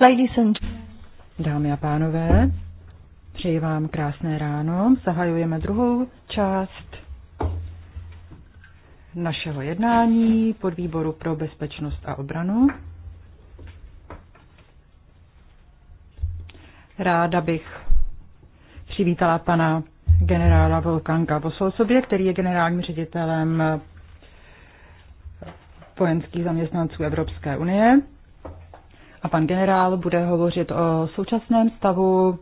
Ladies and Dámy a pánové, přeji vám krásné ráno. Zahajujeme druhou část našeho jednání pod výboru pro bezpečnost a obranu. Ráda bych přivítala pana generála Volkanka Vosolsobě, který je generálním ředitelem vojenských zaměstnanců Evropské unie a pan generál bude hovořit o současném stavu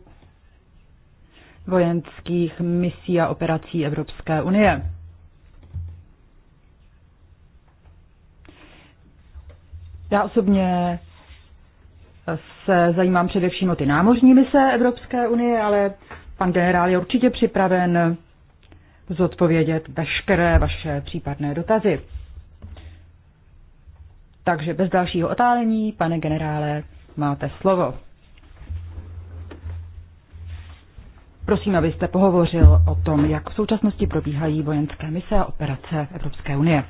vojenských misí a operací Evropské unie. Já osobně se zajímám především o ty námořní mise Evropské unie, ale pan generál je určitě připraven zodpovědět veškeré vaše případné dotazy. Takže bez dalšího otálení, pane generále, máte slovo. Prosím, abyste pohovořil o tom, jak v současnosti probíhají vojenské mise a operace Evropské unie.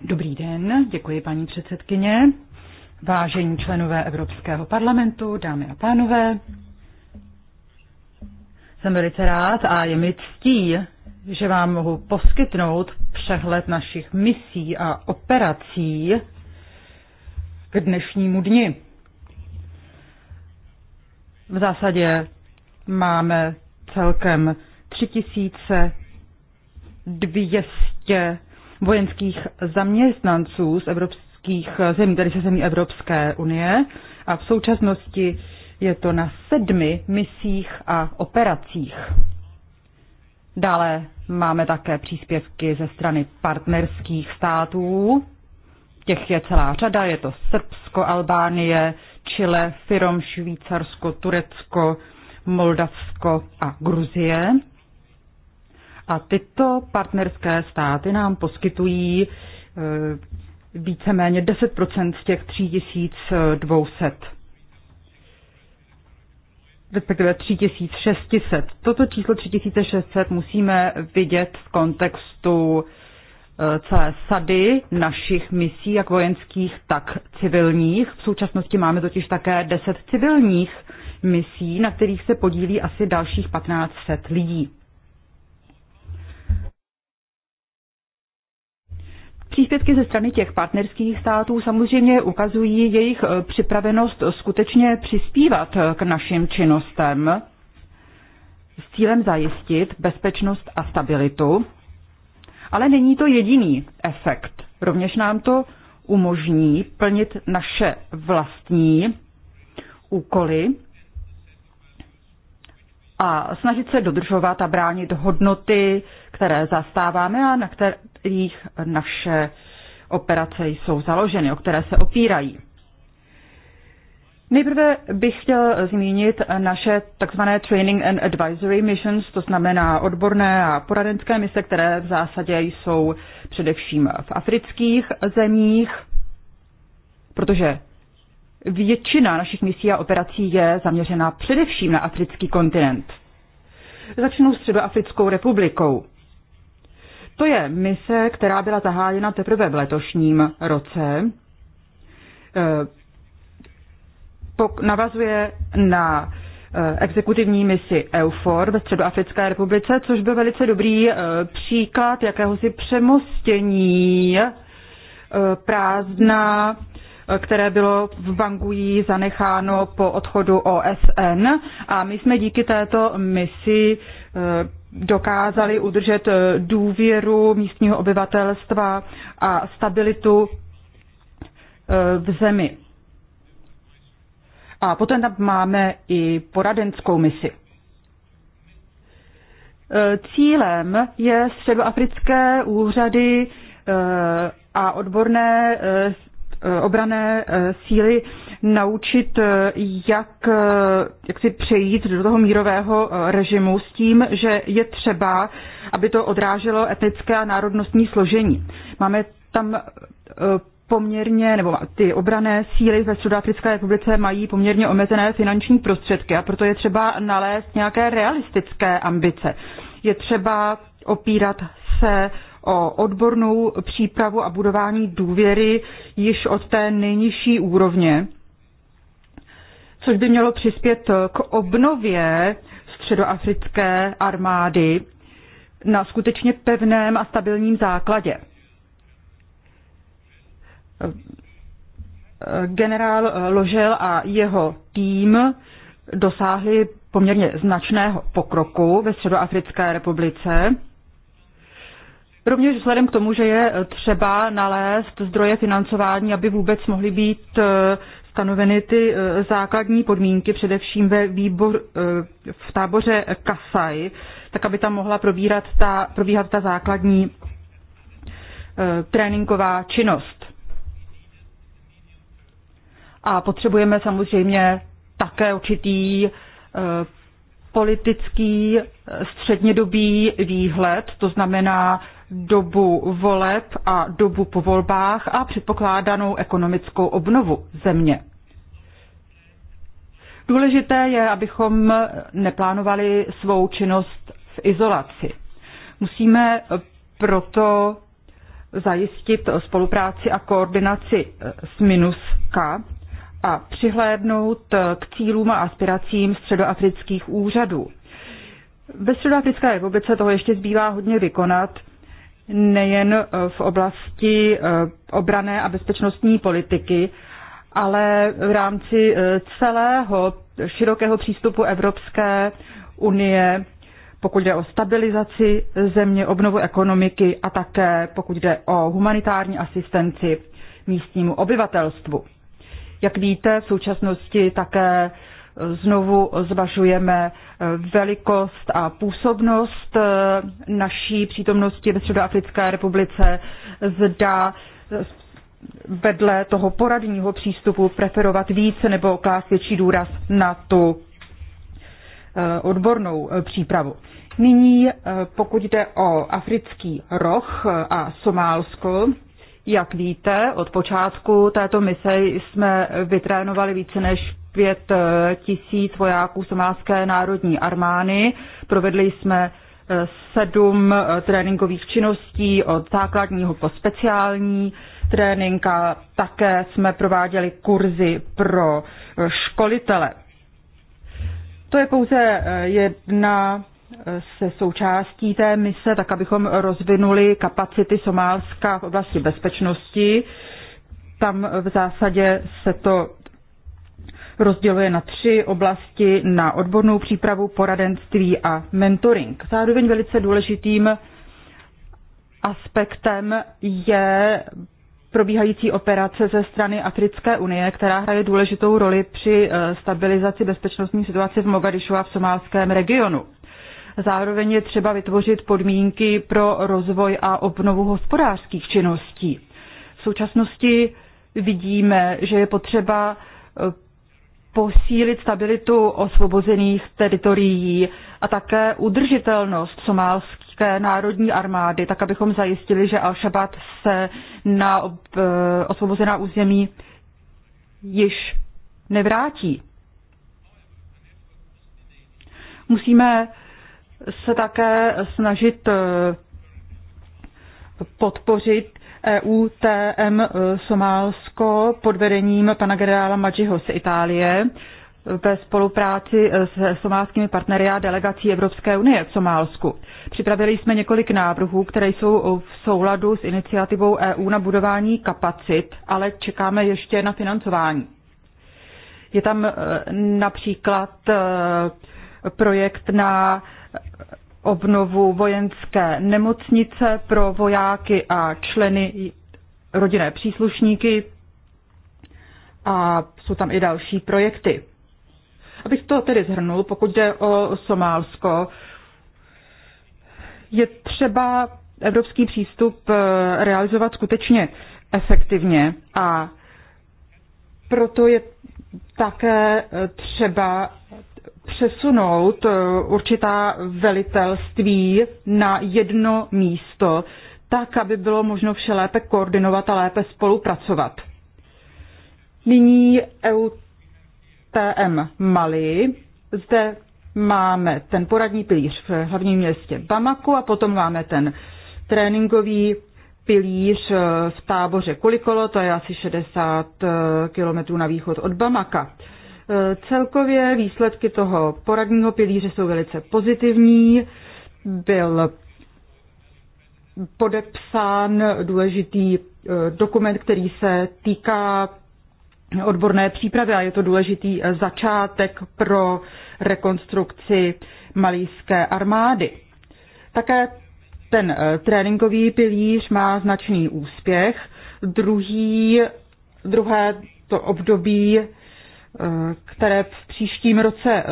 Dobrý den, děkuji paní předsedkyně, vážení členové Evropského parlamentu, dámy a pánové. Jsem velice rád a je mi ctí že vám mohu poskytnout přehled našich misí a operací k dnešnímu dni. V zásadě máme celkem 3200 vojenských zaměstnanců z evropských zemí, tedy se zemí Evropské unie a v současnosti je to na sedmi misích a operacích. Dále máme také příspěvky ze strany partnerských států. Těch je celá řada, je to Srbsko, Albánie, Chile, Firom, Švýcarsko, Turecko, Moldavsko a Gruzie. A tyto partnerské státy nám poskytují eh, víceméně 10 z těch 3200 respektive 3600. Toto číslo 3600 musíme vidět v kontextu eh, celé sady našich misí, jak vojenských, tak civilních. V současnosti máme totiž také 10 civilních misí, na kterých se podílí asi dalších 1500 lidí. Příspěvky ze strany těch partnerských států samozřejmě ukazují jejich eh, připravenost skutečně přispívat eh, k našim činnostem s cílem zajistit bezpečnost a stabilitu. Ale není to jediný efekt. Rovněž nám to umožní plnit naše vlastní úkoly a snažit se dodržovat a bránit hodnoty, které zastáváme a na které, kterých naše operace jsou založeny, o které se opírají. Nejprve bych chtěl zmínit naše tzv. training and advisory missions, to znamená odborné a poradenské mise, které v zásadě jsou především v afrických zemích, protože většina našich misí a operací je zaměřena především na africký kontinent. Začnu s Středoafrickou republikou. To je mise, která byla zahájena teprve v letošním roce. Eh, navazuje na eh, exekutivní misi EUFOR ve Středoafrické republice, což byl velice dobrý eh, příklad jakéhosi přemostění prázdna, které bylo v Bangui zanecháno po odchodu OSN. A my jsme díky této misi dokázali udržet eh, důvěru místního obyvatelstva a stabilitu eh, v zemi. A potom tam máme i poradenskou misi. Eh, cílem je středoafrické úřady a odborné obrané síly naučit, eh, jak, eh, jak si přejít do toho mírového eh, režimu s tím, že je třeba, aby to odráželo etnické a národnostní složení. Máme tam poměrně, nebo ty obrané síly ve Sudáfrické republice mají poměrně omezené finanční prostředky a proto je třeba nalézt nějaké realistické ambice. Je třeba opírat se o odbornou přípravu a budování důvěry již od té nejnižší úrovně což by mělo přispět k obnově středoafrické armády na skutečně pevném a stabilním základě. Generál Ložel a jeho tým dosáhli poměrně značného pokroku ve Středoafrické republice. Rovněž vzhledem k tomu, že je třeba nalézt zdroje financování, aby vůbec mohly být stanoveny ty e, základní podmínky, především ve výbor, e, v táboře Kasaj, tak aby tam mohla probírat ta, probíhat ta základní e, tréninková činnost. A potřebujeme samozřejmě také určitý politický střednědobý výhled, to znamená dobu voleb a dobu po volbách a předpokládanou ekonomickou obnovu země. Důležité je, abychom neplánovali svou činnost v izolaci. Musíme proto zajistit spolupráci a koordinaci s MINUSKA a přihlédnout k cílům a aspiracím středoafrických úřadů. Ve Středoafrické republice toho ještě zbývá hodně vykonat, nejen eh, v oblasti eh, obrané a bezpečnostní politiky, ale v rámci eh, celého širokého přístupu Evropské unie, pokud jde o stabilizaci země, obnovu ekonomiky a také pokud jde o humanitární asistenci místnímu obyvatelstvu. Jak víte, v současnosti také znovu zvažujeme eh, velikost a působnost eh, naší přítomnosti ve Středoafrické republice. Zda eh, vedle toho poradního přístupu preferovat více nebo klást větší důraz na tu odbornou přípravu. Nyní, pokud jde o africký roh a Somálsko, jak víte, od počátku této mise jsme vytrénovali více než 25 eh, tisíc vojáků somálské národní armány. Provedli jsme eh, sedm eh, tréninkových činností od základního po speciální trénink a také jsme prováděli kurzy pro školitele. To je pouze jedna se součástí té mise, tak abychom rozvinuli kapacity Somálska v oblasti bezpečnosti. Tam v zásadě se to rozděluje na tři oblasti na odbornou přípravu, poradenství a mentoring. Zároveň velice důležitým aspektem je probíhající operace ze strany Africké unie, která hraje důležitou roli při eh, stabilizaci bezpečnostní situace v Mogadišu a v somálském regionu. Zároveň je třeba vytvořit podmínky pro rozvoj a obnovu hospodářských činností. V současnosti vidíme, že je potřeba eh, posílit stabilitu osvobozených teritorií a také udržitelnost somálské národní armády, tak abychom zajistili, že Al-Shabaab se na eh, osvobozená území již nevrátí. Musíme se také snažit eh, podpořit EUTM e, Somálsko pod vedením pana generála Madžiho z Itálie e, ve spolupráci e, s somálskými partnery a delegací Evropské unie v Somálsku. Připravili jsme několik návrhů, které jsou v souladu s iniciativou EU na budování kapacit, ale čekáme ještě na financování. Je tam například projekt na obnovu vojenské nemocnice pro vojáky a členy rodinné příslušníky a jsou tam i další projekty. Abych to tedy zhrnul, pokud jde o Somálsko, je třeba evropský přístup eh, realizovat skutečně efektivně a proto je také eh, třeba přesunout eh, určitá velitelství na jedno místo, tak, aby bylo možno vše lépe koordinovat a lépe spolupracovat. Nyní EUTM Mali. Zde máme ten poradní pilíř v hlavním městě Bamako a potom máme ten tréninkový pilíř eh, v táboře Kulikolo, to je asi 60 eh, kilometrů na východ od Bamaka. Celkově výsledky toho poradního pilíře jsou velice pozitivní. Byl podepsán důležitý eh, dokument, který se týká odborné přípravy a je to důležitý eh, začátek pro rekonstrukci malijské armády. Také ten eh, tréninkový pilíř má značný úspěch. Druhý, druhé to období Eh, které v příštím roce eh,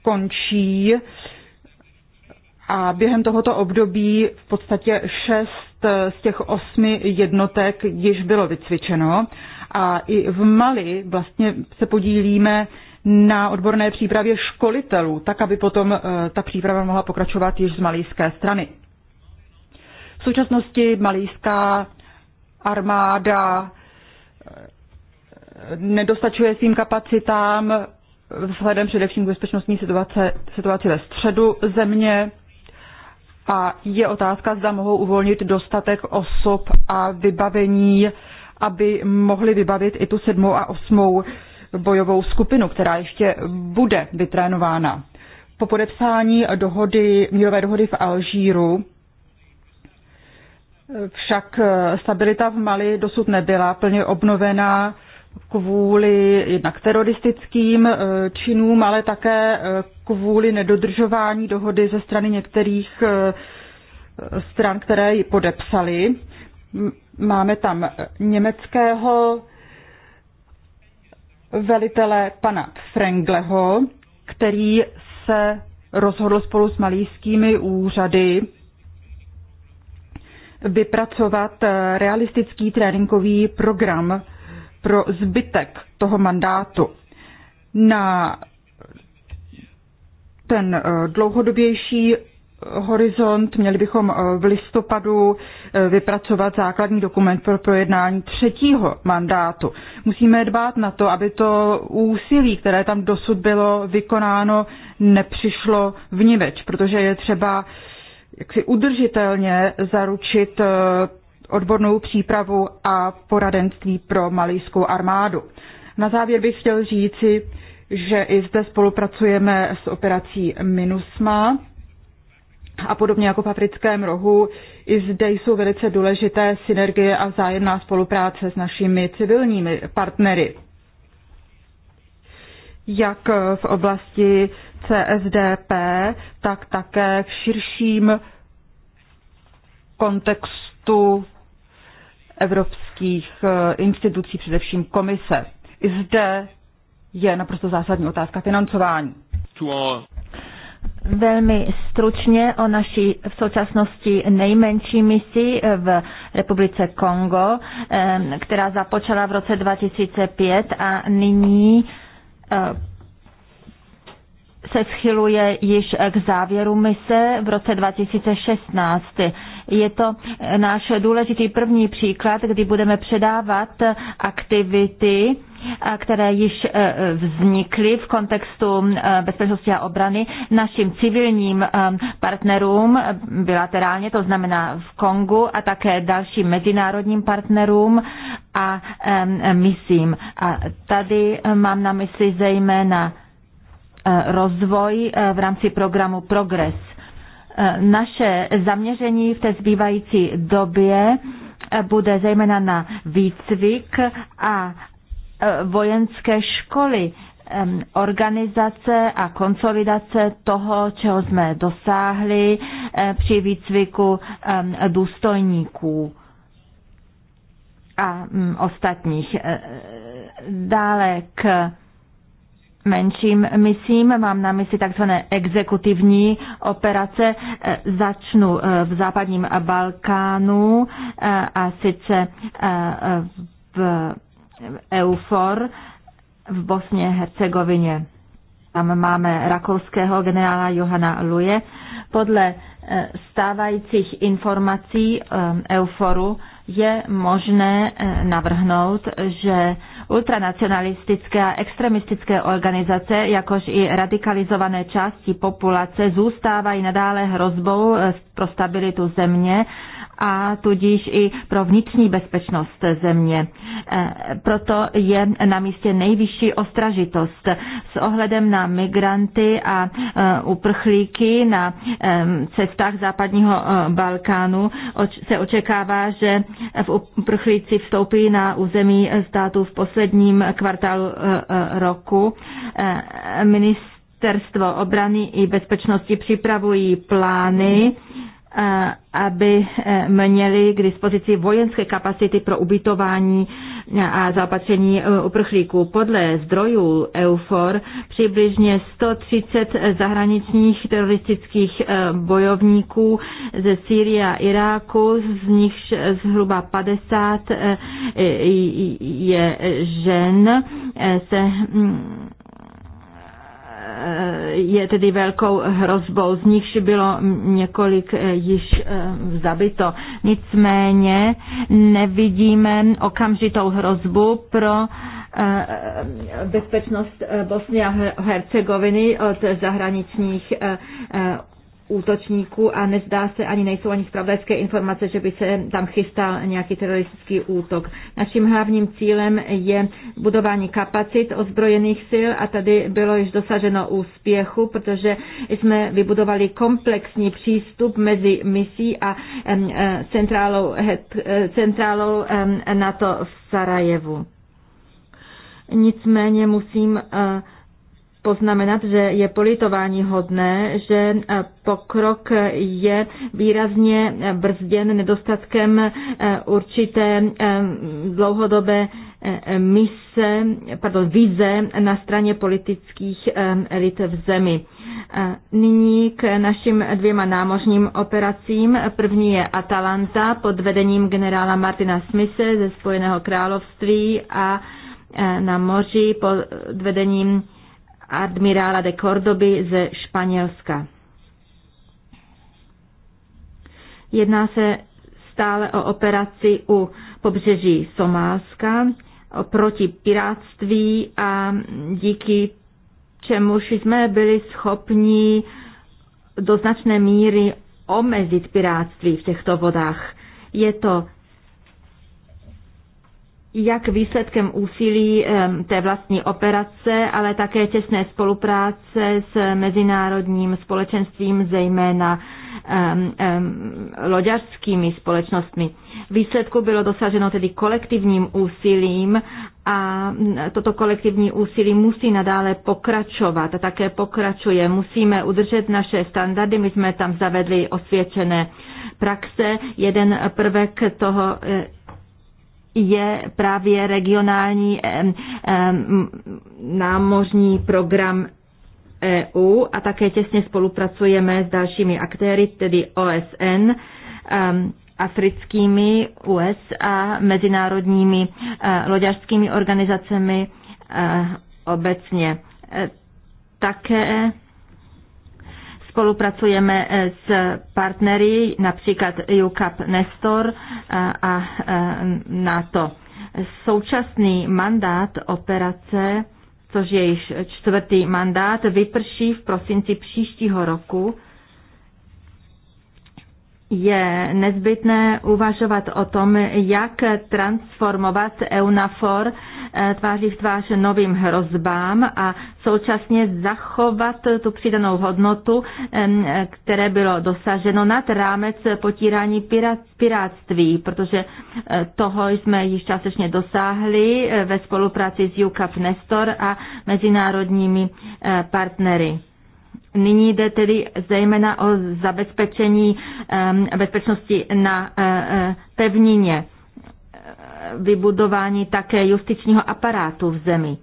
skončí a během tohoto období v podstatě šest eh, z těch osmi jednotek již bylo vycvičeno a i v Mali vlastně se podílíme na odborné přípravě školitelů, tak aby potom ta příprava mohla pokračovat již z malijské strany. V současnosti malijská armáda nedostačuje svým kapacitám vzhledem především k bezpečnostní situace, situaci ve středu země. A je otázka, zda mohou uvolnit dostatek osob a vybavení, aby mohli vybavit i tu sedmou a osmou bojovou skupinu, která ještě bude vytrénována. Po podepsání dohody, mírové dohody v Alžíru však stabilita v Mali dosud nebyla plně obnovená kvůli jednak teroristickým eh, činům, ale také eh, kvůli nedodržování dohody ze strany některých eh, stran, které ji podepsali. Máme tam německého velitele pana Frengleho, který se rozhodl spolu s malýskými úřady vypracovat realistický tréninkový program pro zbytek toho mandátu. Na ten eh, dlouhodobější horizont měli bychom eh, v listopadu eh, vypracovat základní dokument pro projednání třetího mandátu. Musíme dbát na to, aby to úsilí, které tam dosud bylo vykonáno, nepřišlo vniveč, protože je třeba jaksi udržitelně zaručit odbornou přípravu a poradenství pro malijskou armádu. Na závěr bych chtěl říci, že i zde spolupracujeme s operací MINUSMA a podobně jako v africkém rohu, i zde jsou velice důležité synergie a vzájemná spolupráce s našimi civilními partnery. Jak v oblasti CSDP, tak také v širším kontextu evropských eh, institucí, především komise. I zde je naprosto zásadní otázka financování. Velmi stručně o naší v současnosti nejmenší misi eh, v Republice Kongo, eh, která započala v roce 2005 a nyní se schyluje již k závěru mise v roce 2016. Je to eh, náš důležitý první příklad, kdy budeme předávat eh, aktivity, eh, které již vznikly v kontextu bezpečnosti a obrany našim civilním partnerům bilaterálně, to znamená v Kongu a také dalším mezinárodním partnerům a misím. A tady mám na mysli zejména Eh, rozvoj eh, v rámci programu Progress. Eh, naše zaměření v té zbývající době bude zejména na výcvik a vojenské školy, organizace a konsolidace toho, čeho jsme dosáhli při výcviku důstojníků a mm, ostatních. Dále k menším misím, mám na mysli takzvané exekutivní operace. E, začnu e, v západním Balkánu e, a sice v EUFOR v Bosně Hercegovině. Tam máme rakouského generála Johana Luje. Podle stávajících informací EUFORu je možné navrhnout, že Ultranacionalistické a extremistické organizace, jakož i radikalizované části populace zůstávají nadále hrozbou eh, pro stabilitu země a tudíž i pro vnitřní bezpečnost země. E, proto je na místě nejvyšší ostražitost s ohledem na migranty a e, uprchlíky na e, cestách západního Balkánu. Se očekává, že v uprchlíci vstoupí na území státu v posledním kvartálu roku. Ministerstvo obrany i bezpečnosti připravují plány, aby e, měli k dispozici vojenské kapacity pro ubytování a zaopatření e, uprchlíků. Podle zdrojů EUFOR přibližně 130 zahraničních teroristických e, bojovníků ze Sýrie a Iráku, z nich zhruba 50 je žen, se Eh, je tedy velkou hrozbou. Z nichž bylo několik eh, již eh, zabito. Nicméně nevidíme okamžitou hrozbu pro bezpečnost Bosny a Hercegoviny od zahraničních útočníků a nezdá se ani nejsou ani zpravodajské informace, že by se tam chystal nějaký teroristický útok. Naším hlavním cílem je budování kapacit ozbrojených sil a tady bylo již dosaženo úspěchu, protože jsme vybudovali komplexní přístup mezi misí a e, centrálou, e, centrálou NATO v Sarajevu. Nicméně musím uh, poznamenat, že je politování hodné, že eh, pokrok je výrazně eh, brzděn nedostatkem eh, určité dlouhodobé mise, pardon, vize na straně politických elit v zemi. Nyní k našim dvěma námořním operacím. První je Atalanta pod vedením generála Martina Smise ze Spojeného království a na moři pod vedením admirála de Cordoby ze Španělska. Jedná se stále o operaci u pobřeží Somálska proti piráctví a díky čemuž jsme byli schopni do značné míry omezit piráctví v těchto vodách. Je to jak výsledkem úsilí té vlastní operace, ale také těsné spolupráce s mezinárodním společenstvím, zejména um, um, loďařskými společnostmi. Výsledku bylo dosaženo tedy kolektivním úsilím a toto kolektivní úsilí musí nadále pokračovat a také pokračuje. Musíme udržet naše standardy, my jsme tam zavedli osvědčené praxe. Jeden prvek toho je právě regionální eh, eh, námořní program EU a také těsně spolupracujeme s dalšími aktéry, tedy OSN, ehm, africkými US a mezinárodními eh, loďařskými organizacemi obecně. Také Spolupracujeme eh, s partnery, například UCAP Nestor eh, a eh, NATO. Současný mandát operace, což je již čtvrtý mandát, vyprší v prosinci příštího roku je nezbytné uvažovat o tom, jak transformovat EUNAFOR eh, tváří v tvář novým hrozbám a současně zachovat tu přidanou hodnotu, které bylo dosaženo nad rámec potírání piráctví, protože eh, toho jsme již částečně dosáhli eh, ve spolupráci s UCAP Nestor a mezinárodními partnery. Nyní jde tedy zejména o zabezpečení bezpečnosti na e, e, pevnině, e, vybudování také justičního aparátu v zemi.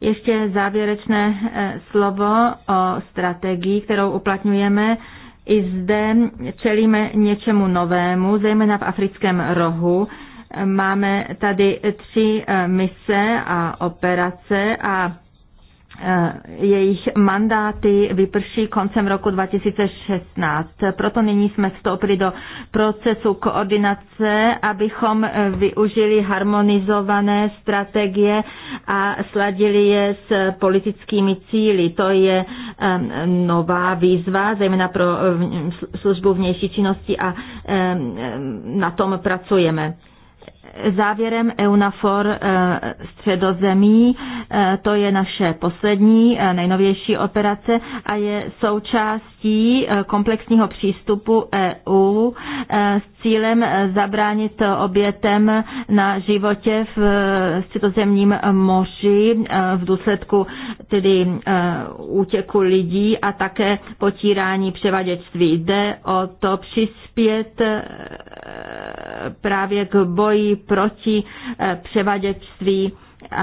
Ještě závěrečné slovo o strategii, kterou uplatňujeme. I zde čelíme něčemu novému, zejména v africkém rohu. Máme tady tři mise a operace a Eh, jejich mandáty vyprší koncem roku 2016. Proto nyní jsme vstoupili do procesu koordinace, abychom eh, využili harmonizované strategie a sladili je s politickými cíly. To je eh, nová výzva, zejména pro službu vnější činnosti a na tom pracujeme. Závěrem EUNAFOR eh, středozemí, eh, to je naše poslední, eh, nejnovější operace a je součástí komplexního přístupu EU s cílem zabránit obětem na životě v středozemním moři v důsledku tedy útěku lidí a také potírání převaděčství. Jde o to přispět právě k boji proti eh, převaděčství eh,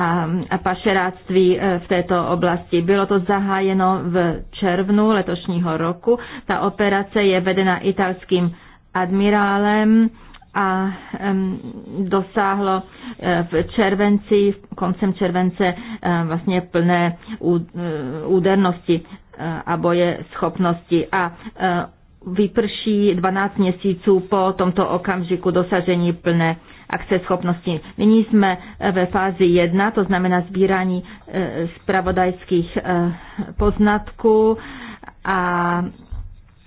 a pašeráctví eh, v této oblasti. Bylo to zahájeno v červnu letošního roku. Ta operace je vedena italským admirálem a dosáhlo v červenci, koncem července vlastně plné údernosti a boje schopnosti a vyprší 12 měsíců po tomto okamžiku dosažení plné akceschopnosti. Nyní jsme eh, ve fázi 1, to znamená sbírání spravodajských eh, eh, poznatků a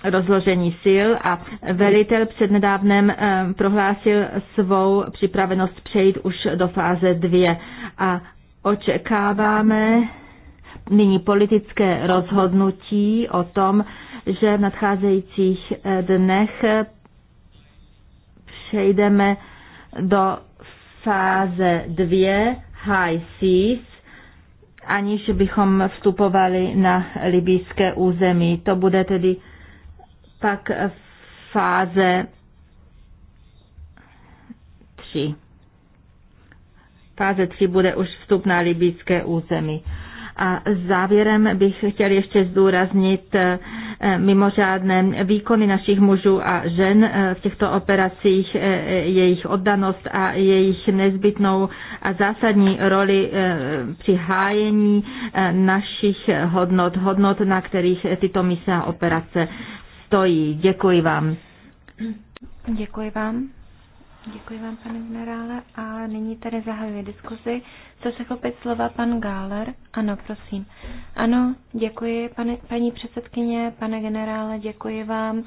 rozložení sil a velitel přednedávnem prohlásil svou připravenost přejít už do fáze 2 a očekáváme nyní politické rozhodnutí o tom, že v nadcházejících dnech přejdeme do fáze 2 high seas, aniž bychom vstupovali na libijské území. To bude tedy pak fáze 3. Fáze 3 bude už vstup na libijské území. A závěrem bych chtěl ještě zdůraznit eh, mimořádné výkony našich mužů a žen eh, v těchto operacích, eh, jejich oddanost a jejich nezbytnou a zásadní roli při hájení našich hodnot, hodnot, na kterých tyto mise a operace stojí. Děkuji vám. Děkuji vám. Děkuji vám, pane generále. A nyní tady zahajuje diskuzi. Chce se chopit slova pan Gáler? Ano, prosím. Ano, děkuji, pane, paní předsedkyně, pane generále, děkuji vám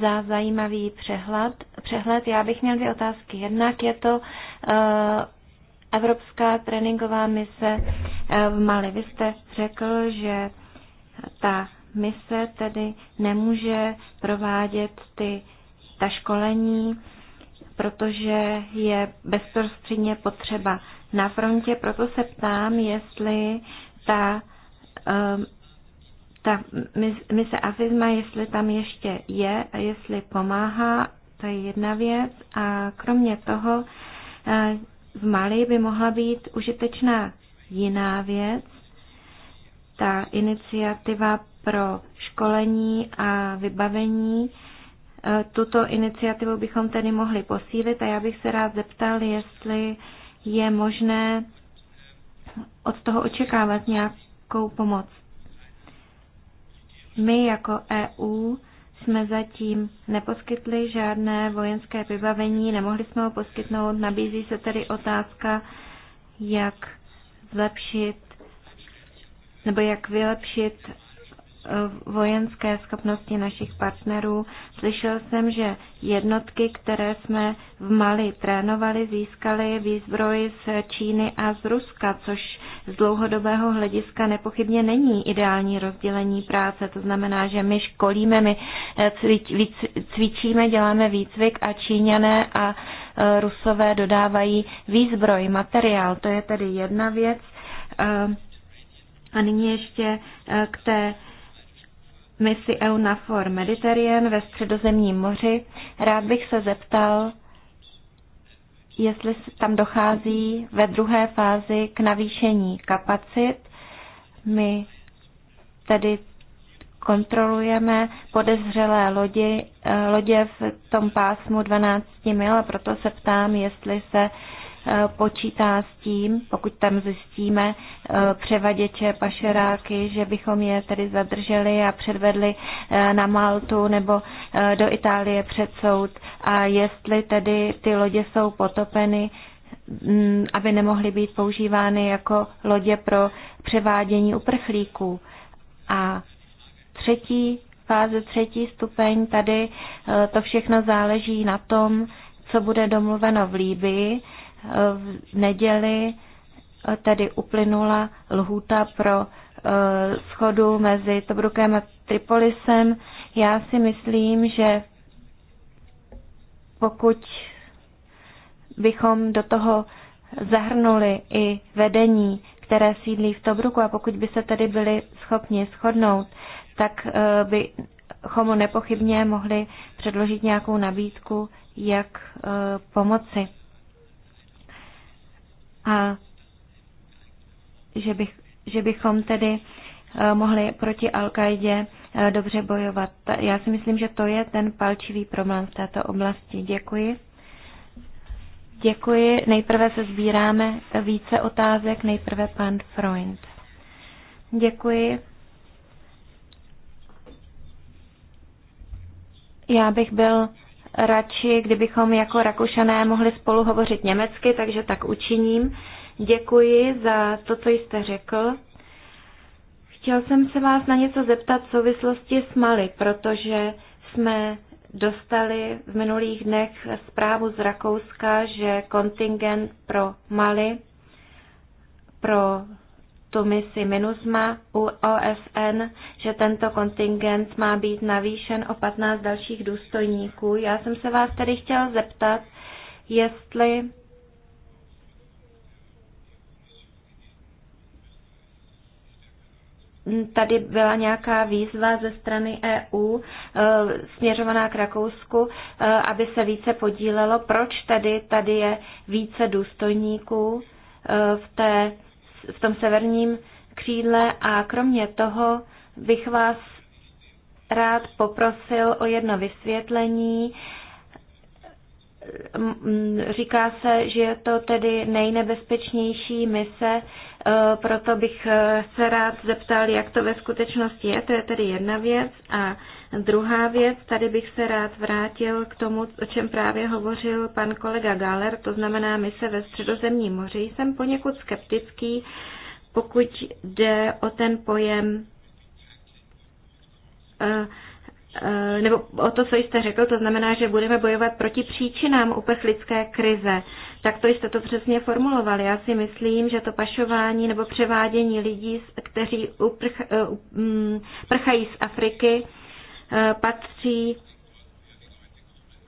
za zajímavý přehled. přehled. Já bych měl dvě otázky. Jednak je to uh, Evropská tréninková mise eh, v Mali. Vy jste řekl, že ta mise tedy nemůže provádět ty, ta školení, protože je bezprostředně potřeba na frontě. Proto se ptám, jestli ta, ehm, ta mise Afizma, jestli tam ještě je a jestli pomáhá, to je jedna věc. A kromě toho eh, v Mali by mohla být užitečná jiná věc, ta iniciativa pro školení a vybavení tuto iniciativu bychom tedy mohli posílit a já bych se rád zeptal, jestli je možné od toho očekávat nějakou pomoc. My jako EU jsme zatím neposkytli žádné vojenské vybavení, nemohli jsme ho poskytnout. Nabízí se tedy otázka, jak zlepšit nebo jak vylepšit vojenské schopnosti našich partnerů. Slyšel jsem, že jednotky, které jsme v Mali trénovali, získaly výzbroj z Číny a z Ruska, což z dlouhodobého hlediska nepochybně není ideální rozdělení práce. To znamená, že my školíme, my eh, cvičíme, děláme výcvik a Číňané a eh, Rusové dodávají výzbroj, materiál. To je tedy jedna věc. Eh, a nyní ještě k té misi EUNAFOR Mediterien ve středozemním moři. Rád bych se zeptal, jestli tam dochází ve druhé fázi k navýšení kapacit. My tedy kontrolujeme podezřelé lodi, eh, lodě v tom pásmu 12 mil a proto se ptám, jestli se uh, Eh, počítá s tím, pokud tam zjistíme eh, převaděče pašeráky, že bychom je tedy zadrželi a předvedli eh, na Maltu nebo do Itálie před soud. A jestli tedy ty lodě jsou potopeny, mm, aby nemohly být používány jako lodě pro převádění uprchlíků. A třetí fáze, třetí stupeň, tady to všechno záleží na tom, co bude domluveno v Líbii v neděli eh, tedy uplynula lhůta pro eh, schodu mezi Tobrukem a Tripolisem. Já si myslím, že pokud bychom do toho zahrnuli i vedení, které sídlí v Tobruku a pokud by se tedy byli schopni shodnout, tak eh, by Chomu nepochybně mohli předložit nějakou nabídku, jak pomoci a že, bych, že bychom tedy eh, mohli proti al eh, dobře bojovat. Já si myslím, že to je ten palčivý problém v této oblasti. Děkuji. Děkuji. Nejprve se sbíráme více otázek. Nejprve pan Freund. Děkuji. Já bych byl radši, kdybychom jako Rakušané mohli spolu hovořit německy, takže tak učiním. Děkuji za to, co jste řekl. Chtěl jsem se vás na něco zeptat v souvislosti s Mali, protože jsme dostali v minulých dnech zprávu z Rakouska, že kontingent pro Mali, pro tu misi MINUSMA u OSN, že tento kontingent má být navýšen o 15 dalších důstojníků. Já jsem se vás tedy chtěl zeptat, jestli tady byla nějaká výzva ze strany EU e, směřovaná k Rakousku, e, aby se více podílelo. Proč tedy tady je více důstojníků e, v té v tom severním křídle a kromě toho bych vás rád poprosil o jedno vysvětlení. Říká se, že je to tedy nejnebezpečnější mise, e, proto bych e, se rád zeptal, jak to ve skutečnosti je. To je tedy jedna věc. A Druhá věc, tady bych se rád vrátil k tomu, o čem právě hovořil pan kolega Galer, to znamená mise ve Středozemním moři. Jsem poněkud skeptický, pokud jde o ten pojem eh, eh, nebo o to, co jste řekl, to znamená, že budeme bojovat proti příčinám uprchlické krize. Tak to jste to přesně formulovali. Já si myslím, že to pašování nebo převádění lidí, kteří uprch, eh, mm, prchají z Afriky, Eh, patří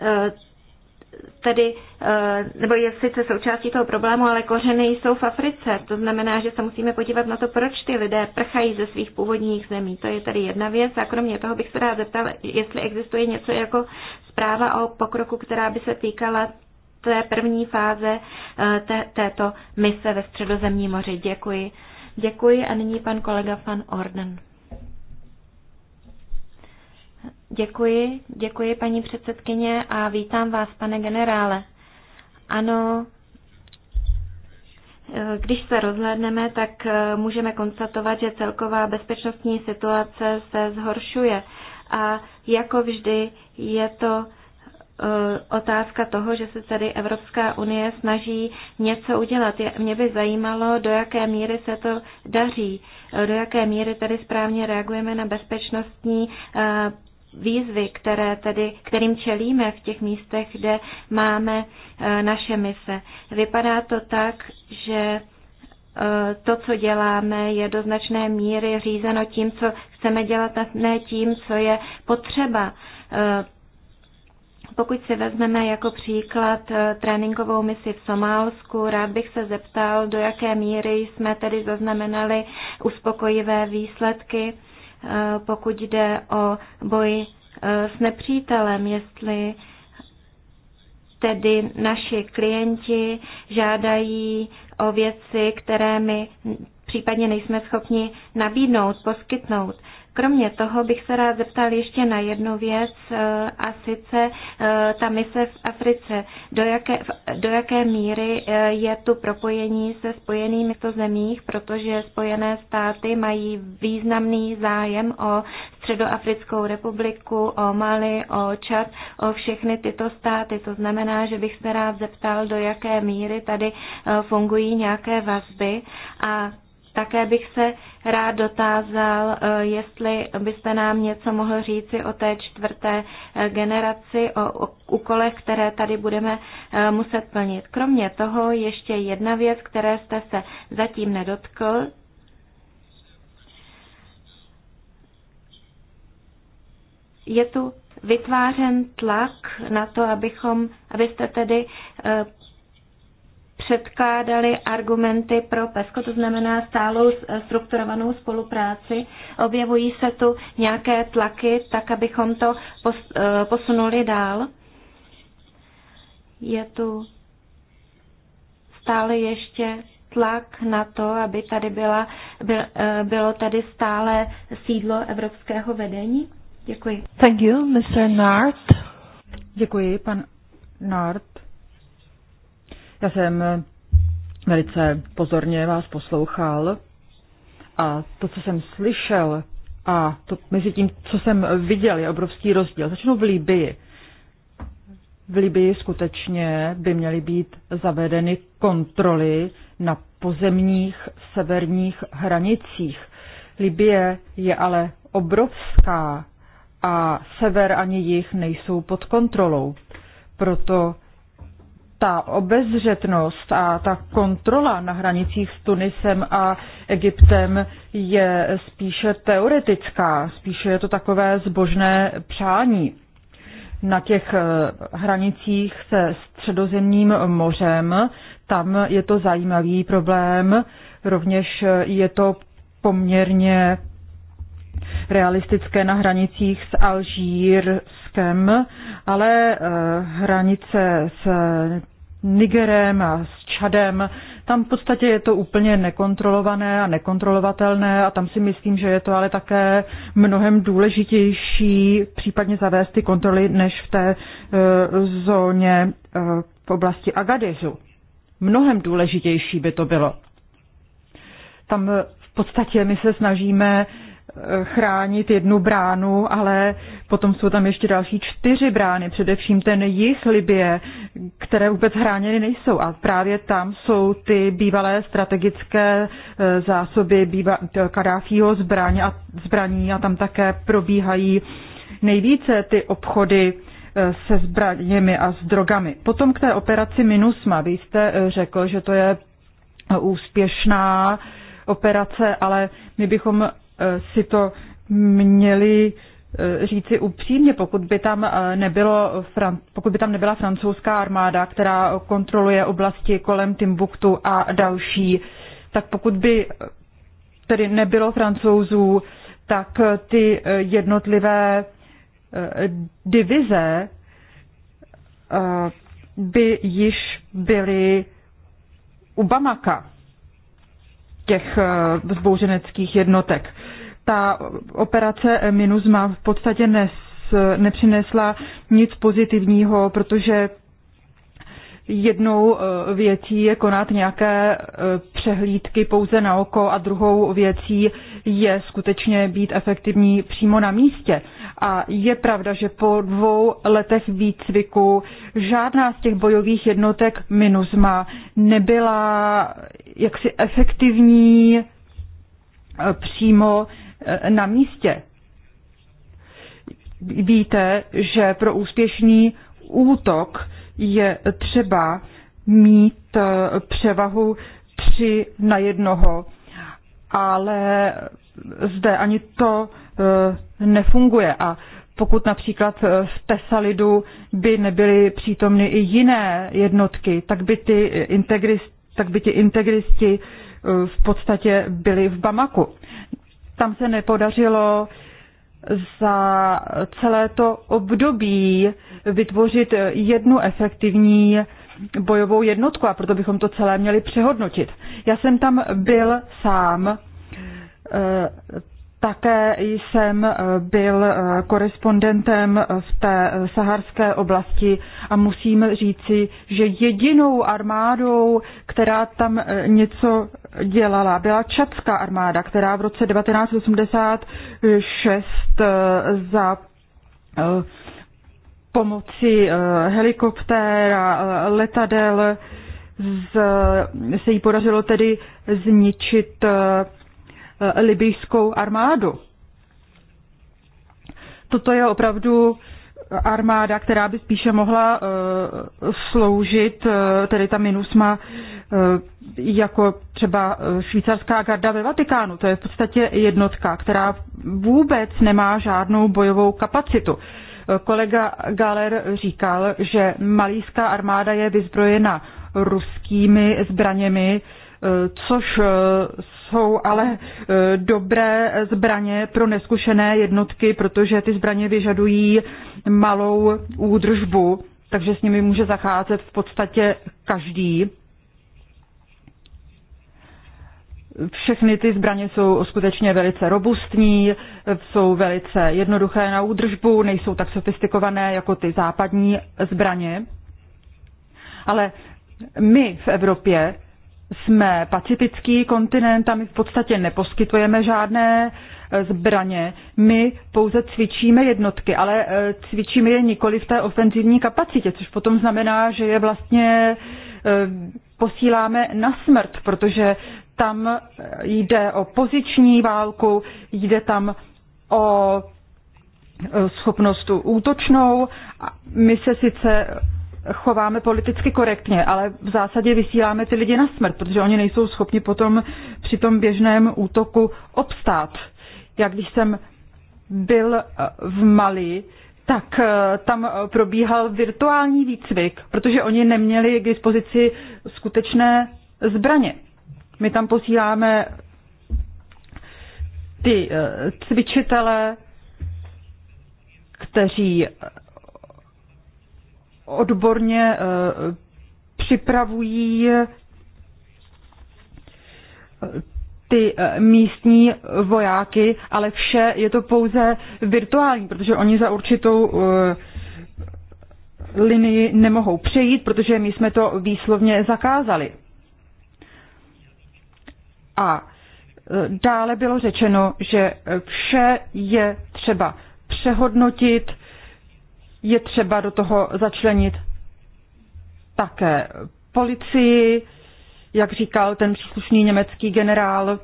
eh, tedy, eh, nebo je sice součástí toho problému, ale kořeny jsou v Africe. To znamená, že se musíme podívat na to, proč ty lidé prchají ze svých původních zemí. To je tady jedna věc. A kromě toho bych se rád zeptal, jestli existuje něco jako zpráva o pokroku, která by se týkala té první fáze té, této mise ve Středozemní moři. Děkuji. Děkuji a nyní pan kolega Van Orden. Děkuji, děkuji paní předsedkyně a vítám vás, pane generále. Ano, eh, když se rozhlédneme, tak eh, můžeme konstatovat, že celková bezpečnostní situace se zhoršuje. A jako vždy je to eh, otázka toho, že se tady Evropská unie snaží něco udělat. Mě by zajímalo, do jaké míry se to daří, do jaké míry tady správně reagujeme na bezpečnostní výzvy, které tedy, kterým čelíme v těch místech, kde máme e, naše mise. Vypadá to tak, že e, to, co děláme, je do značné míry řízeno tím, co chceme dělat, a ne tím, co je potřeba. E, pokud si vezmeme jako příklad tréninkovou misi v Somálsku, rád bych se zeptal, do jaké míry jsme tedy zaznamenali uspokojivé výsledky Eh, pokud jde o boj eh, s nepřítelem, jestli tedy naši klienti žádají o věci, které my případně nejsme schopni nabídnout, poskytnout. Kromě toho bych se rád zeptal ještě na jednu věc, eh, a sice eh, ta mise v Africe. Do jaké, do jaké míry eh, je tu propojení se spojenými to zemích, protože Spojené státy mají významný zájem o Středoafrickou republiku, o Mali, o Čad, o všechny tyto státy. To znamená, že bych se rád zeptal, do jaké míry tady fungují nějaké vazby a také bych se rád dotázal, eh, jestli byste nám něco mohl říci o té čtvrté eh, generaci, o úkolech, které tady budeme eh, muset plnit. Kromě toho ještě jedna věc, které jste se zatím nedotkl, je tu vytvářen tlak na to, abychom, abyste tedy předkládali argumenty pro PESCO, to znamená stálou eh, strukturovanou spolupráci. Objevují se tu nějaké tlaky, tak abychom to eh, posunuli dál. Je tu stále ještě tlak na to, aby tady byla, by, eh, bylo tady stále sídlo evropského vedení? Děkuji. Thank you, Mr. Nart. Děkuji, pan Nart. Já jsem velice pozorně vás poslouchal a to, co jsem slyšel a to mezi tím, co jsem viděl, je obrovský rozdíl. Začnu v Libii. V Libii skutečně by měly být zavedeny kontroly na pozemních severních hranicích. Libie je ale obrovská a sever ani jich nejsou pod kontrolou. Proto ta obezřetnost a ta kontrola na hranicích s Tunisem a Egyptem je spíše teoretická, spíše je to takové zbožné přání. Na těch eh, hranicích se středozemním mořem, tam je to zajímavý problém, rovněž eh, je to poměrně realistické na hranicích s Alžír, Egyptem, ale eh, hranice s Nigerem a s Čadem, tam v podstatě je to úplně nekontrolované a nekontrolovatelné a tam si myslím, že je to ale také mnohem důležitější případně zavést ty kontroly než v té eh, zóně eh, v oblasti Agadezu. Mnohem důležitější by to bylo. Tam v podstatě my se snažíme uh, chránit jednu bránu, ale potom jsou tam ještě další čtyři brány, především ten jich Libie, které vůbec chráněny nejsou. A právě tam jsou ty bývalé strategické e, zásoby Kadáfího zbraní a, zbraní a tam také probíhají nejvíce ty obchody e, se zbraněmi a s drogami. Potom k té operaci MINUSMA. Vy jste e, řekl, že to je úspěšná operace, ale my bychom Eh, si to měli eh, říci upřímně, pokud by tam, eh, nebylo, pokud by tam nebyla francouzská armáda, která kontroluje oblasti kolem Timbuktu a další, tak pokud by tedy nebylo francouzů, tak ty jednotlivé divize by již byly u Bamaka těch eh, zbouřeneckých jednotek. Ta operace má v podstatě nes, nepřinesla nic pozitivního, protože jednou eh, věcí je konat nějaké eh, přehlídky pouze na oko a druhou věcí je skutečně být efektivní přímo na místě. A je pravda, že po dvou letech výcviku žádná z těch bojových jednotek MINUSMA nebyla jaksi efektivní eh, přímo eh, na místě. Víte, že pro úspěšný útok je třeba mít eh, převahu tři na jednoho ale zde ani to eh, nefunguje. A pokud například eh, v Tesalidu by nebyly přítomny i jiné jednotky, tak by ty integristi, tak by ti integristi eh, v podstatě byli v Bamaku. Tam se nepodařilo za celé to období vytvořit jednu efektivní bojovou jednotku a proto bychom to celé měli přehodnotit. Já jsem tam byl sám, eh, také jsem eh, byl eh, korespondentem v té saharské oblasti a musím říci, že jedinou armádou, která tam něco dělala, byla čatská armáda, která v roce 1986 za pomocí eh, helikoptér a eh, letadel z, se jí podařilo tedy zničit eh, libijskou armádu. Toto je opravdu armáda, která by spíše mohla sloužit, tedy ta MINUSMA, jako třeba švýcarská garda ve Vatikánu. To je v podstatě jednotka, která vůbec nemá žádnou bojovou kapacitu. Kolega Galer říkal, že malíská armáda je vyzbrojena ruskými zbraněmi, e, což e, jsou ale e, dobré zbraně pro neskušené jednotky, protože ty zbraně vyžadují malou údržbu, takže s nimi může zacházet v podstatě každý. všechny ty zbraně jsou skutečně velice robustní, jsou velice jednoduché na údržbu, nejsou tak sofistikované jako ty západní zbraně. Ale my v Evropě jsme pacifický kontinent a my v podstatě neposkytujeme žádné eh, zbraně. My pouze cvičíme jednotky, ale eh, cvičíme je nikoli v té ofenzivní kapacitě, což potom znamená, že je vlastně eh, posíláme na smrt, protože tam jde o poziční válku, jde tam o e, schopnost útočnou. My se sice chováme politicky korektně, ale v zásadě vysíláme ty lidi na smrt, protože oni nejsou schopni potom při tom běžném útoku obstát. Jak když jsem byl e, v Mali, tak e, tam probíhal virtuální výcvik, protože oni neměli k dispozici skutečné zbraně. My tam posíláme ty eh, cvičitele, kteří eh, odborně eh, připravují ty místní vojáky, ale vše je to pouze virtuální, protože oni za určitou linii nemohou přejít, protože my jsme to výslovně zakázali. A e, dále bylo řečeno, že e, vše je třeba přehodnotit, je třeba do toho začlenit také policii, jak říkal ten příslušný německý generál.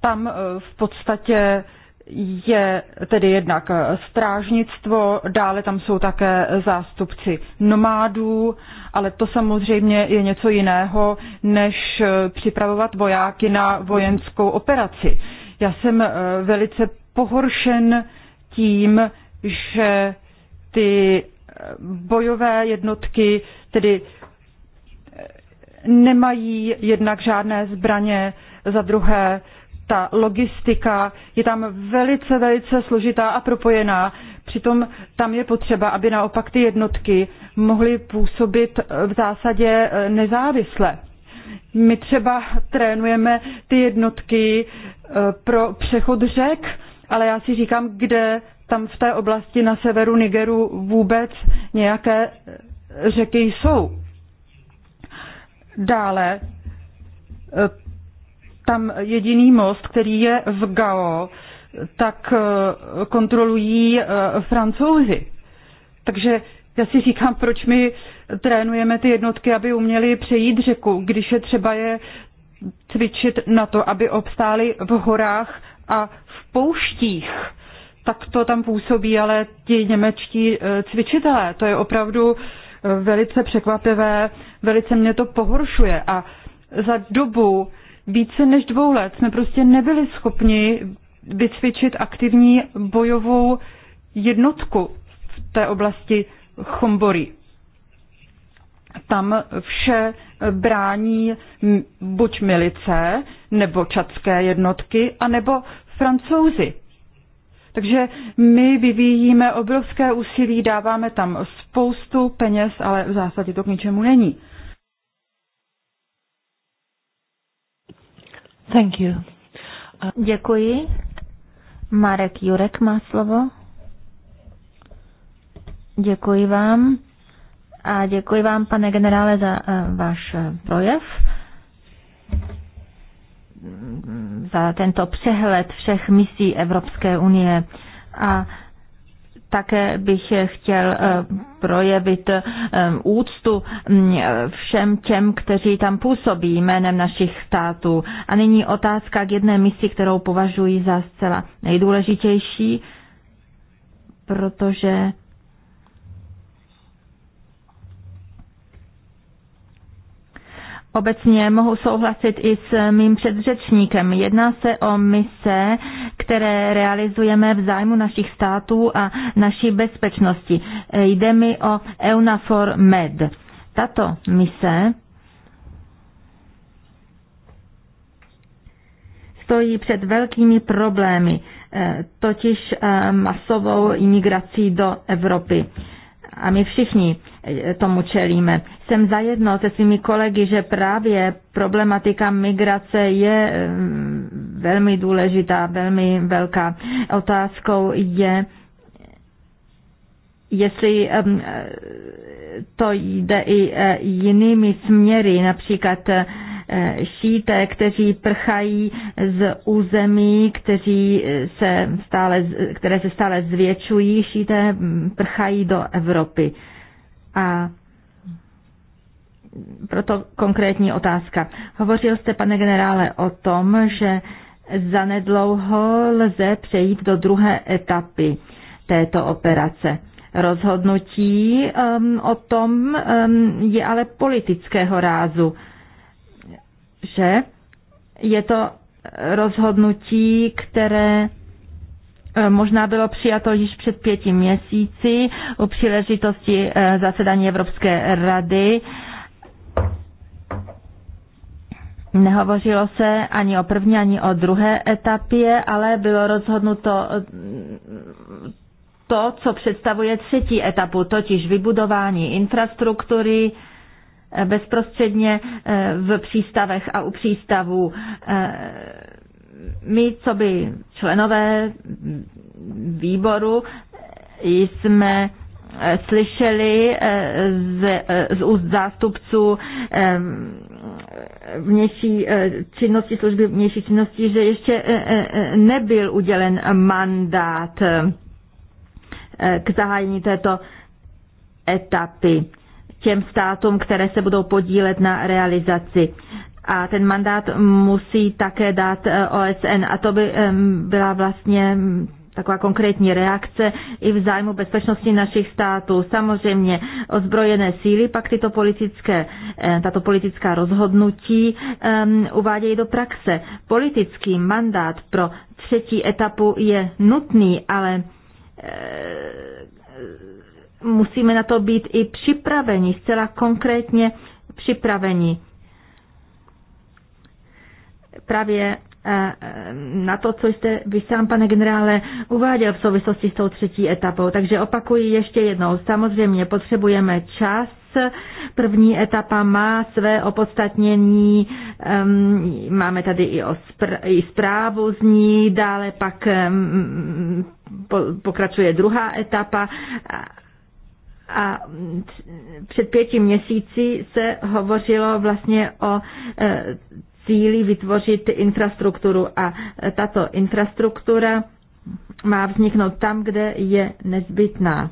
Tam e, v podstatě je tedy jednak eh, strážnictvo, dále tam jsou také zástupci nomádů, ale to samozřejmě je něco jiného, než eh, připravovat vojáky na vojenskou operaci. Já jsem eh, velice pohoršen tím, že ty bojové jednotky tedy nemají jednak žádné zbraně, za druhé ta logistika je tam velice, velice složitá a propojená. Přitom tam je potřeba, aby naopak ty jednotky mohly působit v zásadě e, nezávisle. My třeba trénujeme ty jednotky e, pro přechod řek, ale já si říkám, kde tam v té oblasti na severu Nigeru vůbec nějaké e, řeky jsou. Dále tam jediný most, který je v Gao, tak eh, kontrolují eh, francouzi. Takže já si říkám, proč my trénujeme ty jednotky, aby uměli přejít řeku, když je třeba je cvičit na to, aby obstáli v horách a v pouštích. Tak to tam působí, ale ti němečtí eh, cvičitelé, to je opravdu velice překvapivé, velice mě to pohoršuje. A za dobu, více než dvou let jsme prostě nebyli schopni vycvičit aktivní bojovou jednotku v té oblasti Chombory. Tam vše brání buď milice, nebo čatské jednotky, anebo francouzi. Takže my vyvíjíme obrovské úsilí, dáváme tam spoustu peněz, ale v zásadě to k ničemu není. Thank you. Děkuji. Marek Jurek má slovo. Děkuji vám. A děkuji vám, pane generále, za uh, váš eh, projev, za tento přehled všech misí Evropské unie. A také bych chtěl eh, projevit eh, úctu mm, všem těm, kteří tam působí jménem našich států. A nyní otázka k jedné misi, kterou považuji za zcela nejdůležitější, protože obecně mohu souhlasit i s mým předřečníkem. Jedná se o mise, které realizujeme v zájmu našich států a naší bezpečnosti. Jde mi o EUNAFOR MED. Tato mise stojí před velkými problémy, eh, totiž eh, masovou imigrací do Evropy a my všichni eh, tomu čelíme. Jsem zajedno se svými kolegy, že právě problematika migrace je eh, velmi důležitá, velmi velká. Otázkou je, jestli eh, to jde i jinými směry, například Eh, šíté, kteří prchají z území, kteří eh, se stále, které se stále zvětšují, šíté hm, prchají do Evropy. A proto konkrétní otázka. Hovořil jste, pane generále, o tom, že zanedlouho lze přejít do druhé etapy této operace. Rozhodnutí um, o tom um, je ale politického rázu že je to rozhodnutí, které eh, možná bylo přijato již před pěti měsíci u příležitosti eh, zasedání Evropské rady. Nehovořilo se ani o první, ani o druhé etapě, ale bylo rozhodnuto eh, to, co představuje třetí etapu, totiž vybudování infrastruktury, Eh, bezprostředně eh, v přístavech a u přístavů. Eh, my, co by členové výboru, jsme slyšeli z, z úst zástupců vnější činnosti, služby vnější činnosti, že ještě nebyl udělen mandát k zahájení této etapy těm státům, které se budou podílet na realizaci. A ten mandát musí také dát eh, OSN. A to by byla vlastně mm, taková konkrétní reakce i v zájmu bezpečnosti našich států. Samozřejmě ozbrojené síly pak tyto politické, eh, tato politická rozhodnutí um, uvádějí do praxe. Politický mandát pro třetí etapu je nutný, ale eh, musíme na to být i připraveni, zcela konkrétně připraveni. Právě eh, eh, na to, co jste vy sám, pane generále, uváděl v souvislosti s tou třetí etapou. Takže opakuji ještě jednou. Samozřejmě potřebujeme čas. První etapa má své opodstatnění, ehm, máme tady i, o spr- i zprávu z ní, dále pak ehm, pokračuje druhá etapa a před pěti měsíci se hovořilo vlastně o e, cíli vytvořit infrastrukturu a e, tato infrastruktura má vzniknout tam, kde je nezbytná.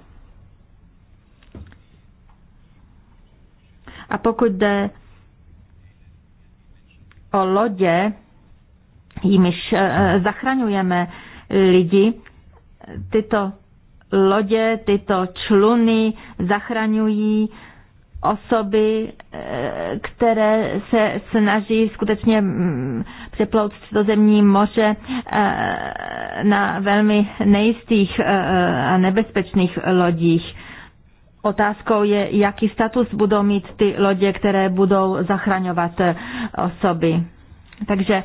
A pokud jde o lodě, jimiž e, zachraňujeme lidi, tyto lodě, tyto čluny zachraňují osoby, eh, které se snaží skutečně mm, přeplout středozemní moře eh, na velmi nejistých eh, a nebezpečných lodích. Otázkou je, jaký status budou mít ty lodě, které budou zachraňovat osoby. Takže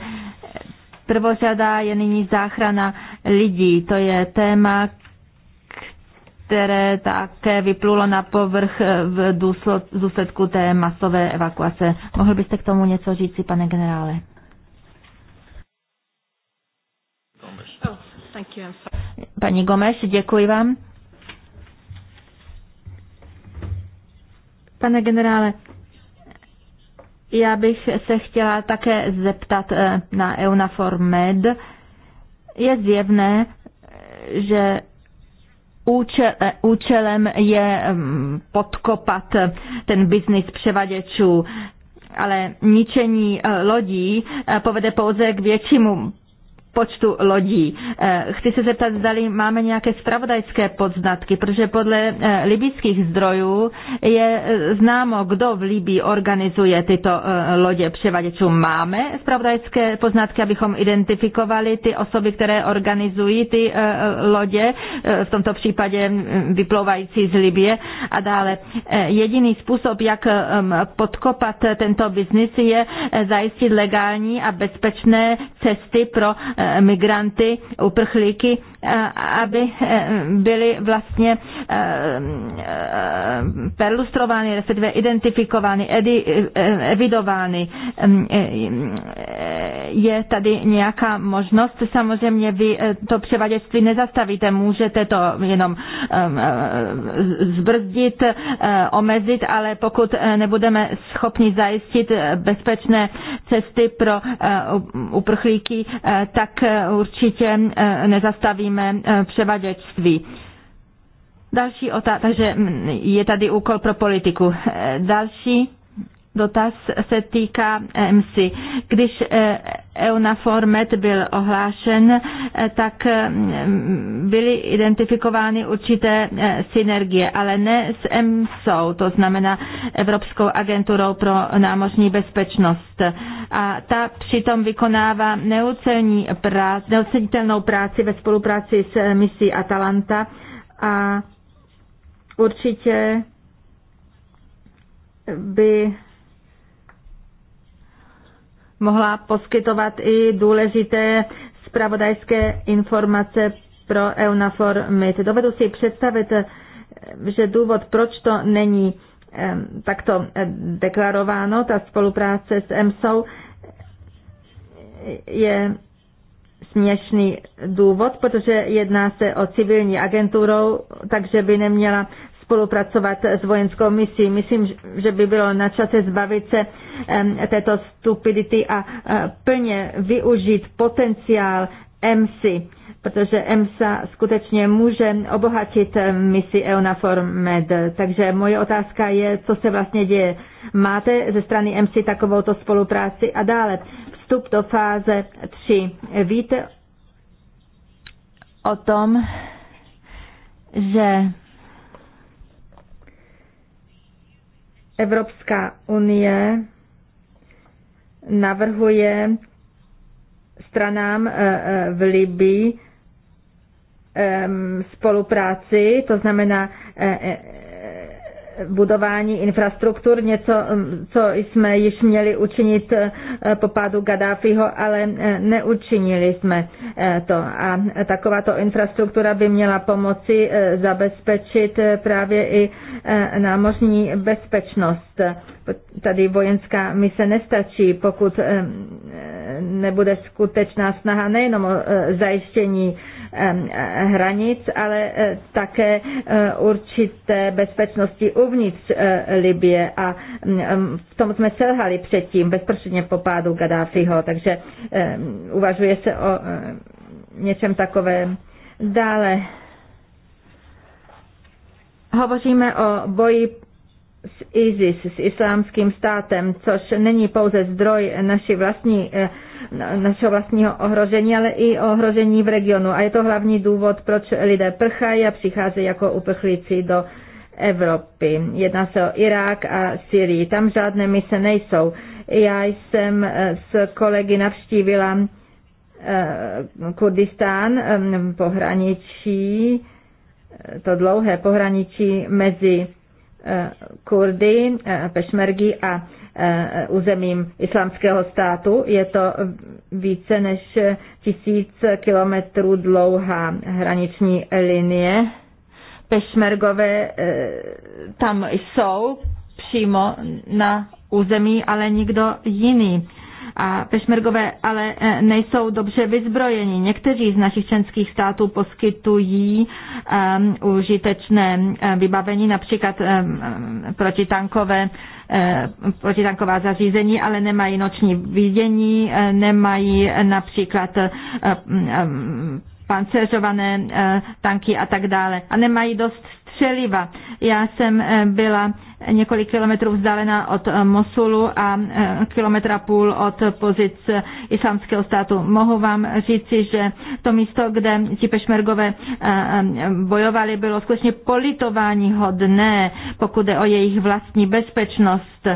prvořada je nyní záchrana lidí. To je téma, které také vyplulo na povrch eh, v důsledku té masové evakuace. Mohl byste k tomu něco říct, pane generále? Paní Gomes, děkuji vám. Pane generále, já bych se chtěla také zeptat eh, na EUNAFOR Med. Je zjevné, že Eh, účelem je mm, podkopat ten biznis převaděčů ale ničení eh, lodí eh, povede pouze k většímu počtu lodí. Eh, chci se zeptat, zdali máme nějaké spravodajské podznatky, protože podle eh, libických zdrojů je eh, známo, kdo v Libii organizuje tyto lodě převaděčů. Máme spravodajské poznatky, abychom identifikovali ty osoby, které organizují ty lodě, v tomto případě mm, vyplouvající z Libie a dále. Jediný způsob, jak podkopat tento biznis, je zajistit legální a bezpečné cesty pro Eh, migranty, uprchlíky Eh, aby eh, byly vlastně eh, perlustrovány, respektive identifikovány, evidovány. Je tady nějaká možnost, samozřejmě vy to převaděčství nezastavíte, můžete to jenom zbrzdit, omezit, ale pokud nebudeme schopni zajistit bezpečné cesty pro uprchlíky, tak určitě nezastavíme zabráníme eh, převaděčství. Další otázka, takže mm, je tady úkol pro politiku. Eh, další dotaz se týká MC. Když eh, EUNAFOR Med byl ohlášen, eh, tak mm, byly identifikovány určité eh, synergie, ale ne s EMSO, to znamená Evropskou agenturou pro námořní bezpečnost. A ta přitom vykonává neocenitelnou práci, práci ve spolupráci s misí Atalanta a určitě by mohla poskytovat i důležité zpravodajské informace pro EUNAFOR MIT. Dovedu si představit, eh, že důvod, proč to není takto eh, deklarováno, ta spolupráce s EMSO, je směšný důvod, protože jedná se o civilní agenturou, takže by neměla spolupracovat s vojenskou misí. Myslím, že by bylo na čase zbavit se této stupidity a e, plně využít potenciál MSI, protože MSA skutečně může obohatit misi EUNAFOR MED. Takže moje otázka je, co se vlastně děje. Máte ze strany MSI takovouto spolupráci a dále vstup do fáze 3. Víte o tom, že Evropská unie navrhuje stranám eh, eh, v Libii ehm, spolupráci, to znamená eh, budování infrastruktur, něco, mm, co jsme již měli učinit eh, po pádu Gaddafiho, ale eh, neučinili jsme eh, to. A takováto infrastruktura by měla pomoci zabezpečit právě i námořní bezpečnost. Tady vojenská mise nestačí, pokud nebude skutečná snaha nejenom o zajištění Eh, hranic, ale eh, také eh, určité bezpečnosti uvnitř Libie a mm, v tom jsme selhali předtím, bezprostředně po pádu Gaddafiho, takže uvažuje se o něčem takovém. Dále hovoříme o boji s ISIS, s islámským státem, což není pouze zdroj naší vlastní našeho vlastního ohrožení, ale i ohrožení v regionu. A je to hlavní důvod, proč lidé prchají a přicházejí jako uprchlíci do Evropy. Jedná se o Irák a Syrii. Tam žádné mise nejsou. Já jsem eh, s kolegy navštívila eh, Kurdistán eh, pohraničí, to dlouhé pohraničí mezi Kurdy, Pešmergy a Eh, územím islámského státu. Je to více než tisíc kilometrů dlouhá hraniční linie. Pešmergové eh, tam jsou přímo na území, ale nikdo jiný. A pešmergové ale eh, nejsou dobře vyzbrojeni. Někteří z našich členských států poskytují um, užitečné vybavení, například um, protitankové Eh, protitanková zařízení, ale nemají noční vidění, eh, nemají například eh, mm, pancéřované tanky a tak dále a nemají dost střeliva. Já jsem byla několik kilometrů vzdálená od eh, Mosulu a eh, kilometra půl od pozic islámského státu. Mohu vám říci, že to místo, kde ti pešmergové eh, bojovali, bylo skutečně politování hodné, pokud je o jejich vlastní bezpečnost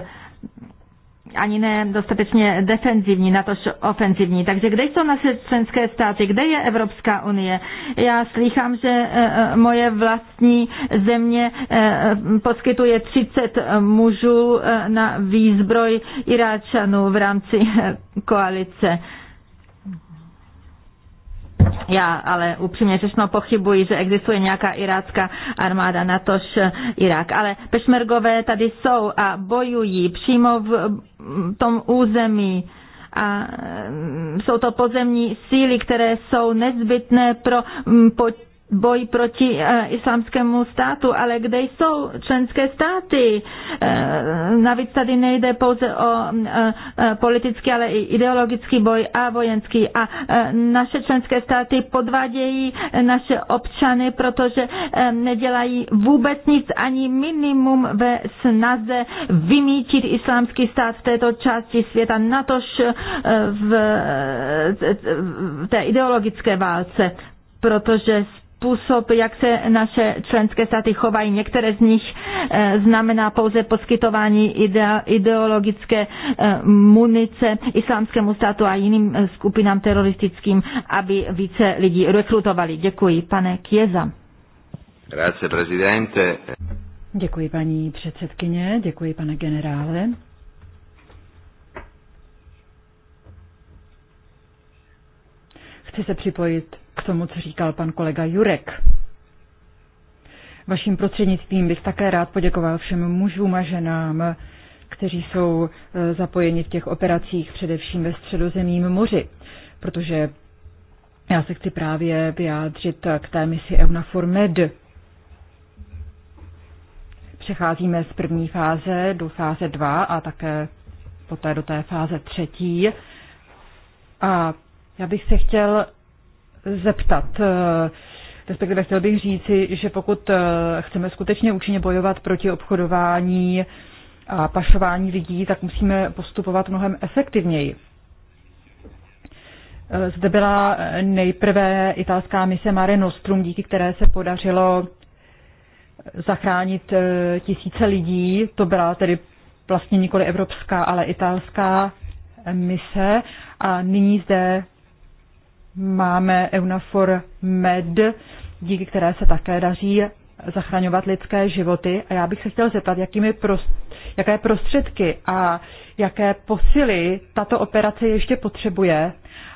ani ne dostatečně defenzivní, natož ofenzivní. Takže kde jsou naše členské státy, kde je Evropská unie? Já slychám, že eh, eh, moje vlastní země eh, poskytuje 30 mužů na výzbroj Iráčanů v rámci koalice. Já ale upřímně řečeno pochybuji, že existuje nějaká irácká armáda, natož eh, Irák. Ale pešmergové tady jsou a bojují přímo v mm, tom území a mm, jsou to pozemní síly, které jsou nezbytné pro mm, boj proti eh, islámskému státu, ale kde jsou členské státy? Eh, navíc tady nejde pouze o eh, politický, ale i ideologický boj a vojenský. A naše členské státy podvádějí naše občany, protože nedělají vůbec nic ani minimum ve snaze vymítit islámský stát v této části světa, natož v té ideologické válce protože způsob, jak se naše členské státy chovají. Některé z nich eh, znamená pouze poskytování ideologické eh, munice islámskému státu a jiným eh, skupinám teroristickým, aby více lidí rekrutovali. Děkuji, pane Kieza. Grazie, presidente. Děkuji, paní předsedkyně, děkuji, pane generále. Chci se připojit k tomu, co říkal pan kolega Jurek. Vaším prostřednictvím bych také rád poděkoval všem mužům a ženám, kteří jsou e, zapojeni v těch operacích, především ve středozemním moři, protože já se chci právě vyjádřit k té misi EUNAFOR MED. Přecházíme z první fáze do fáze 2 a také poté do té fáze třetí. A já bych se chtěl zeptat. Eh, respektive chtěl bych říci, že pokud eh, chceme skutečně účinně bojovat proti obchodování a pašování lidí, tak musíme postupovat mnohem efektivněji. Eh, zde byla nejprve italská mise Mare Nostrum, díky které se podařilo zachránit tisíce lidí. To byla tedy vlastně nikoli evropská, ale italská mise. A nyní zde máme EUNAFOR MED, díky které se také daří zachraňovat lidské životy. A já bych se chtěl zeptat, jakými prost, jaké prostředky a jaké posily tato operace ještě potřebuje,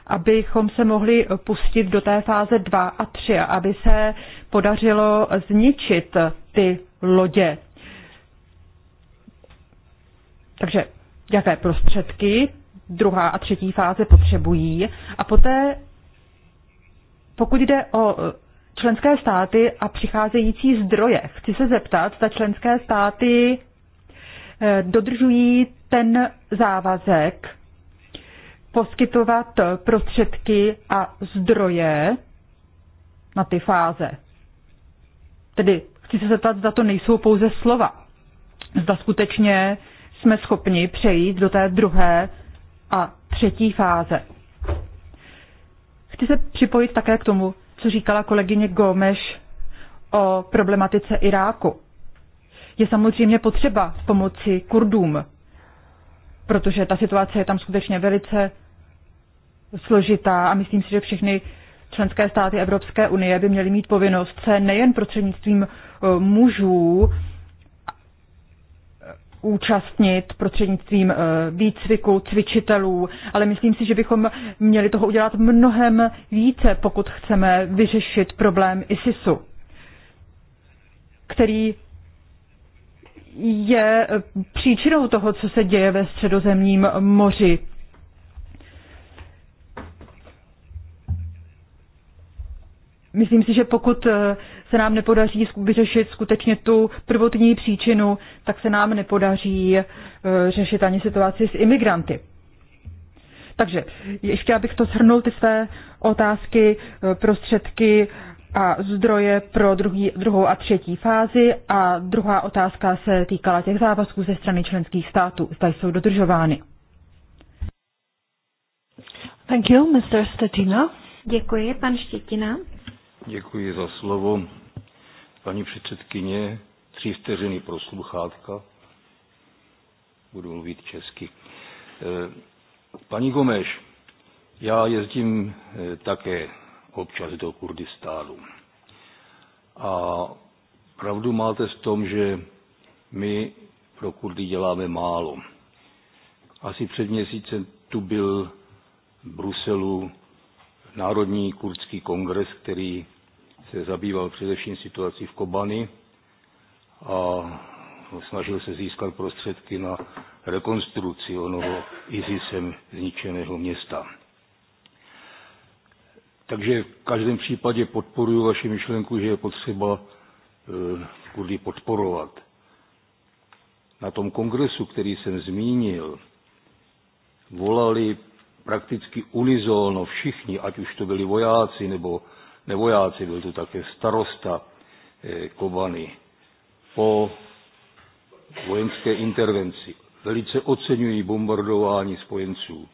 abychom se mohli pustit do té fáze 2 a 3, aby se podařilo zničit ty lodě. Takže jaké prostředky druhá a třetí fáze potřebují a poté pokud jde o e, členské státy a přicházející zdroje, chci se zeptat, zda členské státy e, dodržují ten závazek poskytovat prostředky a zdroje na ty fáze. Tedy chci se zeptat, zda to nejsou pouze slova. Zda skutečně jsme schopni přejít do té druhé a třetí fáze. Chci se připojit také k tomu, co říkala kolegyně Gómez o problematice Iráku. Je samozřejmě potřeba pomoci Kurdům, protože ta situace je tam skutečně velice složitá a myslím si, že všechny členské státy Evropské unie by měly mít povinnost se nejen prostřednictvím eh, mužů účastnit prostřednictvím eh, výcviku cvičitelů, ale myslím si, že bychom měli toho udělat mnohem více, pokud chceme vyřešit problém ISISu, který je eh, příčinou toho, co se děje ve středozemním moři. Myslím si, že pokud eh, se nám nepodaří vyřešit skutečně tu prvotní příčinu, tak se nám nepodaří e, řešit ani situaci s imigranty. Takže ještě abych to shrnul, ty své otázky, e, prostředky a zdroje pro druhý, druhou a třetí fázi. A druhá otázka se týkala těch závazků ze strany členských států. Zda jsou dodržovány. Thank you, Mr. Stetina. Děkuji, pan Štětina. Děkuji za slovo. Paní předsedkyně, tři vteřiny pro sluchátka. Budu mluvit česky. Eh, paní Gomeš, já jezdím eh, také občas do Kurdistánu. A pravdu máte v tom, že my pro Kurdy děláme málo. Asi před měsícem tu byl v Bruselu Národní kurdský kongres, který se zabýval především situací v Kobani a snažil se získat prostředky na rekonstrukci onoho ISISem zničeného města. Takže v každém případě podporuji vaši myšlenku, že je potřeba e, Kurdy podporovat. Na tom kongresu, který jsem zmínil, volali prakticky unizóno všichni, ať už to byli vojáci nebo nevojáci, byl tu také starosta eh, Kobany. Po vojenské intervenci velice oceňují bombardování spojenců,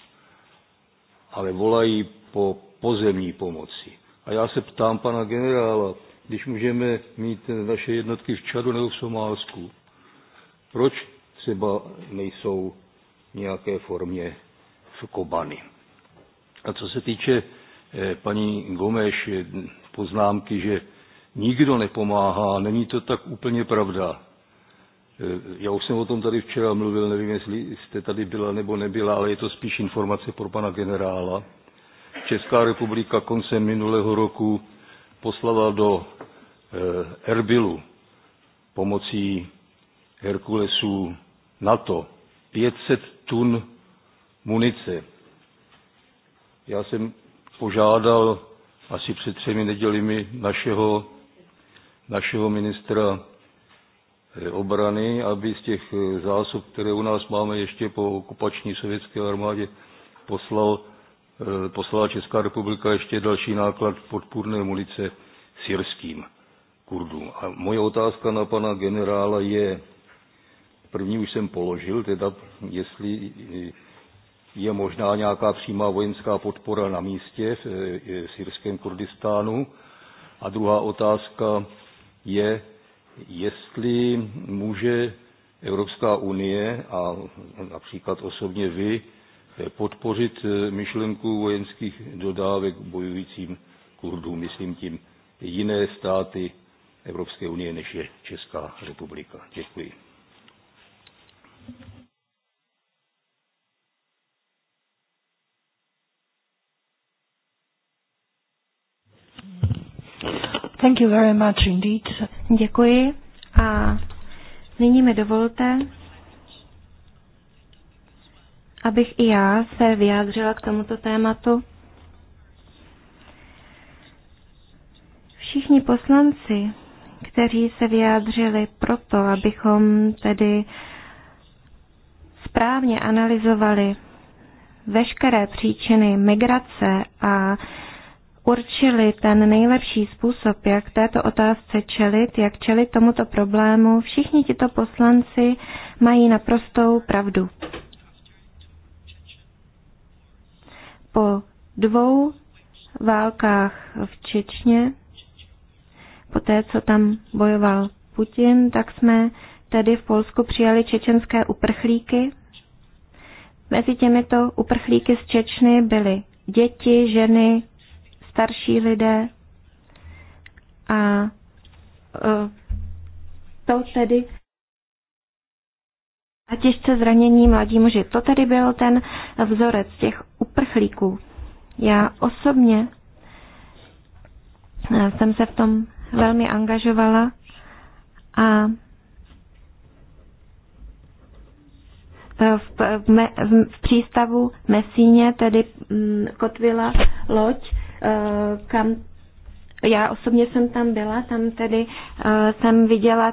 ale volají po pozemní pomoci. A já se ptám pana generála, když můžeme mít naše jednotky v Čadu nebo v Somálsku, proč třeba nejsou v nějaké formě v Kobany. A co se týče Eh, paní Gomeš eh, poznámky, že nikdo nepomáhá, není to tak úplně pravda. Eh, já už jsem o tom tady včera mluvil, nevím, jestli jste tady byla nebo nebyla, ale je to spíš informace pro pana generála. Česká republika koncem minulého roku poslala do Erbilu pomocí Herkulesů NATO 500 tun munice. Já jsem požádal asi před třemi nedělimi našeho, našeho ministra eh, obrany, aby z těch eh, zásob, které u nás máme ještě po okupační sovětské armádě, poslal, eh, poslala Česká republika ještě další náklad podpůrné munice syrským kurdům. A moje otázka na pana generála je, první už jsem položil, teda jestli je možná nějaká přímá vojenská podpora na místě v e, e, syrském Kurdistánu. A druhá otázka je, jestli může Evropská unie a například osobně vy e, podpořit myšlenku vojenských dodávek bojujícím Kurdům, myslím tím jiné státy Evropské unie, než je Česká republika. Děkuji. Thank you very much indeed. Děkuji. A nyní mi dovolte, abych i já se vyjádřila k tomuto tématu. Všichni poslanci, kteří se vyjádřili proto, abychom tedy správně analyzovali veškeré příčiny migrace a určili ten nejlepší způsob, jak této otázce čelit, jak čelit tomuto problému, všichni tito poslanci mají naprostou pravdu. Po dvou válkách v Čečně, po té, co tam bojoval Putin, tak jsme tedy v Polsku přijali čečenské uprchlíky. Mezi těmito uprchlíky z Čečny byly děti, ženy, starší lidé a e, to tedy a těžce zranění mladí muži. To tedy byl ten vzorec těch uprchlíků. Já osobně e, jsem se v tom velmi angažovala a e, v, v, v, v přístavu Mesíně tedy mm, kotvila loď Eh, kam já osobně jsem tam byla, tam tedy eh, jsem viděla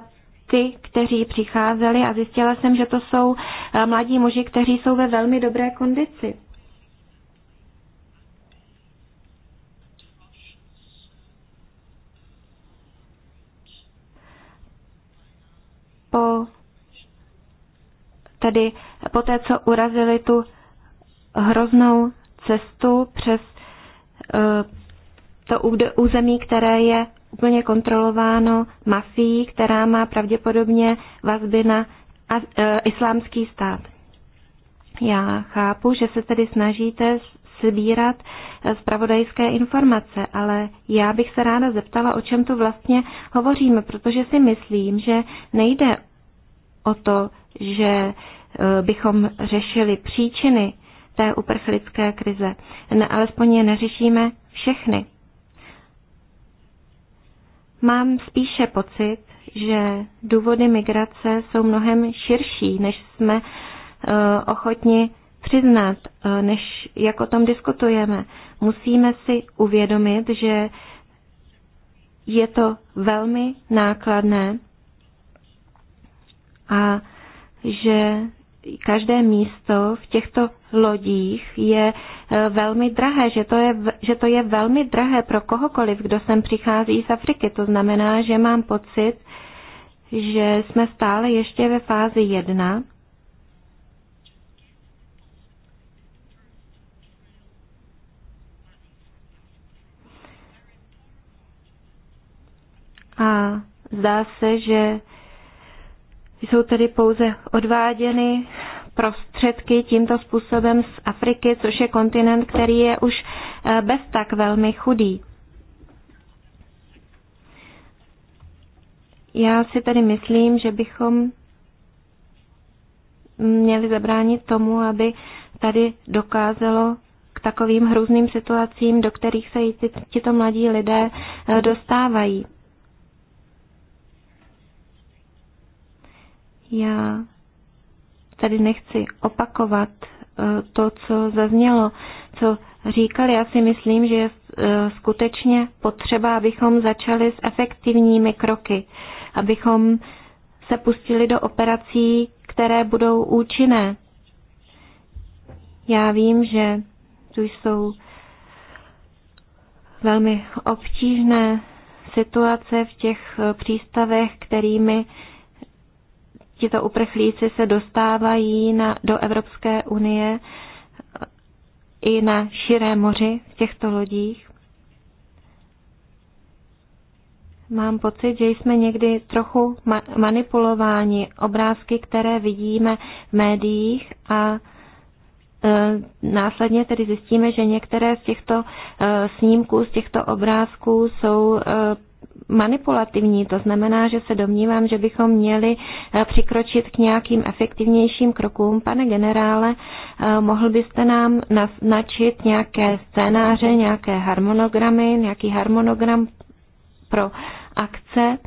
ty, kteří přicházeli a zjistila jsem, že to jsou eh, mladí muži, kteří jsou ve velmi dobré kondici. Po tedy po té, co urazili tu hroznou cestu přes Eh, to území, které je úplně kontrolováno mafií, která má pravděpodobně vazby na eh, islámský stát. Já chápu, že se tedy snažíte sbírat eh, zpravodajské informace, ale já bych se ráda zeptala, o čem tu vlastně hovoříme, protože si myslím, že nejde o to, že bychom řešili příčiny té uprchlické krize. Ne, alespoň je neřešíme všechny. Mám spíše pocit, že důvody migrace jsou mnohem širší, než jsme eh, ochotni přiznat, eh, než jak o tom diskutujeme. Musíme si uvědomit, že je to velmi nákladné a že každé místo v těchto lodích je e, velmi drahé, že to je, že to je velmi drahé pro kohokoliv, kdo sem přichází z Afriky. To znamená, že mám pocit, že jsme stále ještě ve fázi jedna. A zdá se, že jsou tedy pouze odváděny prostředky tímto způsobem z Afriky, což je kontinent, který je už eh, bez tak velmi chudý. Já si tedy myslím, že bychom měli zabránit tomu, aby tady dokázalo k takovým hrůzným situacím, do kterých se tito mladí lidé eh, dostávají. Já tady nechci opakovat eh, to, co zaznělo, co říkali. Já si myslím, že je eh, skutečně potřeba, abychom začali s efektivními kroky, abychom se pustili do operací, které budou účinné. Já vím, že tu jsou velmi obtížné situace v těch eh, přístavech, kterými tito uprchlíci se dostávají na, do Evropské unie i na širé moři v těchto lodích. Mám pocit, že jsme někdy trochu ma- manipulováni obrázky, které vidíme v médiích a e, Následně tedy zjistíme, že některé z těchto e, snímků, z těchto obrázků jsou e, manipulativní. To znamená, že se domnívám, že bychom měli eh, přikročit k nějakým efektivnějším krokům. Pane generále, eh, mohl byste nám naznačit nějaké scénáře, nějaké harmonogramy, nějaký harmonogram pro akce,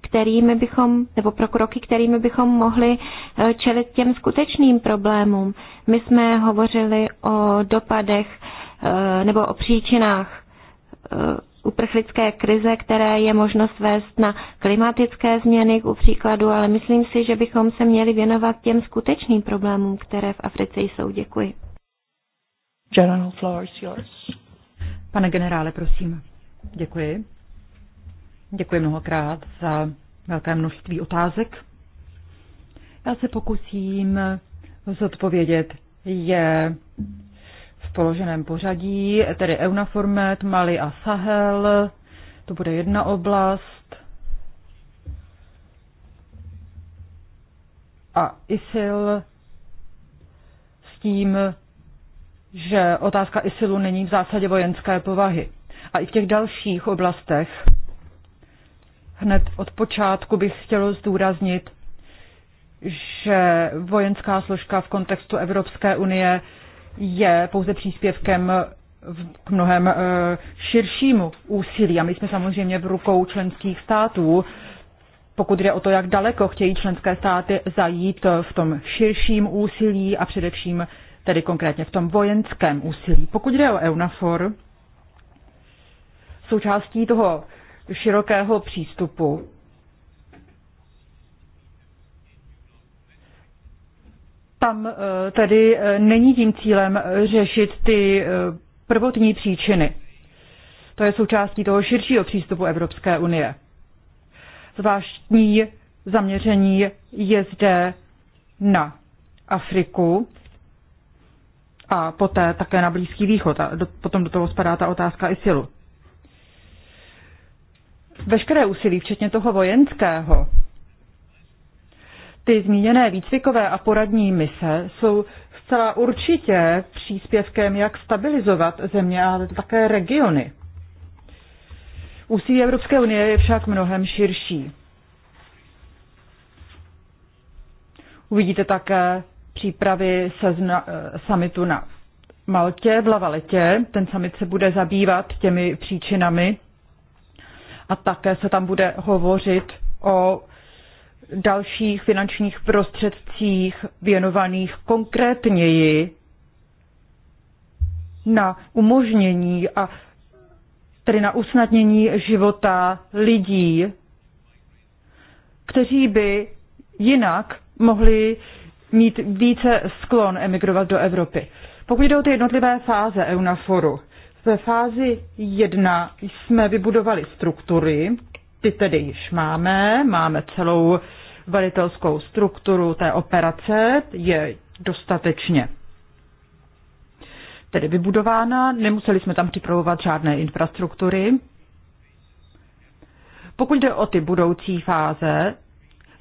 kterými bychom, nebo pro kroky, kterými bychom mohli eh, čelit těm skutečným problémům. My jsme hovořili o dopadech nebo o příčinách uprchlické krize, které je možno svést na klimatické změny, ku příkladu, ale myslím si, že bychom se měli věnovat těm skutečným problémům, které v Africe jsou. Děkuji. General Flores, yours. Pane generále, prosím. Děkuji. Děkuji mnohokrát za velké množství otázek. Já se pokusím zodpovědět je položeném pořadí, tedy Eunaformet, Mali a Sahel, to bude jedna oblast. A ISIL s tím, že otázka ISILu není v zásadě vojenské povahy. A i v těch dalších oblastech hned od počátku bych chtěl zdůraznit, že vojenská složka v kontextu Evropské unie je pouze příspěvkem k mnohem eh, širšímu úsilí. A my jsme samozřejmě v rukou členských států, pokud jde o to, jak daleko chtějí členské státy zajít v tom širším úsilí a především tedy konkrétně v tom vojenském úsilí. Pokud jde o EUNAFOR, součástí toho širokého přístupu tam eh, tedy eh, není tím cílem řešit ty eh, prvotní příčiny. To je součástí toho širšího přístupu Evropské unie. Zvláštní zaměření je zde na Afriku a poté také na Blízký východ. A do, potom do toho spadá ta otázka silu. Veškeré úsilí, včetně toho vojenského, ty zmíněné výcvikové a poradní mise jsou zcela určitě příspěvkem, jak stabilizovat země, ale také regiony. Úsilí Evropské unie je však mnohem širší. Uvidíte také přípravy sezna, samitu na Maltě v Lavaletě. Ten summit se bude zabývat těmi příčinami a také se tam bude hovořit o dalších finančních prostředcích věnovaných konkrétněji na umožnění a tedy na usnadnění života lidí, kteří by jinak mohli mít více sklon emigrovat do Evropy. Pokud jde o ty jednotlivé fáze EUNAFORu, ve fázi 1 jsme vybudovali struktury, ty tedy již máme, máme celou velitelskou strukturu té operace, je dostatečně tedy vybudována, nemuseli jsme tam připravovat žádné infrastruktury. Pokud jde o ty budoucí fáze,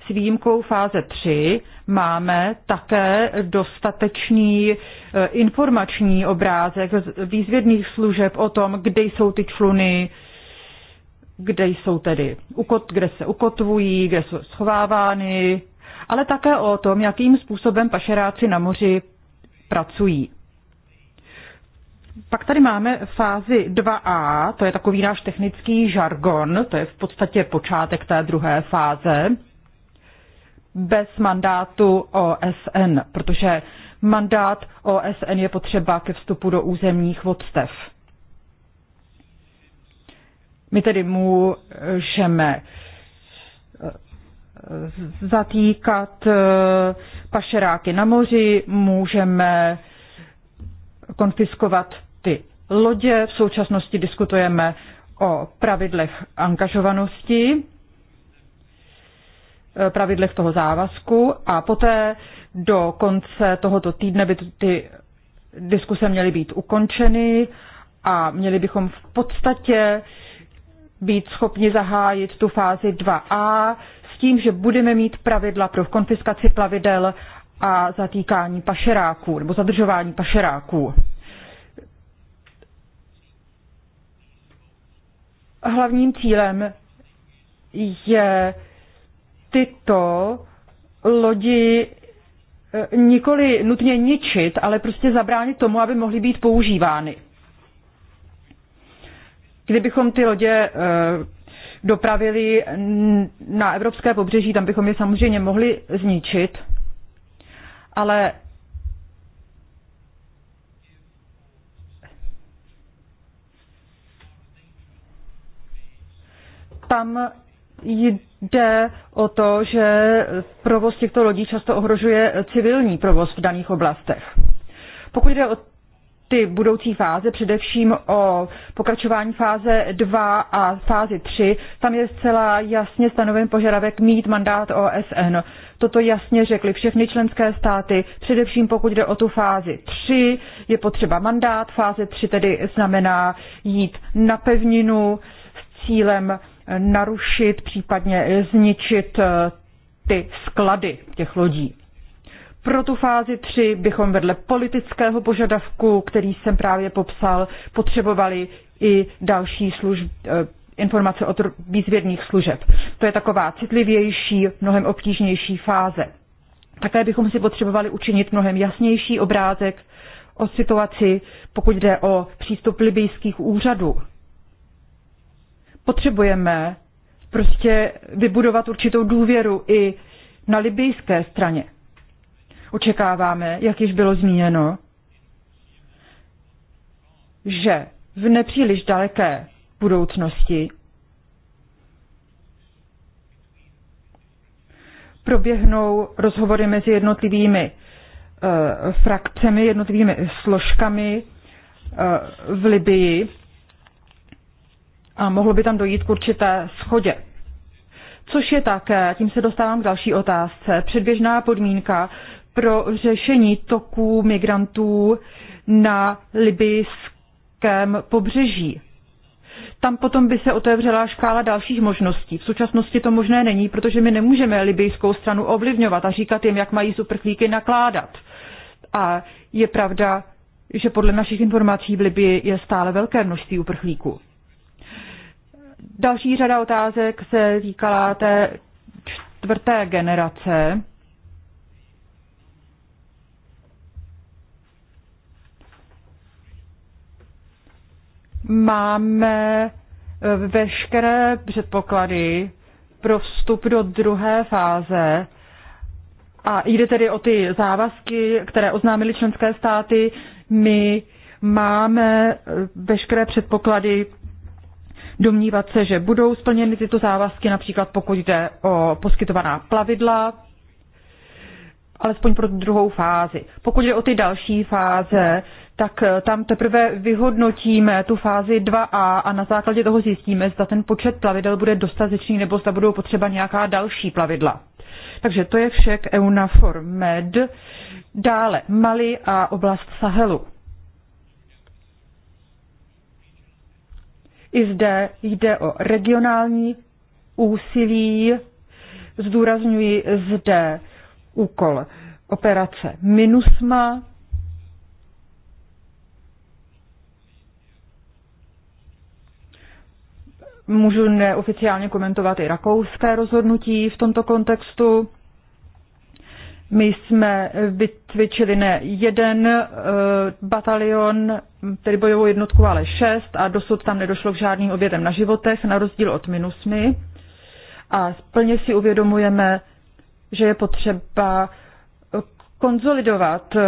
s výjimkou fáze 3 máme také dostatečný eh, informační obrázek výzvědných služeb o tom, kde jsou ty čluny, kde jsou tedy, kde se ukotvují, kde jsou schovávány, ale také o tom, jakým způsobem pašeráci na moři pracují. Pak tady máme fázi 2a, to je takový náš technický žargon, to je v podstatě počátek té druhé fáze, bez mandátu OSN, protože mandát OSN je potřeba ke vstupu do územních vodstev. My tedy můžeme eh, zatýkat eh, pašeráky na moři, můžeme konfiskovat ty lodě. V současnosti diskutujeme o pravidlech angažovanosti, eh, pravidlech toho závazku a poté do konce tohoto týdne by ty diskuse měly být ukončeny a měli bychom v podstatě být schopni zahájit tu fázi 2a s tím, že budeme mít pravidla pro konfiskaci plavidel a zatýkání pašeráků nebo zadržování pašeráků. Hlavním cílem je tyto lodi eh, nikoli nutně ničit, ale prostě zabránit tomu, aby mohly být používány. Kdybychom ty lodě eh, dopravili na evropské pobřeží, tam bychom je samozřejmě mohli zničit, ale tam jde o to, že provoz těchto lodí často ohrožuje civilní provoz v daných oblastech. Pokud jde o ty budoucí fáze, především o pokračování fáze 2 a fázi 3, tam je zcela jasně stanoven požadavek mít mandát OSN. Toto jasně řekly všechny členské státy, především pokud jde o tu fázi 3, je potřeba mandát, fáze 3 tedy znamená jít na pevninu s cílem narušit, případně zničit eh, ty sklady těch lodí. Pro tu fázi 3 bychom vedle politického požadavku, který jsem právě popsal, potřebovali i další služby, eh, informace od výzvědných služeb. To je taková citlivější, mnohem obtížnější fáze. Také bychom si potřebovali učinit mnohem jasnější obrázek o situaci, pokud jde o přístup libijských úřadů. Potřebujeme prostě vybudovat určitou důvěru i na libijské straně očekáváme, jak již bylo zmíněno, že v nepříliš daleké budoucnosti proběhnou rozhovory mezi jednotlivými uh, frakcemi, jednotlivými složkami uh, v Libii a mohlo by tam dojít k určité schodě. Což je také, tím se dostávám k další otázce, předběžná podmínka pro řešení toků migrantů na libyském pobřeží. Tam potom by se otevřela škála dalších možností. V současnosti to možné není, protože my nemůžeme libijskou stranu ovlivňovat a říkat jim, jak mají superklíky nakládat. A je pravda, že podle našich informací v Libii je stále velké množství uprchlíků. Další řada otázek se týkala té čtvrté generace máme eh, veškeré předpoklady pro vstup do druhé fáze a jde tedy o ty závazky, které oznámily členské státy. My máme eh, veškeré předpoklady domnívat se, že budou splněny tyto závazky, například pokud jde o poskytovaná plavidla, alespoň pro druhou fázi. Pokud jde o ty další fáze, tak eh, tam teprve vyhodnotíme tu fázi 2A a na základě toho zjistíme, zda ten počet plavidel bude dostatečný nebo zda budou potřeba nějaká další plavidla. Takže to je vše EUNAFOR MED. Dále Mali a oblast Sahelu. I zde jde o regionální úsilí, zdůrazňuji zde úkol operace MINUSMA, Můžu neoficiálně komentovat i rakouské rozhodnutí v tomto kontextu. My jsme vycvičili ne jeden uh, batalion, tedy bojovou jednotku, ale šest a dosud tam nedošlo k žádným obědem na životech, na rozdíl od minusmy. A plně si uvědomujeme, že je potřeba eh, konzolidovat uh,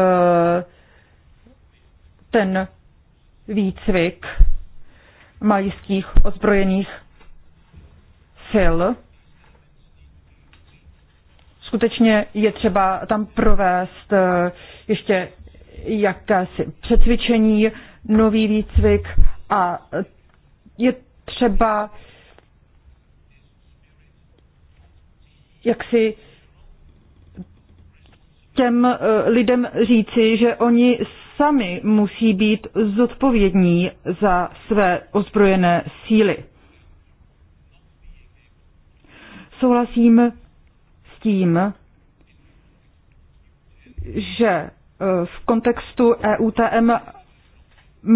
ten výcvik malijských ozbrojených sil. Skutečně je třeba tam provést eh, ještě jakési přecvičení, nový výcvik a eh, je třeba jak si těm eh, lidem říci, že oni sami musí být zodpovědní za své ozbrojené síly. Souhlasím s tím, že eh, v kontextu EUTM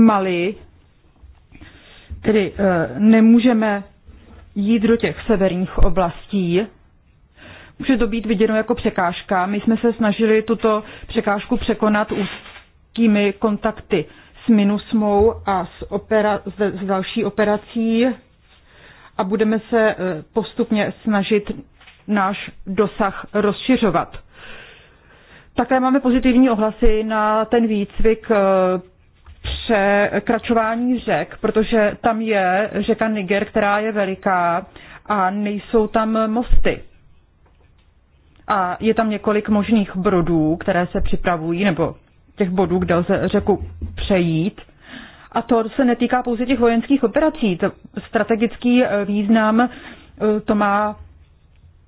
Mali tedy eh, nemůžeme jít do těch severních oblastí, může to být viděno jako překážka. My jsme se snažili tuto překážku překonat nějakými kontakty s MINUSMou a s, opera, s další operací a budeme se eh, postupně snažit náš dosah rozšiřovat. Také máme pozitivní ohlasy na ten výcvik eh, překračování řek, protože tam je řeka Niger, která je veliká a nejsou tam mosty. A je tam několik možných brodů, které se připravují, nebo těch bodů, kde lze řeku přejít. A to se netýká pouze těch vojenských operací. To strategický eh, význam eh, to má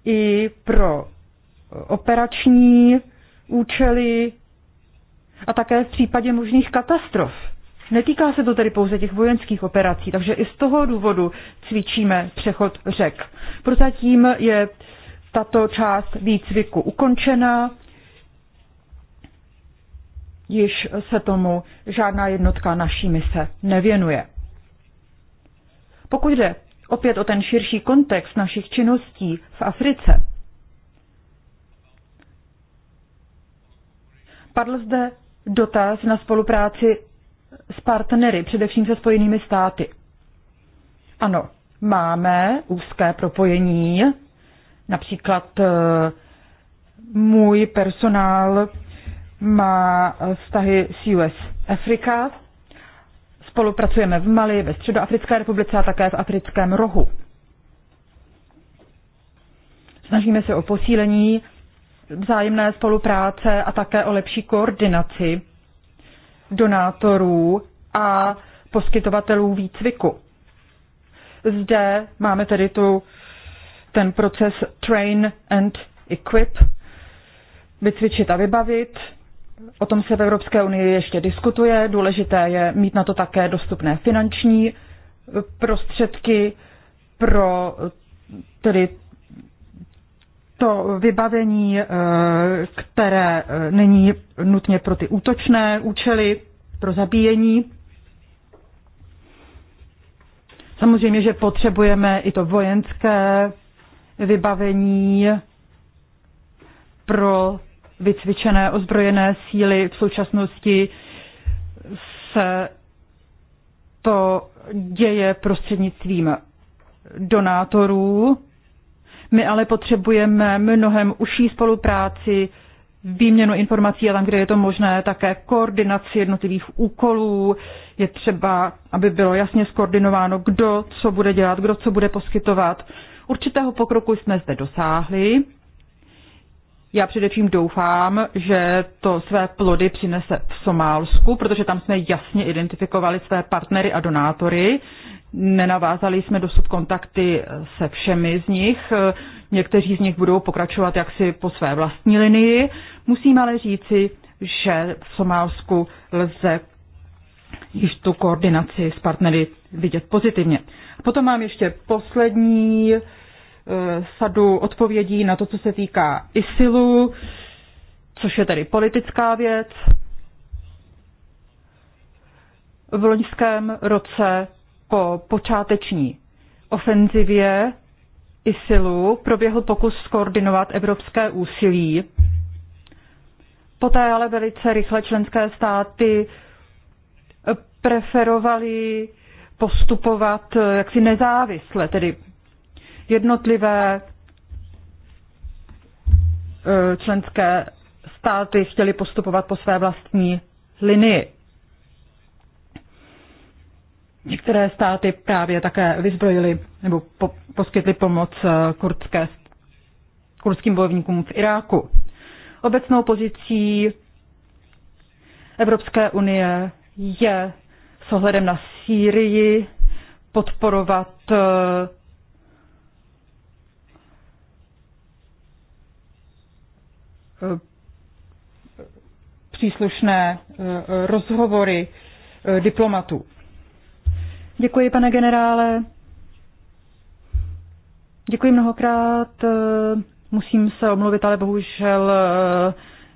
i pro eh, operační účely a také v případě možných katastrof. Netýká se to tedy pouze těch vojenských operací, takže i z toho důvodu cvičíme přechod řek. Prozatím je tato část výcviku ukončena již se tomu žádná jednotka naší mise nevěnuje. Pokud jde opět o ten širší kontext našich činností v Africe, padl zde dotaz na spolupráci s partnery, především se Spojenými státy. Ano, máme úzké propojení, například eh, můj personál má vztahy s US Afrika. Spolupracujeme v Mali, ve Středoafrické republice a také v Africkém rohu. Snažíme se o posílení vzájemné spolupráce a také o lepší koordinaci donátorů a poskytovatelů výcviku. Zde máme tedy tu ten proces train and equip, vycvičit a vybavit, O tom se v Evropské unii ještě diskutuje. Důležité je mít na to také dostupné finanční prostředky pro tedy to vybavení, eh, které eh, není nutně pro ty útočné účely, pro zabíjení. Samozřejmě, že potřebujeme i to vojenské vybavení pro vycvičené ozbrojené síly. V současnosti se to děje prostřednictvím donátorů. My ale potřebujeme mnohem užší spolupráci, výměnu informací a tam, kde je to možné, také koordinaci jednotlivých úkolů. Je třeba, aby bylo jasně skoordinováno, kdo co bude dělat, kdo co bude poskytovat. Určitého pokroku jsme zde dosáhli, já především doufám, že to své plody přinese v Somálsku, protože tam jsme jasně identifikovali své partnery a donátory. Nenavázali jsme dosud kontakty se všemi z nich. Někteří z nich budou pokračovat jaksi po své vlastní linii. Musím ale říci, že v Somálsku lze již tu koordinaci s partnery vidět pozitivně. Potom mám ještě poslední Eh, sadu odpovědí na to, co se týká ISILu, což je tedy politická věc. V loňském roce po počáteční ofenzivě ISILu proběhl pokus skoordinovat evropské úsilí. Poté ale velice rychle členské státy preferovali postupovat eh, jaksi nezávisle, tedy jednotlivé e, členské státy chtěly postupovat po své vlastní linii. Některé státy právě také vyzbrojily nebo po, poskytly pomoc e, kurdské, kurdským bojovníkům v Iráku. Obecnou pozicí Evropské unie je s ohledem na Sýrii podporovat e, Eh, příslušné eh, rozhovory eh, diplomatů. Děkuji, pane generále. Děkuji mnohokrát. Musím se omluvit, ale bohužel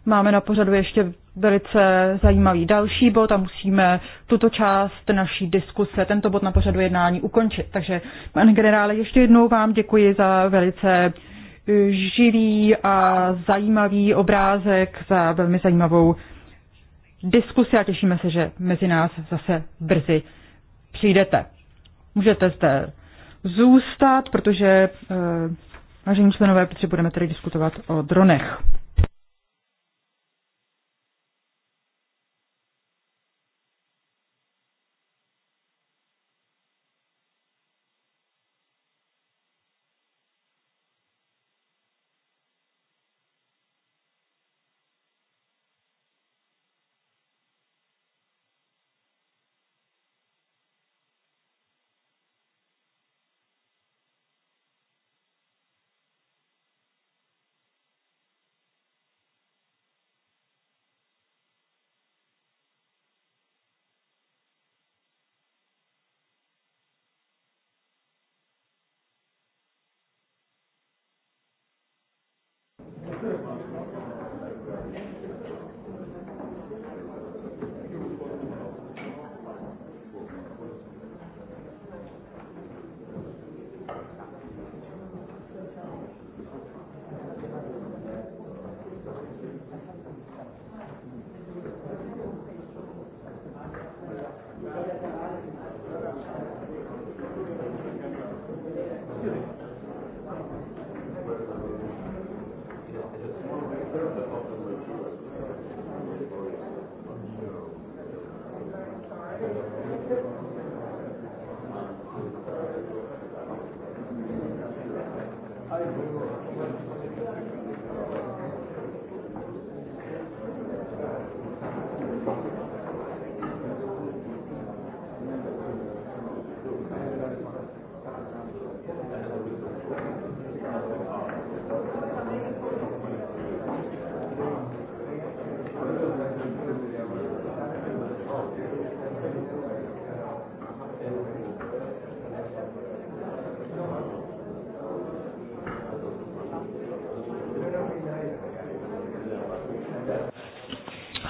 máme na pořadu ještě velice zajímavý další bod a musíme tuto část naší diskuse, tento bod na pořadu jednání ukončit. Takže, pane generále, ještě jednou vám děkuji za velice živý a zajímavý obrázek za velmi zajímavou diskusi a těšíme se, že mezi nás zase brzy přijdete. Můžete zde zůstat, protože, eh, vážení členové, protože budeme tady diskutovat o dronech.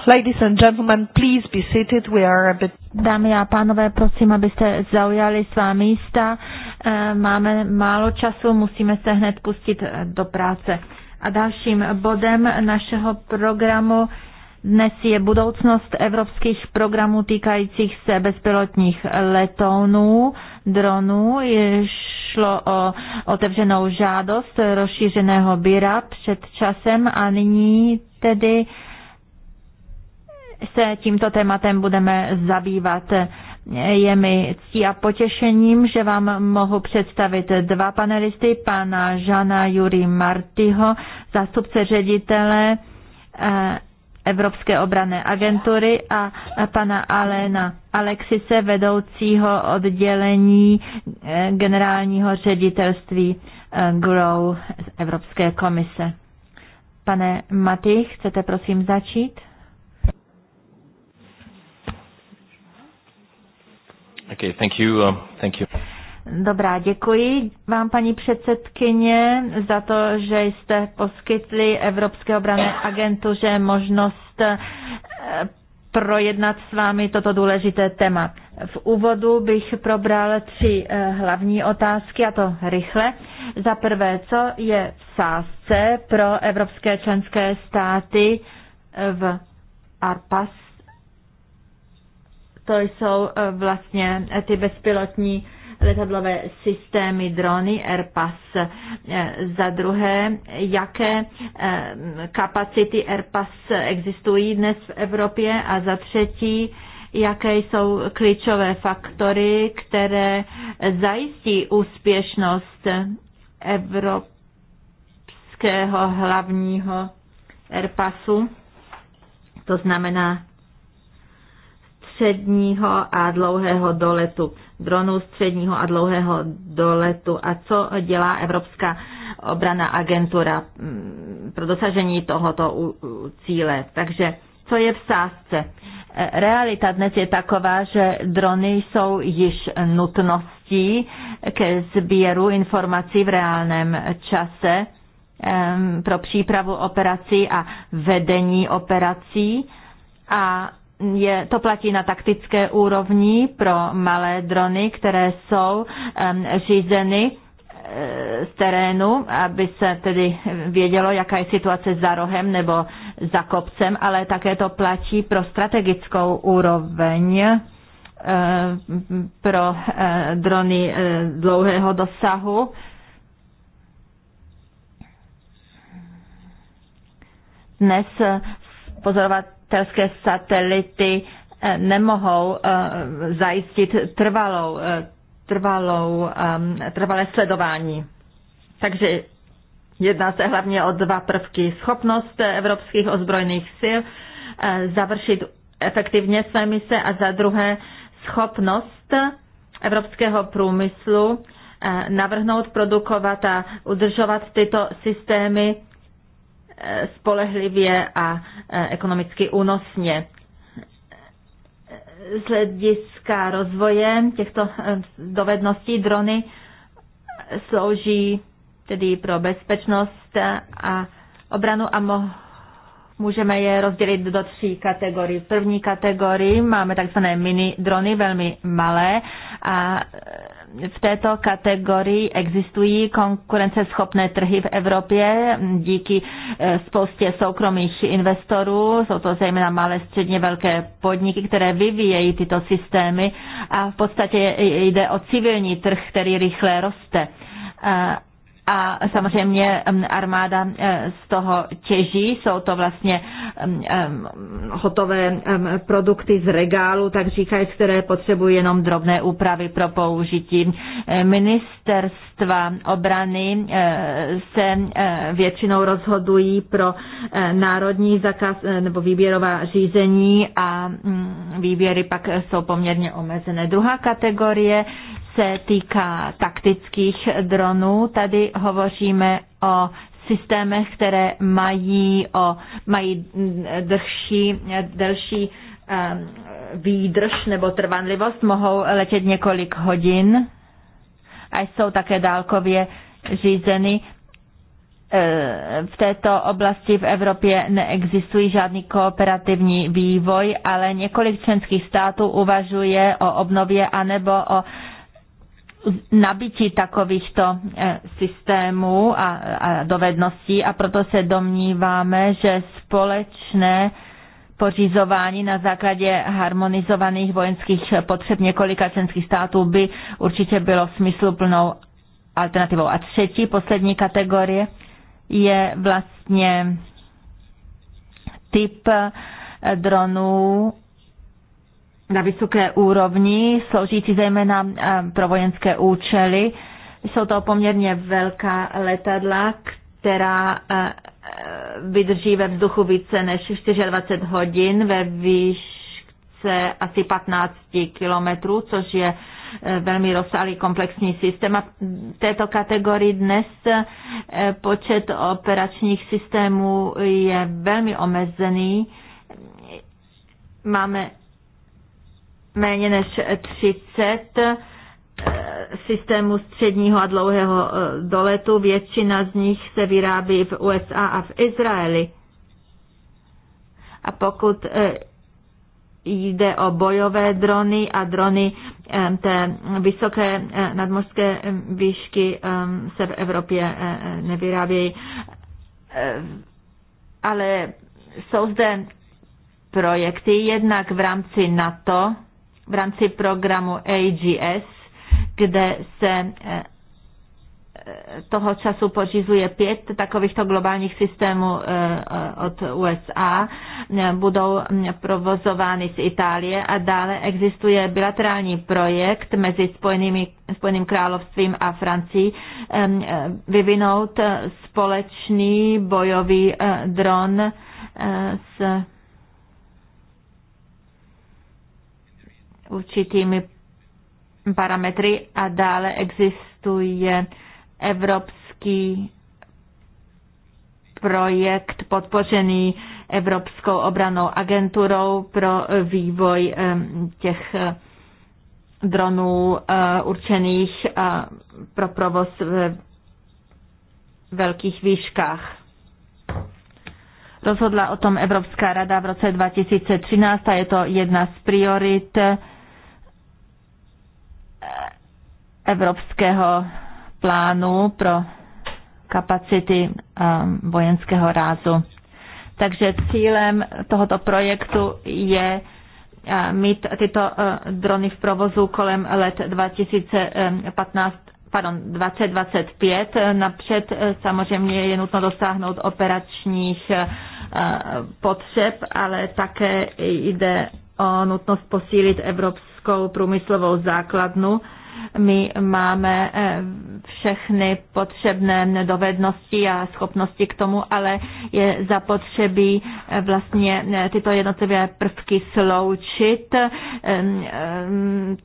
Ladies and gentlemen, please be seated. We are a bit... Dámy a pánové, prosím, abyste zaujali svá místa. Eh, máme málo času, musíme se hned pustit eh, do práce. A dalším bodem našeho programu dnes je budoucnost evropských programů týkajících se bezpilotních letounů, dronů. Šlo o otevřenou žádost rozšířeného Bíra před časem a nyní tedy se tímto tématem budeme zabývat. Je mi ctí a potěšením, že vám mohu představit dva panelisty, pana Žana Juri Martyho, zástupce ředitele eh, Evropské obrané agentury a pana Alena Alexise, vedoucího oddělení eh, generálního ředitelství eh, GROW z Evropské komise. Pane Maty, chcete prosím začít? Okay, thank you, um, thank you. Dobrá, děkuji vám, paní předsedkyně, za to, že jste poskytli Evropské obrané agentuře možnost eh, projednat s vámi toto důležité téma. V úvodu bych probral tři eh, hlavní otázky, a to rychle. Za prvé, co je v sázce pro evropské členské státy eh, v ARPAS to jsou eh, vlastně eh, ty bezpilotní letadlové systémy drony Airpass. Eh, za druhé, jaké kapacity Airpass existují dnes v Evropě a za třetí, jaké jsou klíčové faktory, které zajistí úspěšnost evropského hlavního Airpassu, to znamená středního a dlouhého doletu, dronů středního a dlouhého doletu a co dělá Evropská obrana agentura mm, pro dosažení tohoto cíle. Takže co je v sázce? E, realita dnes je taková, že drony jsou již nutností ke sběru informací v reálném čase pro přípravu operací a vedení operací a je, to platí na taktické úrovni pro malé drony, které jsou um, řízeny eh, z terénu, aby se tedy vědělo, jaká je situace za rohem nebo za kopcem, ale také to platí pro strategickou úroveň eh, pro eh, drony dlouhého dosahu. Dnes pozorovat telské satelity eh, nemohou eh, zajistit trvalou, eh, trvalou, trvalé sledování. Takže jedná se hlavně o dva prvky. Schopnost evropských ozbrojených sil završit efektivně své mise a za druhé schopnost evropského průmyslu navrhnout, produkovat a udržovat tyto systémy spolehlivě a e, ekonomicky únosně. Z hlediska rozvoje těchto e, dovedností drony slouží tedy pro bezpečnost a obranu a mo- můžeme je rozdělit do tří kategorií. V první kategorii máme takzvané mini drony, velmi malé a v této kategorii existují konkurenceschopné trhy v Evropě díky eh, spoustě soukromých investorů. Jsou to zejména malé, středně velké podniky, které vyvíjejí tyto systémy a v podstatě jde o civilní trh, který rychle roste a samozřejmě armáda z toho těží, jsou to vlastně hotové produkty z regálu, tak říkají, které potřebují jenom drobné úpravy pro použití. Ministerstva obrany e, se e, většinou rozhodují pro e, národní zakaz nebo výběrová řízení a mm, výběry pak jsou poměrně omezené. Druhá kategorie se týká taktických dronů, tady hovoříme o systémech, které mají, o, mají drhší, delší ehm, výdrž nebo trvanlivost, mohou letět několik hodin a jsou také dálkově řízeny. Ehm, v této oblasti v Evropě neexistují žádný kooperativní vývoj, ale několik členských států uvažuje o obnově anebo o nabití takovýchto eh, systémů a, a dovedností a proto se domníváme, že společné pořizování na základě harmonizovaných vojenských potřeb několika členských států by určitě bylo smysluplnou alternativou. A třetí, poslední kategorie je vlastně typ eh, dronů na vysoké úrovni, sloužící zejména eh, pro vojenské účely. Jsou to poměrně velká letadla, která eh, vydrží ve vzduchu více než 24 hodin ve výšce asi 15 kilometrů, což je eh, velmi rozsáhlý komplexní systém. A v této kategorii dnes počet operačních systémů je velmi omezený. Máme méně než 30 eh, systémů středního a dlouhého eh, doletu. Většina z nich se vyrábí v USA a v Izraeli. A pokud eh, jde o bojové drony a drony té vysoké nadmořské výšky se v Evropě nevyrábějí. Ale jsou zde projekty jednak v rámci NATO, v rámci programu AGS, kde se eh, toho času pořizuje pět takovýchto globálních systémů eh, eh, od USA, budou hm, provozovány z Itálie a dále existuje bilaterální projekt mezi Spojenými, Spojeným královstvím a Francií hm, vyvinout společný bojový dron s určitými parametry a dále existuje evropský projekt podpořený Evropskou obranou agenturou pro vývoj těch eh, dronů eh, určených eh, pro provoz v velkých výškách. Rozhodla o tom Evropská rada v roce 2013 a je to jedna z priorit evropského plánu pro kapacity um, vojenského rázu. Takže cílem tohoto projektu je uh, mít tyto uh, drony v provozu kolem let 2015 um, pardon, 2025. Napřed uh, samozřejmě je nutno dosáhnout operačních potřeb, ale také jde o nutnost posílit evropskou evropskou průmyslovou základnu. My máme eh, všechny potřebné dovednosti a schopnosti k tomu, ale je zapotřebí eh, vlastně eh, tyto jednotlivé prvky sloučit mm, mm,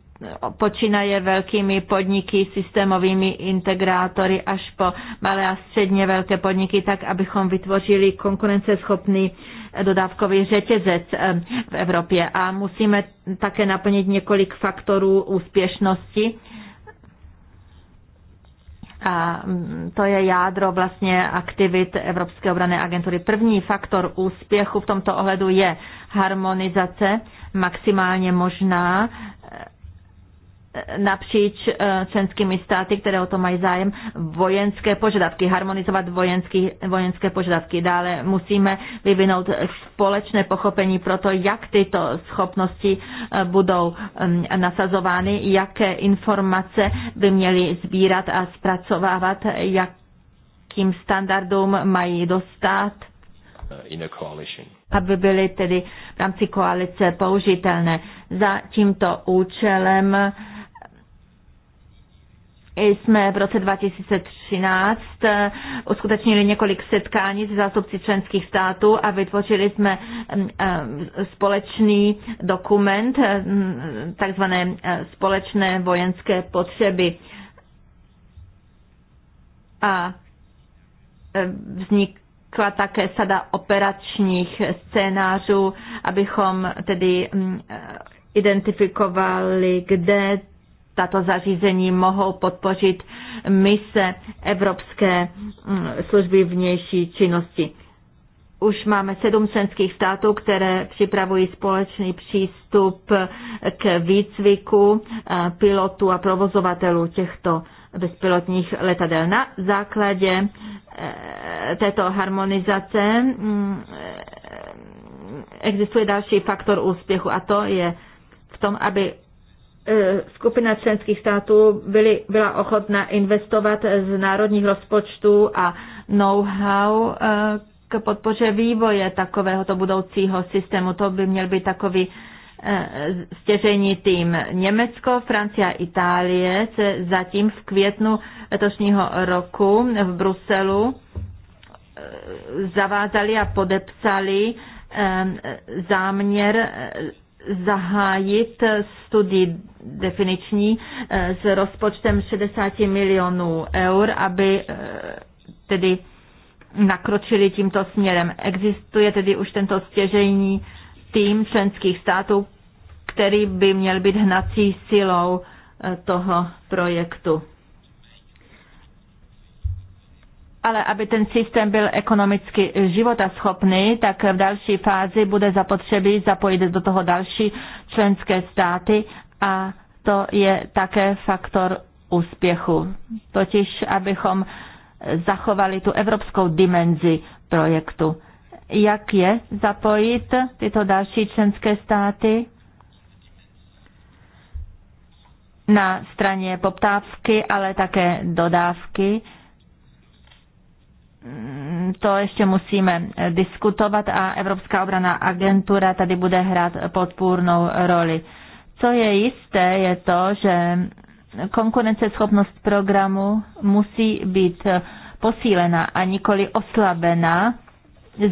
počínaje velkými podniky, systémovými integrátory až po malé a středně velké podniky, tak abychom vytvořili konkurenceschopný dodávkový řetězec eh, v Evropě a musíme také naplnit několik faktorů úspěšnosti. A mm, to je jádro vlastně aktivit Evropské obrané agentury. První faktor úspěchu v tomto ohledu je harmonizace maximálně možná napříč eh, členskými státy, které o to mají zájem, vojenské požadavky, harmonizovat vojenský, vojenské požadavky. Dále musíme vyvinout společné pochopení pro to, jak tyto schopnosti eh, budou mm, nasazovány, jaké informace by měly sbírat a zpracovávat, jakým standardům mají dostat uh, aby byly tedy v rámci koalice použitelné. Za tímto účelem jsme v roce 2013 eh, uskutečnili několik setkání s zástupci členských států a vytvořili jsme mm, eh, společný dokument, eh, mm, takzvané společné vojenské potřeby. A vznik vznikla také sada operačních scénářů, abychom tedy mm, identifikovali, kde tato zařízení mohou podpořit mise Evropské mm, služby vnější činnosti. Už máme sedm členských států, které připravují společný přístup k výcviku eh, pilotů a provozovatelů těchto bezpilotních letadel. Na základě eh, této harmonizace mm, eh, existuje další faktor úspěchu a to je v tom, aby Eh, skupina členských států byly, byla ochotna investovat z národních rozpočtů a know-how eh, k podpoře vývoje takovéhoto budoucího systému. To by měl být takový eh, stěžení tým. Německo, Francie a Itálie se zatím v květnu letošního roku v Bruselu zavázali a podepsali záměr zahájit studii definiční eh, s rozpočtem 60 milionů eur, aby eh, tedy nakročili tímto směrem. Existuje tedy už tento stěžejní tým členských států, který by měl být hnací silou eh, toho projektu ale aby ten systém byl ekonomicky životaschopný, tak v další fázi bude zapotřebí zapojit do toho další členské státy a to je také faktor úspěchu. Totiž, abychom zachovali tu evropskou dimenzi projektu. Jak je zapojit tyto další členské státy? Na straně poptávky, ale také dodávky Mm, to ještě musíme diskutovat a Evropská obraná agentura tady bude hrát podpůrnou roli. Co je jisté, je to, že konkurenceschopnost programu musí být posílena a nikoli oslabena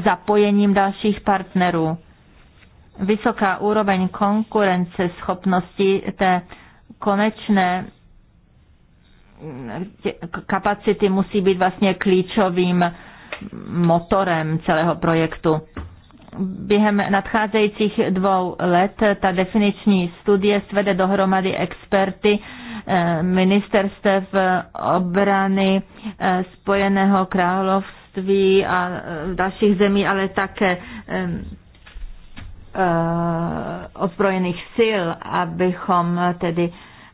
zapojením dalších partnerů. Vysoká úroveň konkurenceschopnosti té konečné kapacity musí být vlastně klíčovým motorem celého projektu. Během nadcházejících dvou let ta definiční studie svede dohromady experty eh, ministerstev obrany eh, Spojeného království a eh, dalších zemí, ale také ozbrojených sil, abychom tedy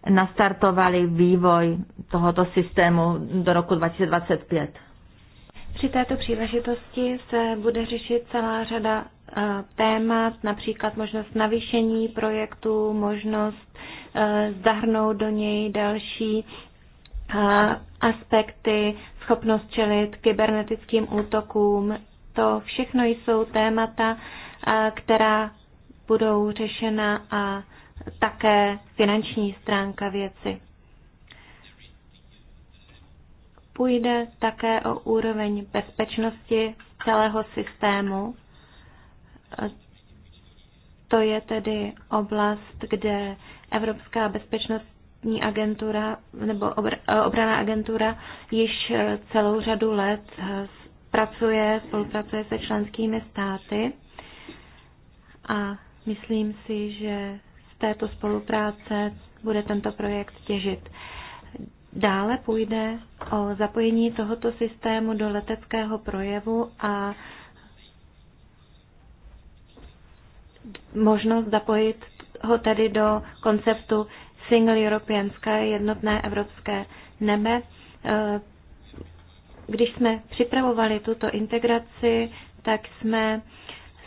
nastartovali vývoj tohoto systému do roku 2025. Při této příležitosti se bude řešit celá řada eh, témat, například možnost navýšení projektu, možnost eh, zahrnout do něj další eh, aspekty, schopnost čelit kybernetickým útokům. To všechno jsou témata, která budou řešena a také finanční stránka věci. Půjde také o úroveň bezpečnosti celého systému. To je tedy oblast, kde Evropská bezpečnostní agentura nebo obraná agentura již celou řadu let pracuje, spolupracuje se členskými státy a myslím si, že této spolupráce bude tento projekt těžit. Dále půjde o zapojení tohoto systému do leteckého projevu a možnost zapojit ho tedy do konceptu Single European Sky, jednotné evropské nebe. Když jsme připravovali tuto integraci, tak jsme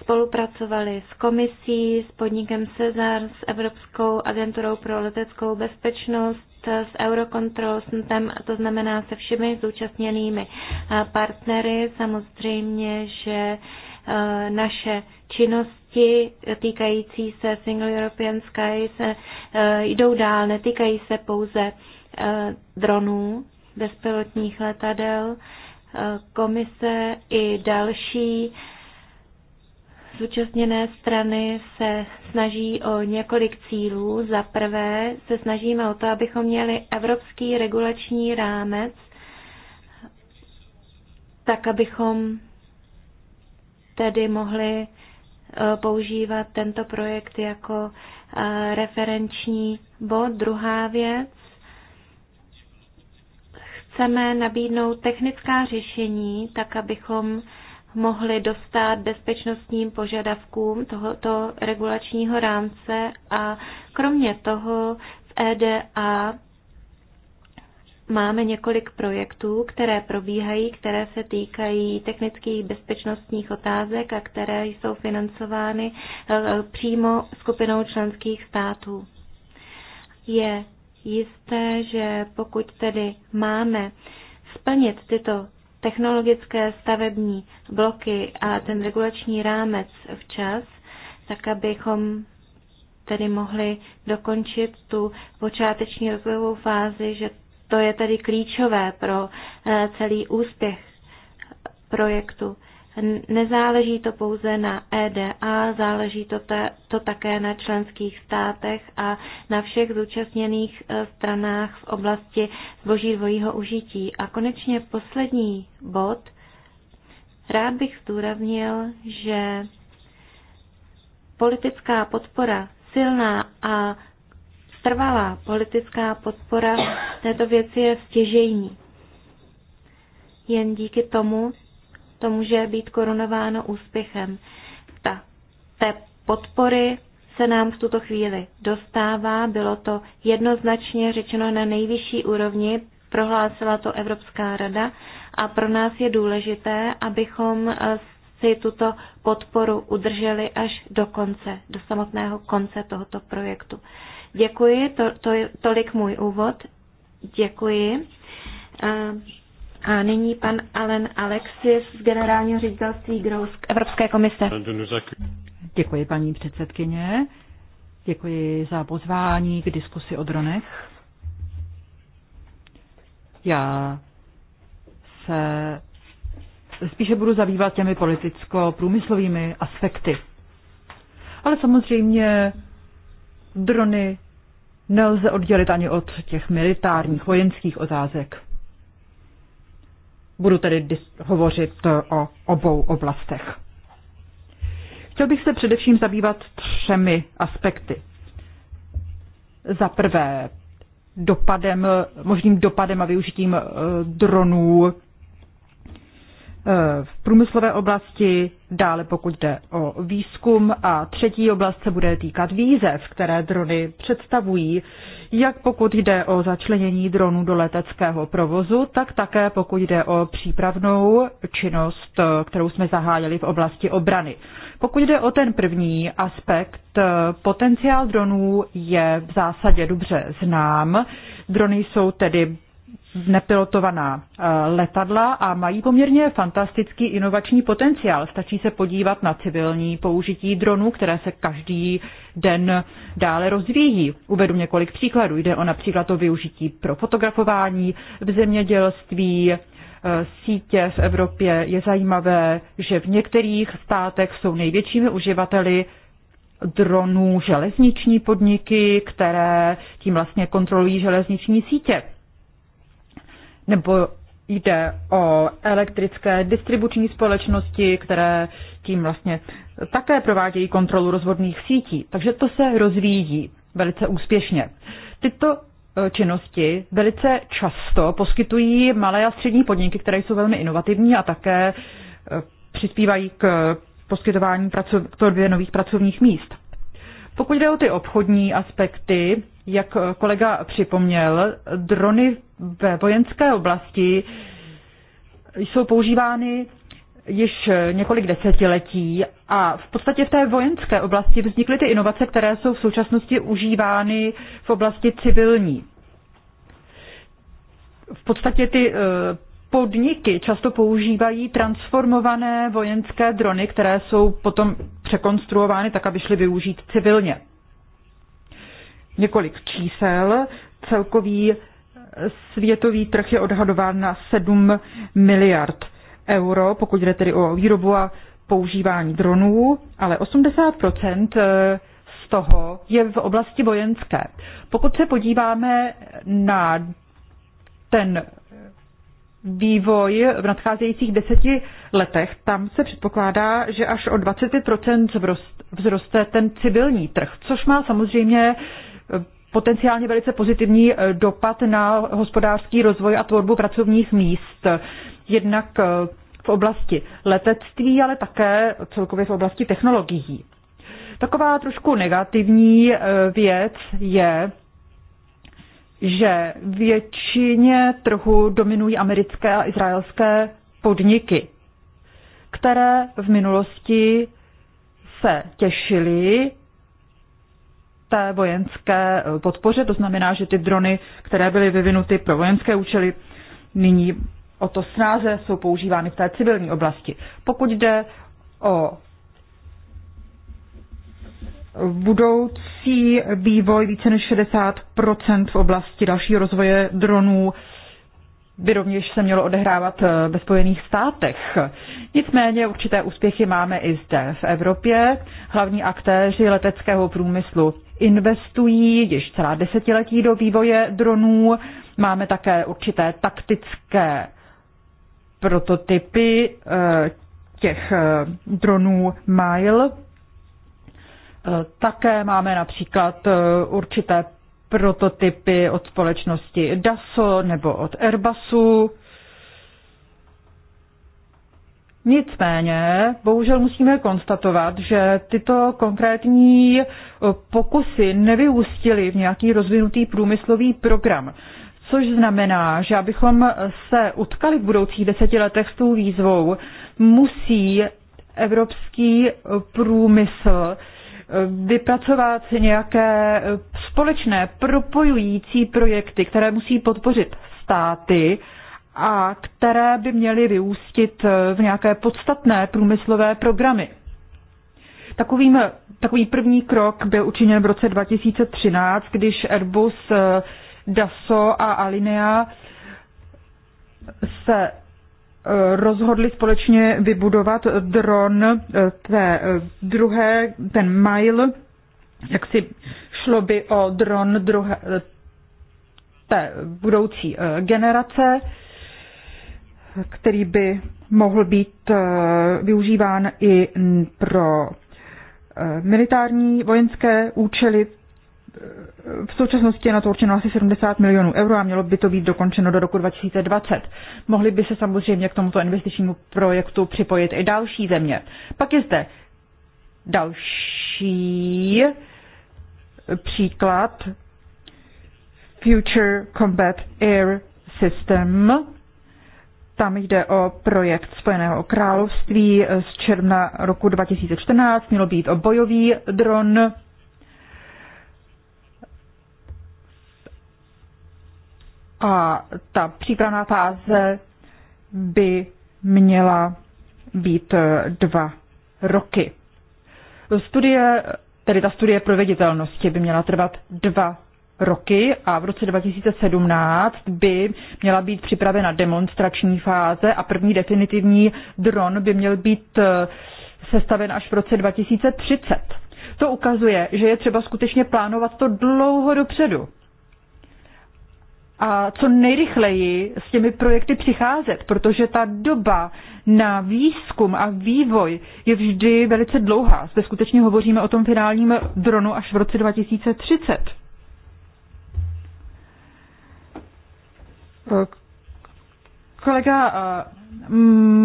spolupracovali s komisí, s podnikem Cezar, s Evropskou agenturou pro leteckou bezpečnost, s Eurocontrol, s NTEM, to znamená se všemi zúčastněnými eh, partnery. Samozřejmě, že eh, naše činnosti týkající se Single European Sky se, eh, jdou dál, netýkají se pouze dronů, bezpilotních letadel. Komise i další Zúčastněné strany se snaží o několik cílů. Za prvé se snažíme o to, abychom měli evropský regulační rámec, tak abychom tedy mohli eh, používat tento projekt jako eh, referenční bod. Druhá věc, chceme nabídnout technická řešení, tak abychom mohli dostat bezpečnostním požadavkům tohoto regulačního rámce a kromě toho v EDA máme několik projektů, které probíhají, které se týkají technických bezpečnostních otázek a které jsou financovány eh, přímo skupinou členských států. Je jisté, že pokud tedy máme splnit tyto technologické stavební bloky a ten regulační rámec včas, tak abychom tedy mohli dokončit tu počáteční rozvojovou fázi, že to je tedy klíčové pro eh, celý úspěch projektu. Nezáleží to pouze na EDA, záleží to, ta, to také na členských státech a na všech zúčastněných e, stranách v oblasti zboží dvojího užití. A konečně poslední bod. Rád bych zdůraznil, že politická podpora, silná a trvalá politická podpora této věci je stěžejní. Jen díky tomu to může být korunováno úspěchem. Ta, té podpory se nám v tuto chvíli dostává, bylo to jednoznačně řečeno na nejvyšší úrovni, prohlásila to Evropská rada a pro nás je důležité, abychom eh, si tuto podporu udrželi až do konce, do samotného konce tohoto projektu. Děkuji, to, to, tolik můj úvod. Děkuji. Eh, a nyní pan Alen Alexis z generálního ředitelství GROW Evropské komise. Děkuji, paní předsedkyně. Děkuji za pozvání k diskusi o dronech. Já se spíše budu zabývat těmi politicko-průmyslovými aspekty. Ale samozřejmě drony nelze oddělit ani od těch militárních, vojenských otázek. Budu tedy hovořit eh, o obou oblastech. Chtěl bych se především zabývat třemi aspekty. Za prvé dopadem, možným dopadem a využitím eh, dronů eh, v průmyslové oblasti, dále pokud jde o výzkum a třetí oblast se bude týkat výzev, které drony představují jak pokud jde o začlenění dronu do leteckého provozu, tak také pokud jde o přípravnou činnost, kterou jsme zahájili v oblasti obrany. Pokud jde o ten první aspekt, potenciál dronů je v zásadě dobře znám. Drony jsou tedy nepilotovaná eh, letadla a mají poměrně fantastický inovační potenciál. Stačí se podívat na civilní použití dronů, které se každý den dále rozvíjí. Uvedu několik příkladů. Jde o například o využití pro fotografování v zemědělství, eh, sítě v Evropě. Je zajímavé, že v některých státech jsou největšími uživateli dronů železniční podniky, které tím vlastně kontrolují železniční sítě nebo jde o elektrické distribuční společnosti, které tím vlastně také provádějí kontrolu rozvodných sítí. Takže to se rozvíjí velice úspěšně. Tyto e, činnosti velice často poskytují malé a střední podniky, které jsou velmi inovativní a také e, přispívají k poskytování pracov, k tvorbě nových pracovních míst. Pokud jde o ty obchodní aspekty, jak e, kolega připomněl, drony ve vojenské oblasti jsou používány již několik desetiletí a v podstatě v té vojenské oblasti vznikly ty inovace, které jsou v současnosti užívány v oblasti civilní. V podstatě ty eh, podniky často používají transformované vojenské drony, které jsou potom překonstruovány tak, aby šly využít civilně. Několik čísel. Celkový světový trh je odhadován na 7 miliard euro, pokud jde tedy o výrobu a používání dronů, ale 80 eh, z toho je v oblasti vojenské. Pokud se podíváme na ten vývoj v nadcházejících deseti letech, tam se předpokládá, že až o 25 vzroste ten civilní trh, což má samozřejmě potenciálně velice pozitivní eh, dopad na hospodářský rozvoj a tvorbu pracovních míst. Jednak eh, v oblasti letectví, ale také celkově v oblasti technologií. Taková trošku negativní eh, věc je, že většině trhu dominují americké a izraelské podniky, které v minulosti se těšily té vojenské eh, podpoře, to znamená, že ty drony, které byly vyvinuty pro vojenské účely, nyní o to snáze jsou používány v té civilní oblasti. Pokud jde o budoucí vývoj více než 60% v oblasti dalšího rozvoje dronů by rovněž se mělo odehrávat eh, ve Spojených státech. Nicméně určité úspěchy máme i zde v Evropě. Hlavní aktéři leteckého průmyslu investují již celá desetiletí do vývoje dronů. Máme také určité taktické prototypy eh, těch eh, dronů Mile. Eh, také máme například určité prototypy od společnosti Dassault nebo od Airbusu. Nicméně, bohužel musíme konstatovat, že tyto konkrétní eh, pokusy nevyústily v nějaký rozvinutý průmyslový program. Což znamená, že abychom se utkali v budoucích deseti letech s tou výzvou, musí evropský eh, průmysl eh, vypracovat nějaké společné propojující projekty, které musí podpořit státy, a které by měly vyústit eh, v nějaké podstatné průmyslové programy. Takovým, takový první krok byl učiněn v roce 2013, když Airbus, eh, Daso a Alinea se eh, rozhodli společně vybudovat dron té druhé, ten Mile, jak si šlo by o dron druhé, té budoucí generace který by mohl být eh, využíván i pro eh, militární vojenské účely. Eh, v současnosti je na to určeno asi 70 milionů euro a mělo by to být dokončeno do roku 2020. Mohly by se samozřejmě k tomuto investičnímu projektu připojit i další země. Pak je zde další příklad Future Combat Air System, tam jde o projekt Spojeného království z června roku 2014. Mělo být o bojový dron. A ta přípravná fáze by měla být dva roky. Studie, tedy ta studie proveditelnosti by měla trvat dva roky a v roce 2017 by měla být připravena demonstrační fáze a první definitivní dron by měl být eh, sestaven až v roce 2030. To ukazuje, že je třeba skutečně plánovat to dlouho dopředu a co nejrychleji s těmi projekty přicházet, protože ta doba na výzkum a vývoj je vždy velice dlouhá. Zde skutečně hovoříme o tom finálním dronu až v roce 2030. Kolega eh,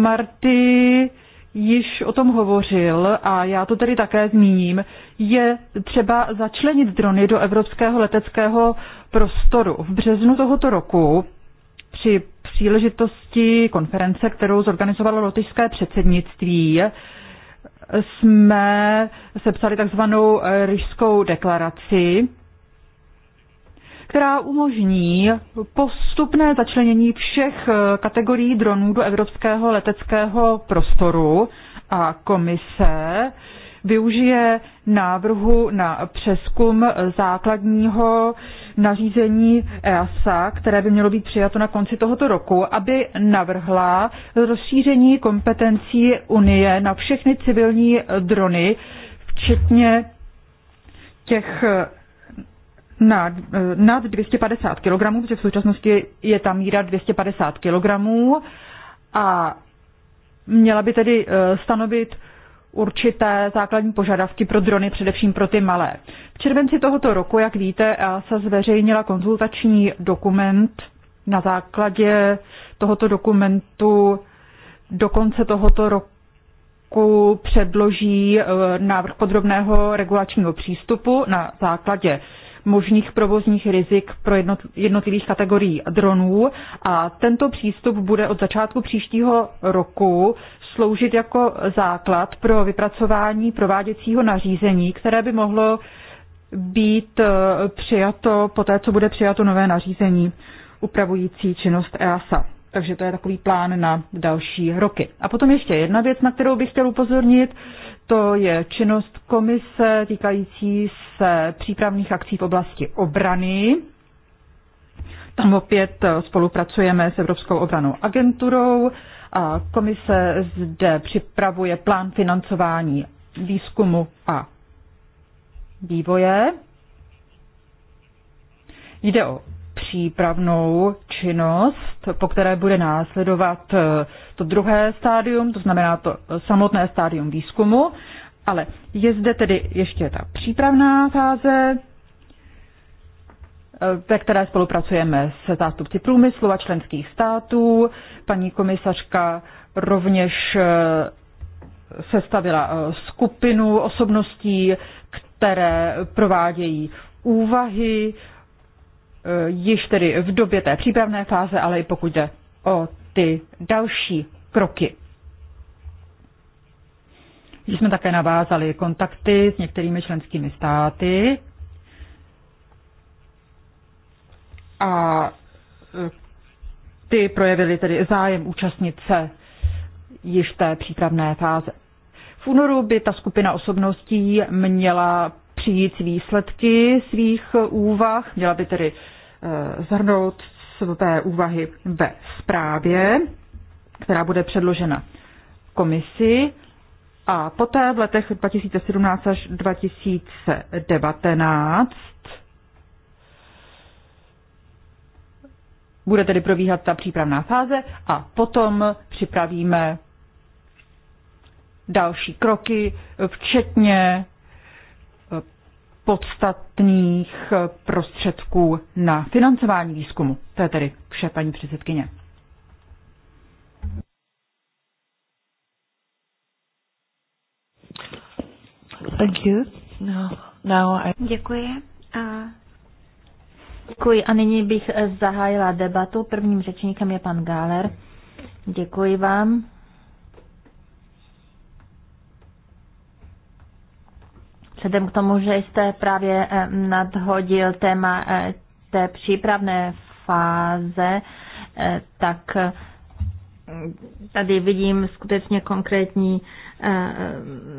Marty již o tom hovořil a já to tedy také zmíním, je třeba začlenit drony do evropského leteckého prostoru. V březnu tohoto roku při příležitosti konference, kterou zorganizovalo lotyšské předsednictví, jsme sepsali takzvanou eh, Ryšskou deklaraci, která umožní postupné začlenění všech eh, kategorií dronů do evropského leteckého prostoru a komise využije návrhu na přeskum základního nařízení EASA, které by mělo být přijato na konci tohoto roku, aby navrhla rozšíření kompetencí Unie na všechny civilní drony, včetně těch na, eh, nad 250 kg, protože v současnosti je ta míra 250 kg a měla by tedy eh, stanovit určité základní požadavky pro drony, především pro ty malé. V červenci tohoto roku, jak víte, se zveřejnila konzultační dokument. Na základě tohoto dokumentu do konce tohoto roku předloží eh, návrh podrobného regulačního přístupu na základě možných provozních rizik pro jednotlivých kategorií dronů a tento přístup bude od začátku příštího roku sloužit jako základ pro vypracování prováděcího nařízení, které by mohlo být eh, přijato poté, co bude přijato nové nařízení upravující činnost EASA. Takže to je takový plán na další roky. A potom ještě jedna věc, na kterou bych chtěl upozornit. To je činnost komise týkající se přípravných akcí v oblasti obrany. Tam opět spolupracujeme s Evropskou obranou agenturou a komise zde připravuje plán financování výzkumu a vývoje. Jde o přípravnou činnost, po které bude následovat eh, to druhé stádium, to znamená to samotné stádium výzkumu, ale je zde tedy ještě ta přípravná fáze, eh, ve které spolupracujeme se zástupci průmyslu a členských států. Paní komisařka rovněž eh, sestavila skupinu osobností, které provádějí úvahy Eh, již tedy v době té přípravné fáze, ale i pokud jde o ty další kroky. Když jsme také navázali kontakty s některými členskými státy a eh, ty projevili tedy zájem účastnit se již té přípravné fáze. V únoru by ta skupina osobností měla přijít s výsledky svých úvah, měla by tedy Eh, zhrnout své úvahy ve zprávě, která bude předložena komisi a poté v letech 2017 až 2019 bude tedy probíhat ta přípravná fáze a potom připravíme další kroky, včetně podstatných prostředků na financování výzkumu. To je tedy vše, paní předsedkyně. Thank you. No, now I... Děkuji. A... Děkuji a nyní bych zahájila debatu. Prvním řečníkem je pan Gáler. Děkuji vám. Vzhledem k tomu, že jste právě eh, nadhodil téma eh, té přípravné fáze, eh, tak mm, tady vidím skutečně konkrétní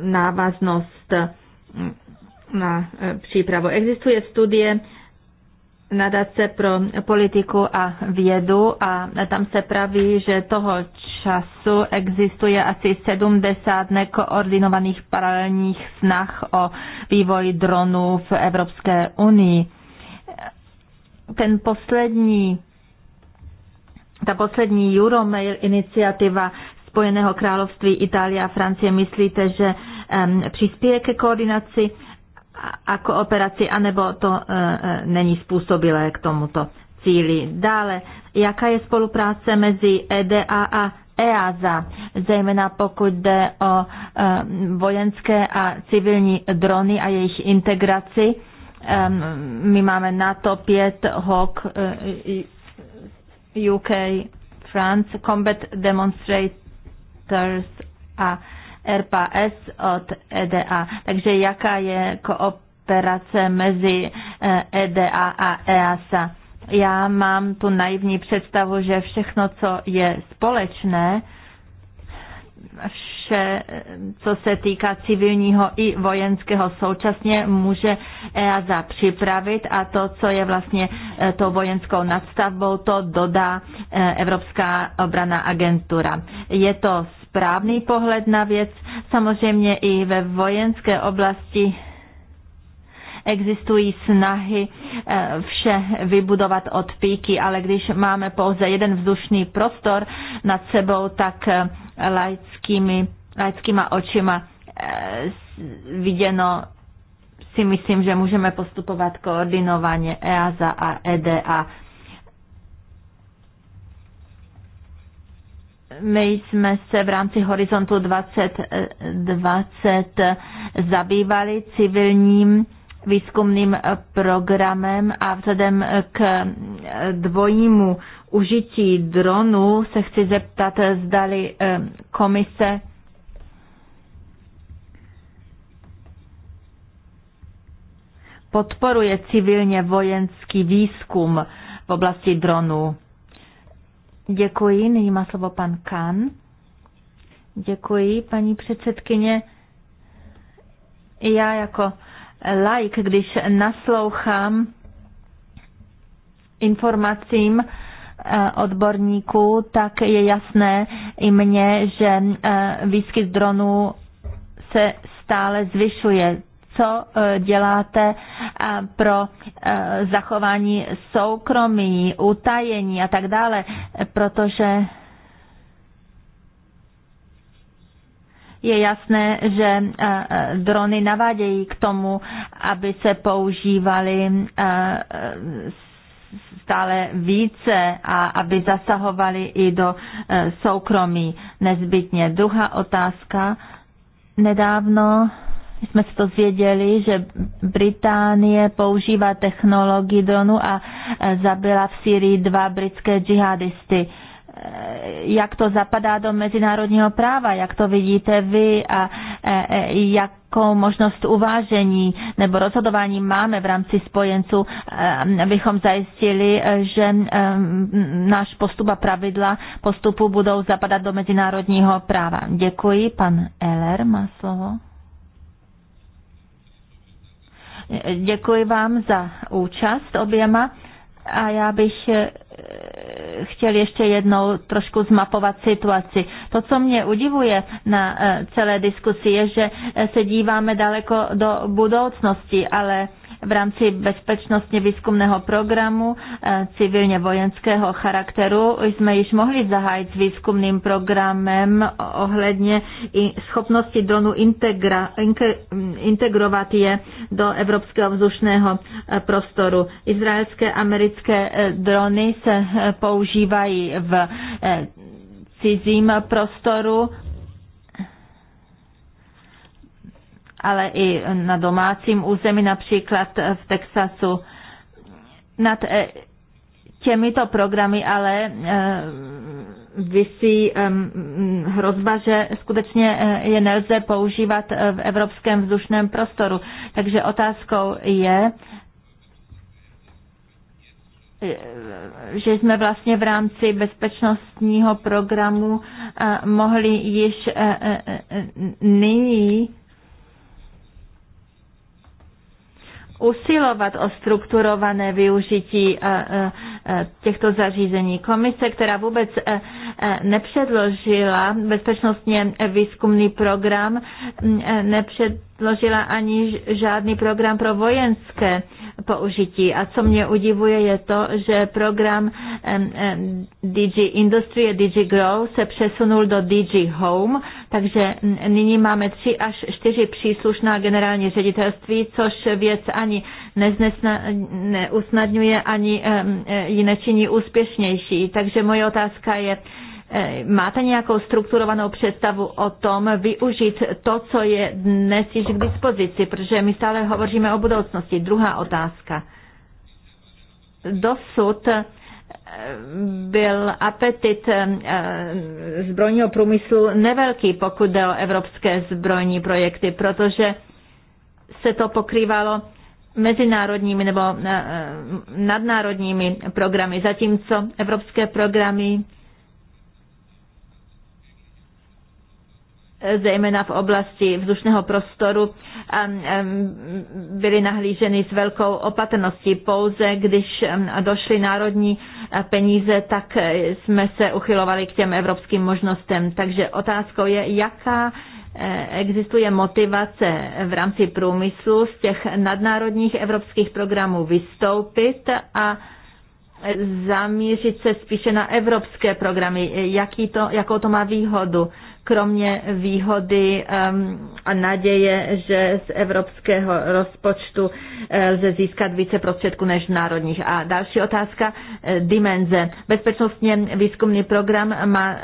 návaznost mm, na přípravu. Existuje studie nadace pro politiku a vědu a tam se praví, že toho času existuje asi 70 nekoordinovaných paralelních snah o vývoji dronů v Evropské unii. Ten poslední, ta poslední Euromail iniciativa Spojeného království Itálie a Francie, myslíte, že um, přispěje ke koordinaci a kooperaci, anebo to e, e, není způsobilé k tomuto cíli. Dále, jaká je spolupráce mezi EDA a EASA, e zejména pokud jde o vojenské a civilní drony a jejich integraci. My máme NATO 5, HOK, UK, France, Combat Demonstrators a RPS od EDA. Takže jaká je kooperace mezi EDA eh, e a EASA? E Já mám tu naivní představu, že všechno, co je společné, vše, co se týká civilního i vojenského současně, může EASA připravit a to, co je vlastně eh, tou vojenskou nadstavbou, to dodá eh, Evropská obrana agentura. Je to správný pohled na věc. Samozřejmě i ve vojenské oblasti existují snahy eh, vše vybudovat od píky, ale když máme pouze jeden vzdušný prostor nad sebou, tak eh, laickými, laickýma očima eh, viděno si myslím, že můžeme postupovat koordinovaně EASA a EDA. my jsme se v rámci Horizontu 2020 zabývali civilním výzkumným programem a vzhledem k dvojímu užití dronu se chci zeptat, zdali eh, komise podporuje civilně vojenský výzkum v oblasti dronů. Děkuji, nyní má slovo pan Kan. Děkuji, paní předsedkyně. Já jako like, když naslouchám informacím eh, odborníků, tak je jasné i mně, že eh, výskyt dronů se stále zvyšuje co eh, děláte eh, pro eh, zachování soukromí, utajení a tak dále, protože je jasné, že drony navádějí k tomu, aby se používaly stále více a aby zasahovali i do soukromí nezbytně. Druhá otázka. Nedávno jsme se to zvěděli, že Británie používá technologii dronu a e, zabila v Syrii dva britské džihadisty e, jak to zapadá do mezinárodního práva, jak to vidíte vy a e, jakou možnost uvážení nebo rozhodování máme v rámci spojenců, abychom zajistili, že náš postup a pravidla postupu budou zapadat do mezinárodního práva. Děkuji. Pan Eller má slovo. Děkuji vám za účast oběma a já bych eh, chtěl ještě jednou trošku zmapovat situaci. To, co mě udivuje na eh, celé diskusi, je, že eh, se díváme daleko do budoucnosti, ale v rámci bezpečnostně výzkumného programu eh, civilně vojenského charakteru jsme již mohli zahájit s výzkumným programem ohledně schopnosti dronu integra, integrovat je do evropského vzdušného eh, prostoru. Izraelské americké eh, drony se používají v cizím prostoru ale i na domácím území, například v Texasu. Nad eh, těmito programy ale eh, vysí hrozba, že skutečně eh, je nelze používat v evropském vzdušném prostoru. Takže otázkou je, že jsme vlastně v rámci bezpečnostního programu mohli již nyní usilovat o strukturované využití eh, eh, eh, těchto zařízení. Komise, která vůbec Eh, nepředložila bezpečnostně výzkumný program, mm, eh, nepředložila ani žádný program pro vojenské použití. A co mě udivuje je to, že program DG Industry a DG Grow se přesunul do DG Home, takže mm, nyní máme tři až čtyři příslušná generální ředitelství, což věc ani neznesna, neusnadňuje, ani eh, ji nečiní úspěšnější. Takže moje otázka je, Eh, máte nějakou strukturovanou představu o tom využít to, co je dnes již k dispozici, protože my stále hovoříme o budoucnosti. Druhá otázka. Dosud eh, byl apetit eh, zbrojního průmyslu nevelký, pokud jde o evropské zbrojní projekty, protože se to pokrývalo mezinárodními nebo nadnárodními programy, zatímco evropské programy zejména v oblasti vzdušného prostoru, byly nahlíženy s velkou opatrností. Pouze když došly národní e, peníze, tak e, jsme se uchylovali k těm evropským možnostem. Takže otázkou je, jaká e, existuje motivace v rámci průmyslu z těch nadnárodních evropských programů vystoupit a zamířit se spíše na evropské programy. Jaký to, jakou to má výhodu? kromě výhody a naděje, že z evropského rozpočtu eh, lze získat více prostředků než národních. A další otázka, eh, dimenze. Bezpečnostně výzkumný program má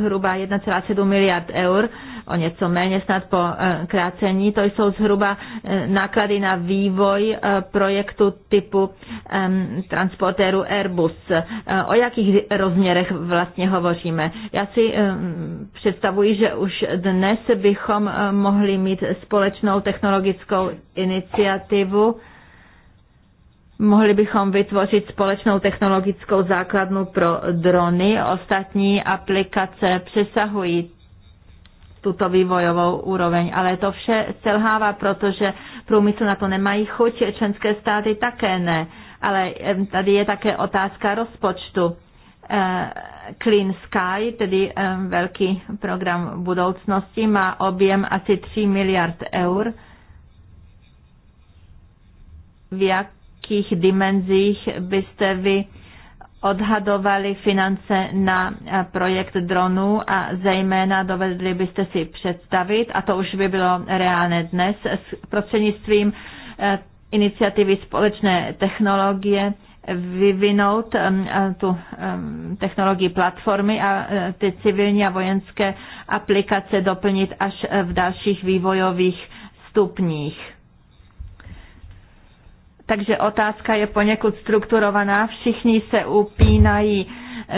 zhruba 1,7 miliard eur o něco méně snad po eh, krácení. To jsou zhruba eh, náklady na vývoj eh, projektu typu transportéru Airbus. O jakých rozměrech vlastně hovoříme? Já si představuji, že už dnes bychom mohli mít společnou technologickou iniciativu, Mohli bychom vytvořit společnou technologickou základnu pro drony. Ostatní aplikace přesahují tuto vývojovou úroveň. Ale to vše selhává, protože průmysl na to nemají chuť, členské státy také ne. Ale tady je také otázka rozpočtu. Eh, Clean Sky, tedy velký program budoucnosti, má objem asi 3 miliard eur. V jakých dimenzích byste vy odhadovali finance na eh, projekt dronů a zejména dovedli byste si představit, a to už by bylo reálné dnes, s prostřednictvím eh, iniciativy společné technologie vyvinout eh, tu technologii platformy a ty civilní a vojenské aplikace doplnit až v dalších vývojových stupních. Takže otázka je poněkud strukturovaná. Všichni se upínají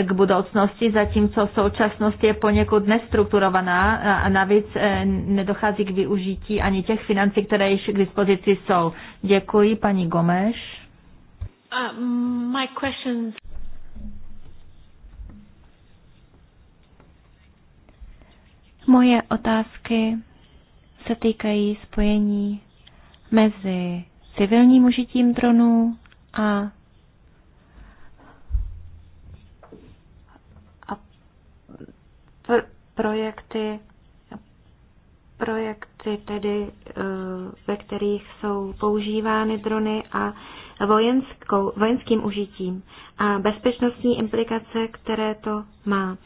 k budoucnosti, zatímco současnost je poněkud nestrukturovaná a navíc eh, nedochází k využití ani těch financí, které již k dispozici jsou. Děkuji, paní Gomeš. Uh, my questions. Moje otázky se týkají spojení mezi civilním užitím dronů a, a pr- projekty, projekty tedy, eh, ve kterých jsou používány drony a vojenskou, vojenským užitím a bezpečnostní implikace, které to má.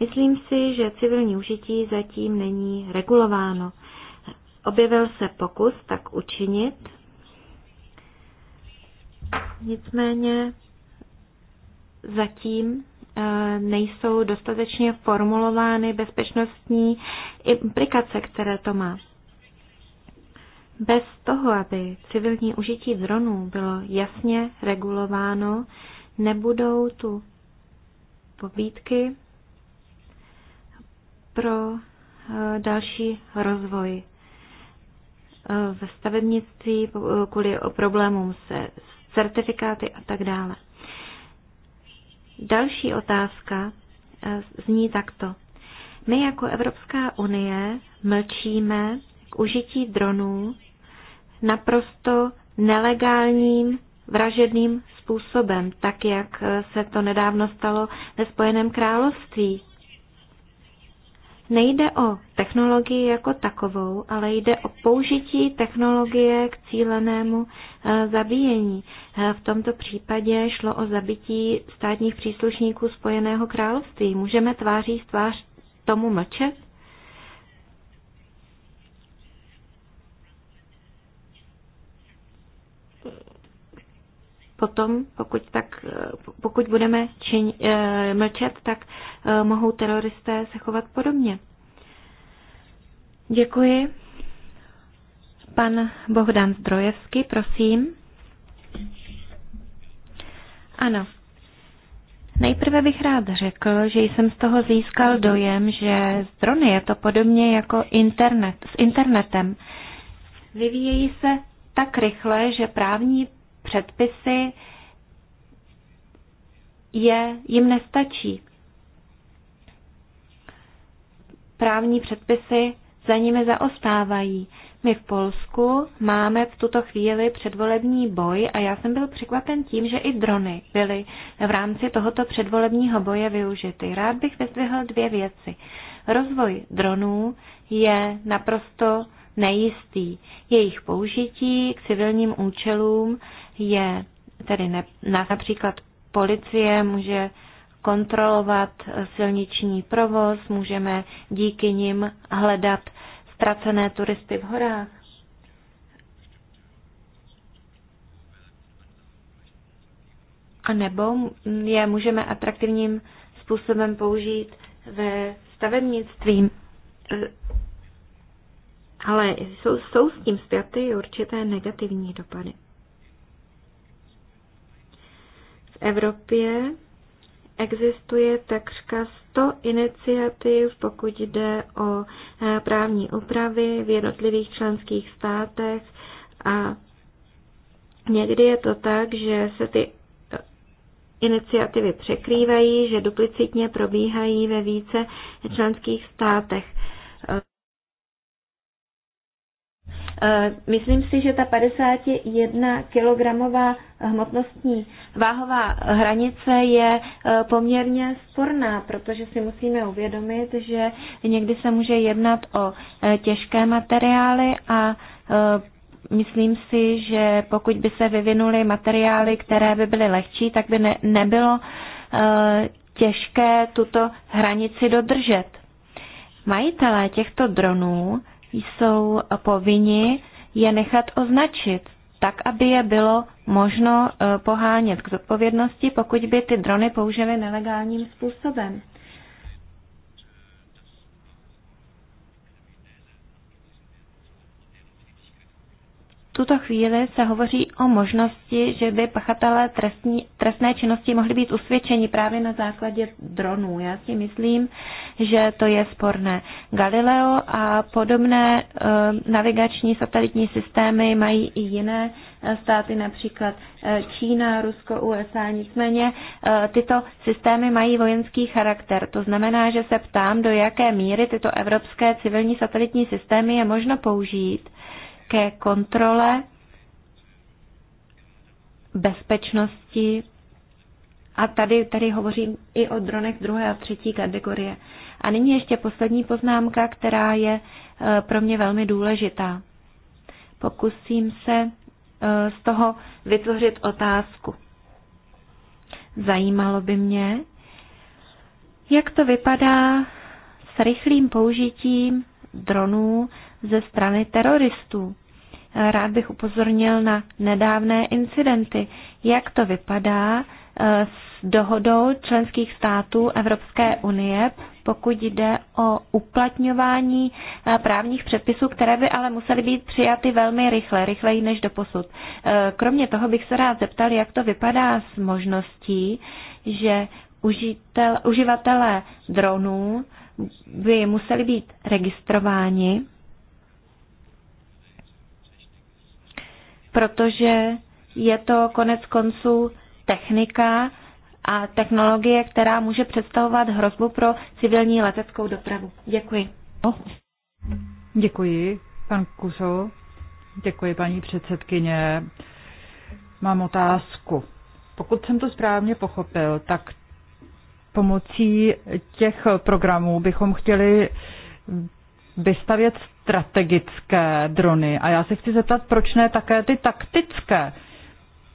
Myslím si, že civilní užití zatím není regulováno. Objevil se pokus tak učinit, Nicméně zatím eh, nejsou dostatečně formulovány bezpečnostní implikace, které to má. Bez toho, aby civilní užití dronů bylo jasně regulováno, nebudou tu pobídky pro eh, další rozvoj. Eh, ve stavebnictví kvůli problémům se certifikáty a tak dále. Další otázka eh, zní takto. My jako Evropská unie mlčíme k užití dronů naprosto nelegálním vražedným způsobem, tak jak eh, se to nedávno stalo ve Spojeném království. Nejde o technologii jako takovou, ale jde o použití technologie k cílenému eh, zabíjení. Eh, v tomto případě šlo o zabití státních příslušníků Spojeného království. Můžeme tváří v tvář tomu mlčet? potom, pokud, tak, pokud budeme čin, eh, mlčet, tak eh, mohou teroristé se chovat podobně. Děkuji. Pan Bohdan Zdrojevský, prosím. Ano. Nejprve bych rád řekl, že jsem z toho získal dojem, že z drony je to podobně jako internet, s internetem. Vyvíjejí se tak rychle, že právní předpisy je, jim nestačí. Právní předpisy za nimi zaostávají. My v Polsku máme v tuto chvíli předvolební boj a já jsem byl překvapen tím, že i drony byly v rámci tohoto předvolebního boje využity. Rád bych vyzdvihl dvě věci. Rozvoj dronů je naprosto nejistý. Jejich použití k civilním účelům je tedy ne, například policie může kontrolovat silniční provoz, můžeme díky nim hledat ztracené turisty v horách. A nebo je můžeme atraktivním způsobem použít ve stavebnictví. Ale jsou, jsou s tím zpěty určité negativní dopady. Evropě existuje takřka 100 iniciativ, pokud jde o eh, právní úpravy v jednotlivých členských státech a někdy je to tak, že se ty eh, iniciativy překrývají, že duplicitně probíhají ve více členských státech. Eh, myslím si, že ta 51 kilogramová hmotnostní váhová hranice je eh, poměrně sporná, protože si musíme uvědomit, že někdy se může jednat o eh, těžké materiály a myslím si, že pokud by se vyvinuly materiály, které by byly lehčí, tak by ne, nebylo těžké tuto hranici dodržet. Majitelé těchto dronů jsou povinni je nechat označit, tak aby je bylo možno eh, pohánět k zodpovědnosti, pokud by ty drony použili nelegálním způsobem. tuto chvíli se hovoří o možnosti, že by pachatelé trestní, trestné činnosti mohli být usvědčeni právě na základě dronů. Já si myslím, že to je sporné. Galileo a podobné e, navigační satelitní systémy mají i jiné eh, státy, například eh, Čína, Rusko, USA. Nicméně tyto systémy mají vojenský charakter. To znamená, že se ptám, do jaké míry tyto evropské civilní satelitní systémy je možno použít ke kontrole bezpečnosti. A tady, tady hovořím i o dronech druhé a třetí kategorie. A nyní ještě poslední poznámka, která je e, pro mě velmi důležitá. Pokusím se e, z toho vytvořit otázku. Zajímalo by mě, jak to vypadá s rychlým použitím dronů ze strany teroristů rád bych upozornil na nedávné incidenty. Jak to vypadá eh, s dohodou členských států Evropské unie, pokud jde o uplatňování eh, právních předpisů, které by ale musely být přijaty velmi rychle, rychleji než do posud. Eh, kromě toho bych se rád zeptal, jak to vypadá s možností, že užitel, uživatelé dronů by museli být registrováni protože je to konec konců technika a technologie, která může představovat hrozbu pro civilní leteckou dopravu. Děkuji. Děkuji, pan Kuso. Děkuji, paní předsedkyně. Mám otázku. Pokud jsem to správně pochopil, tak pomocí těch programů bychom chtěli vystavět strategické drony. A já se chci zeptat, proč ne také ty taktické?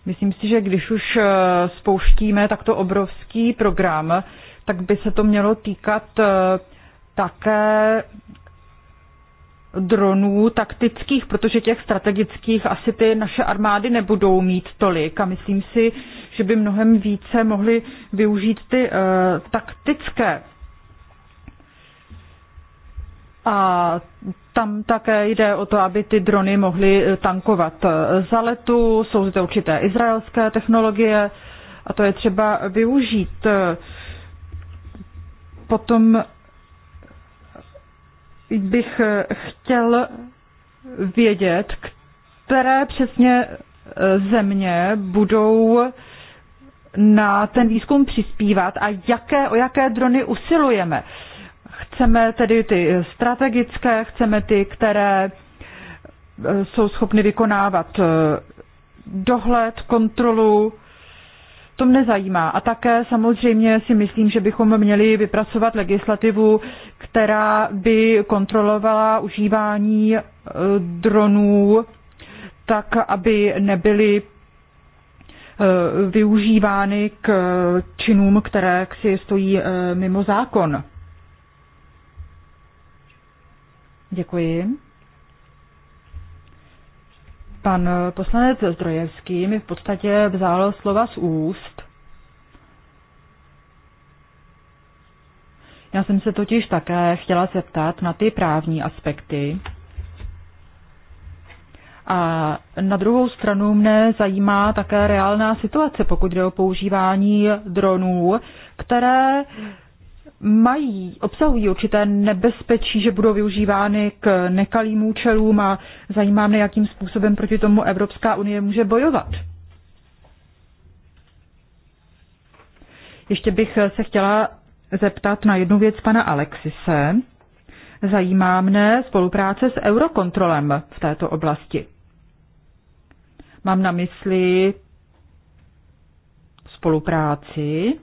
Myslím si, že když už eh, spouštíme takto obrovský program, tak by se to mělo týkat eh, také dronů taktických, protože těch strategických asi ty naše armády nebudou mít tolik a myslím si, že by mnohem více mohly využít ty uh, taktické a tam také jde o to, aby ty drony mohly eh, tankovat za letu, jsou zde určité izraelské technologie a to je třeba využít. Potom bych eh, chtěl vědět, které přesně eh, země budou na ten výzkum přispívat a jaké, o jaké drony usilujeme. Chceme tedy ty strategické, chceme ty, které eh, jsou schopny vykonávat eh, dohled, kontrolu, to mne zajímá. A také samozřejmě si myslím, že bychom měli vypracovat legislativu, která by kontrolovala užívání eh, dronů tak, aby nebyly využívány k činům, které si stojí mimo zákon. Děkuji. Pan poslanec Zdrojevský mi v podstatě vzal slova z úst. Já jsem se totiž také chtěla zeptat na ty právní aspekty. A na druhou stranu mne zajímá také reálná situace, pokud jde o používání dronů, které mají, obsahují určité nebezpečí, že budou využívány k nekalým účelům a zajímá mě, jakým způsobem proti tomu Evropská unie může bojovat. Ještě bych se chtěla zeptat na jednu věc pana Alexise. Zajímá mne spolupráce s Eurokontrolem v této oblasti. Mám na mysli spolupráci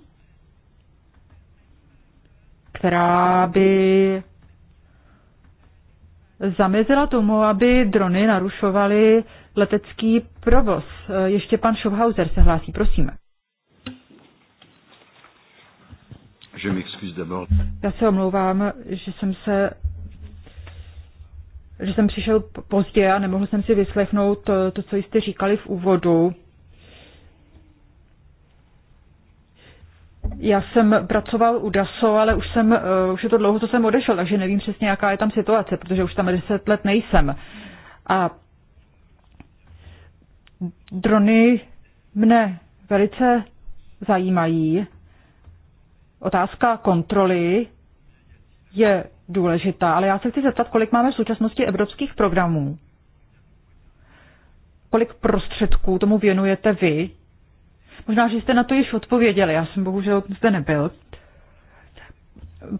která by zamezila tomu, aby drony narušovaly letecký provoz. Ještě pan Schofhauser se hlásí, prosím. Já se omlouvám, že jsem se že jsem přišel pozdě a nemohl jsem si vyslechnout to, to co jste říkali v úvodu. Já jsem pracoval u DASO, ale už, jsem, eh, už je to dlouho, co jsem odešel, takže nevím přesně, jaká je tam situace, protože už tam deset let nejsem. A drony mne velice zajímají. Otázka kontroly je důležitá, ale já se chci zeptat, kolik máme v současnosti evropských programů? Kolik prostředků tomu věnujete vy? Možná, že jste na to již odpověděli, já jsem bohužel zde nebyl.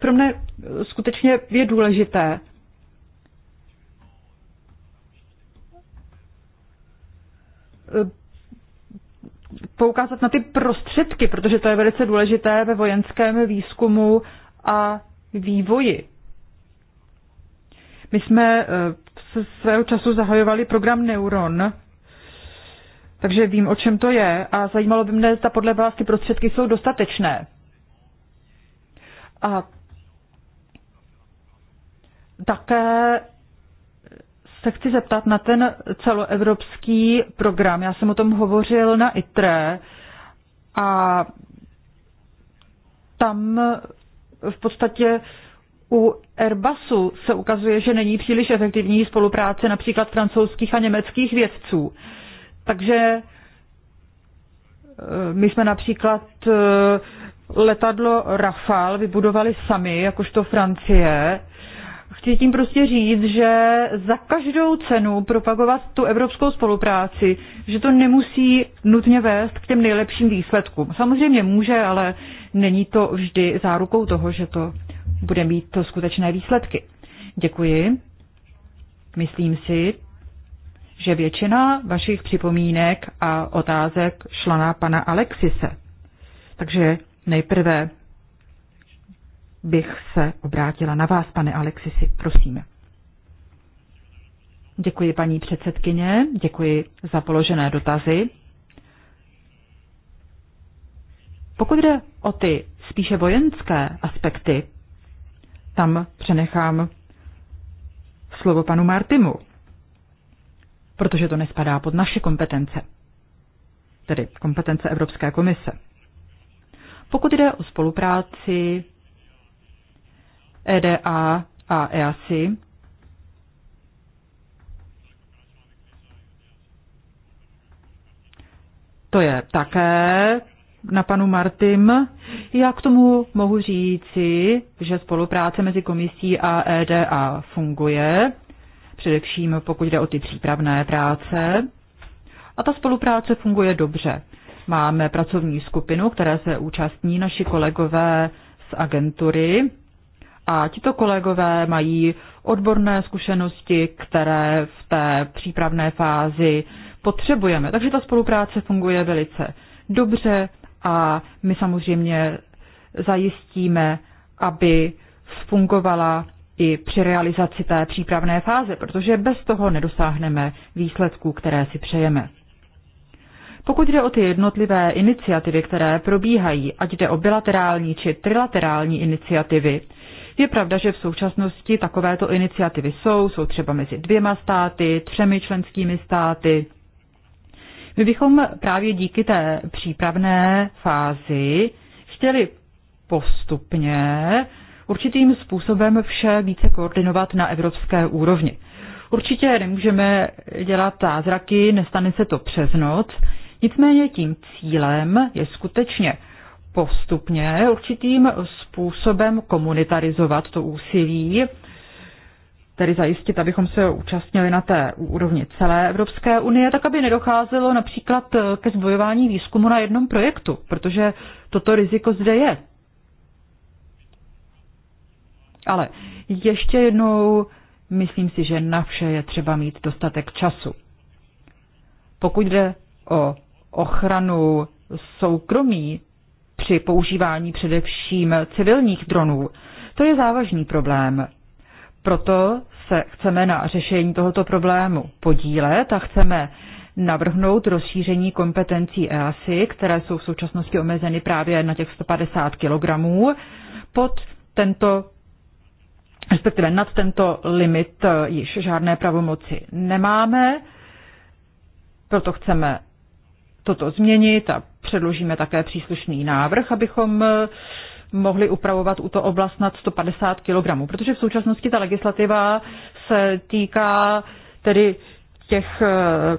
Pro mě skutečně je důležité, eh, poukázat na ty prostředky, protože to je velice důležité ve vojenském výzkumu a vývoji. My jsme eh, se svého času zahajovali program Neuron, takže vím, o čem to je a zajímalo by mě, zda podle vás ty prostředky jsou dostatečné. A také se chci zeptat na ten celoevropský program. Já jsem o tom hovořil na ITRE a tam v podstatě u Airbusu se ukazuje, že není příliš efektivní spolupráce například francouzských a německých vědců. Uh, takže eh, my jsme například eh, letadlo Rafale vybudovali sami, jakožto Francie. Chci tím prostě říct, že za každou cenu propagovat tu evropskou spolupráci, že to nemusí nutně vést k těm nejlepším výsledkům. Samozřejmě může, ale není to vždy zárukou toho, že to bude mít to skutečné výsledky. Děkuji. Myslím si, že většina vašich připomínek a otázek šla na pana Alexise. Takže nejprve bych se obrátila na vás, pane Alexisi, prosím. Děkuji, paní předsedkyně, děkuji za položené dotazy. Pokud jde o ty spíše vojenské aspekty, tam přenechám slovo panu Martimu protože to nespadá pod naše kompetence, tedy kompetence Evropské komise. Pokud jde o spolupráci EDA a EASI, to je také na panu Martim. Já k tomu mohu říci, že spolupráce mezi komisí a EDA funguje především pokud jde o ty přípravné práce. A ta spolupráce funguje dobře. Máme pracovní skupinu, které se účastní naši kolegové z agentury a tito kolegové mají odborné zkušenosti, které v té přípravné fázi potřebujeme. Takže ta spolupráce funguje velice dobře a my samozřejmě zajistíme, aby fungovala i při realizaci té přípravné fáze, protože bez toho nedosáhneme výsledků, které si přejeme. Pokud jde o ty jednotlivé iniciativy, které probíhají, ať jde o bilaterální či trilaterální iniciativy, je pravda, že v současnosti takovéto iniciativy jsou, jsou třeba mezi dvěma státy, třemi členskými státy. My bychom právě díky té přípravné fázi chtěli postupně určitým způsobem vše více koordinovat na evropské úrovni. Určitě nemůžeme dělat zázraky, nestane se to přes noc, nicméně tím cílem je skutečně postupně určitým způsobem komunitarizovat to úsilí, tedy zajistit, abychom se účastnili na té úrovni celé Evropské unie, tak aby nedocházelo například ke zbojování výzkumu na jednom projektu, protože toto riziko zde je. Ale ještě jednou, myslím si, že na vše je třeba mít dostatek času. Pokud jde o ochranu soukromí při používání především civilních dronů, to je závažný problém. Proto se chceme na řešení tohoto problému podílet a chceme navrhnout rozšíření kompetencí EASI, které jsou v současnosti omezeny právě na těch 150 kg, pod tento respektive nad tento limit eh, již žádné pravomoci nemáme, proto chceme toto změnit a předložíme také příslušný návrh, abychom eh, mohli upravovat u to oblast nad 150 kg, protože v současnosti ta legislativa se týká tedy těch eh,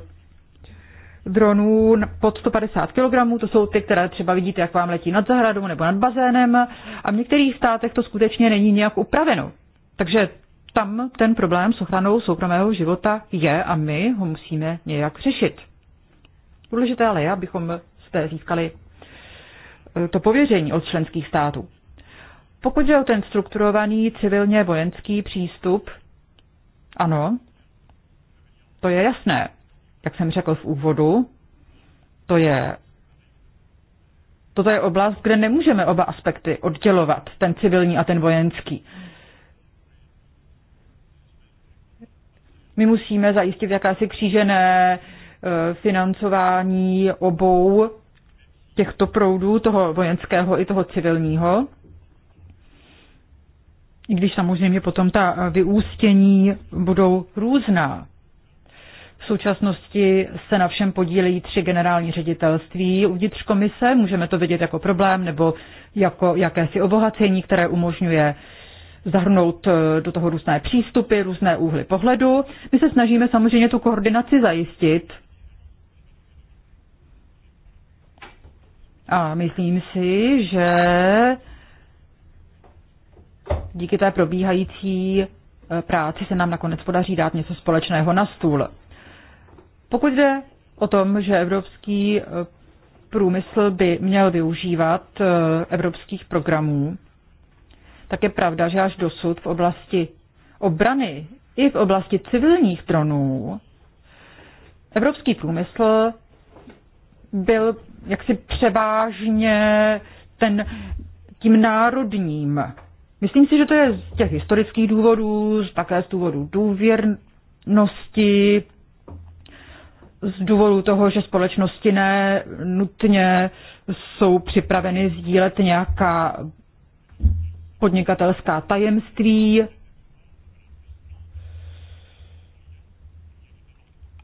dronů pod 150 kg, to jsou ty, které třeba vidíte, jak vám letí nad zahradou nebo nad bazénem a v některých státech to skutečně není nějak upraveno. Takže tam ten problém s ochranou soukromého života je a my ho musíme nějak řešit. Důležité ale je, abychom jste získali eh, to pověření od členských států. Pokud je o ten strukturovaný civilně vojenský přístup, ano, to je jasné. Jak jsem řekl v úvodu, to je Toto je oblast, kde nemůžeme oba aspekty oddělovat, ten civilní a ten vojenský. My musíme zajistit jakási křížené eh, financování obou těchto proudů, toho vojenského i toho civilního. I když samozřejmě potom ta eh, vyústění budou různá. V současnosti se na všem podílejí tři generální ředitelství uvnitř komise. Můžeme to vidět jako problém nebo jako jakési obohacení, které umožňuje zahrnout eh, do toho různé přístupy, různé úhly pohledu. My se snažíme samozřejmě tu koordinaci zajistit. A myslím si, že díky té probíhající eh, práci se nám nakonec podaří dát něco společného na stůl. Pokud jde o tom, že evropský eh, průmysl by měl využívat evropských programů, tak je pravda, že až dosud v oblasti obrany i v oblasti civilních dronů evropský průmysl byl jaksi převážně ten, tím národním. Myslím si, že to je z těch historických důvodů, také z důvodu důvěrnosti, z důvodu toho, že společnosti ne nutně jsou připraveny sdílet nějaká podnikatelská tajemství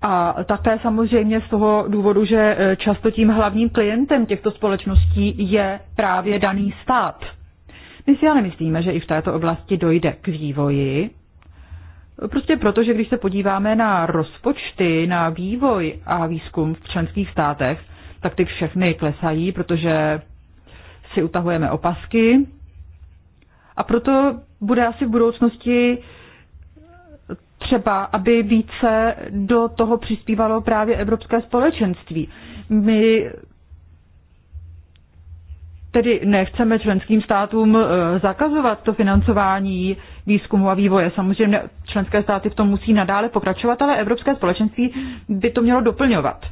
a také samozřejmě z toho důvodu, že eh, často tím hlavním klientem těchto společností je právě daný stát. My si ale myslíme, že i v této oblasti dojde k vývoji, Prostě proto, že když se podíváme na rozpočty, na vývoj a výzkum v členských státech, tak ty všechny klesají, protože si utahujeme opasky a proto bude asi v budoucnosti třeba, aby více do toho přispívalo právě Evropské společenství. My tedy nechceme členským státům eh, zakazovat to financování výzkumu a vývoje. Samozřejmě členské státy v tom musí nadále pokračovat, ale Evropské společenství by to mělo doplňovat,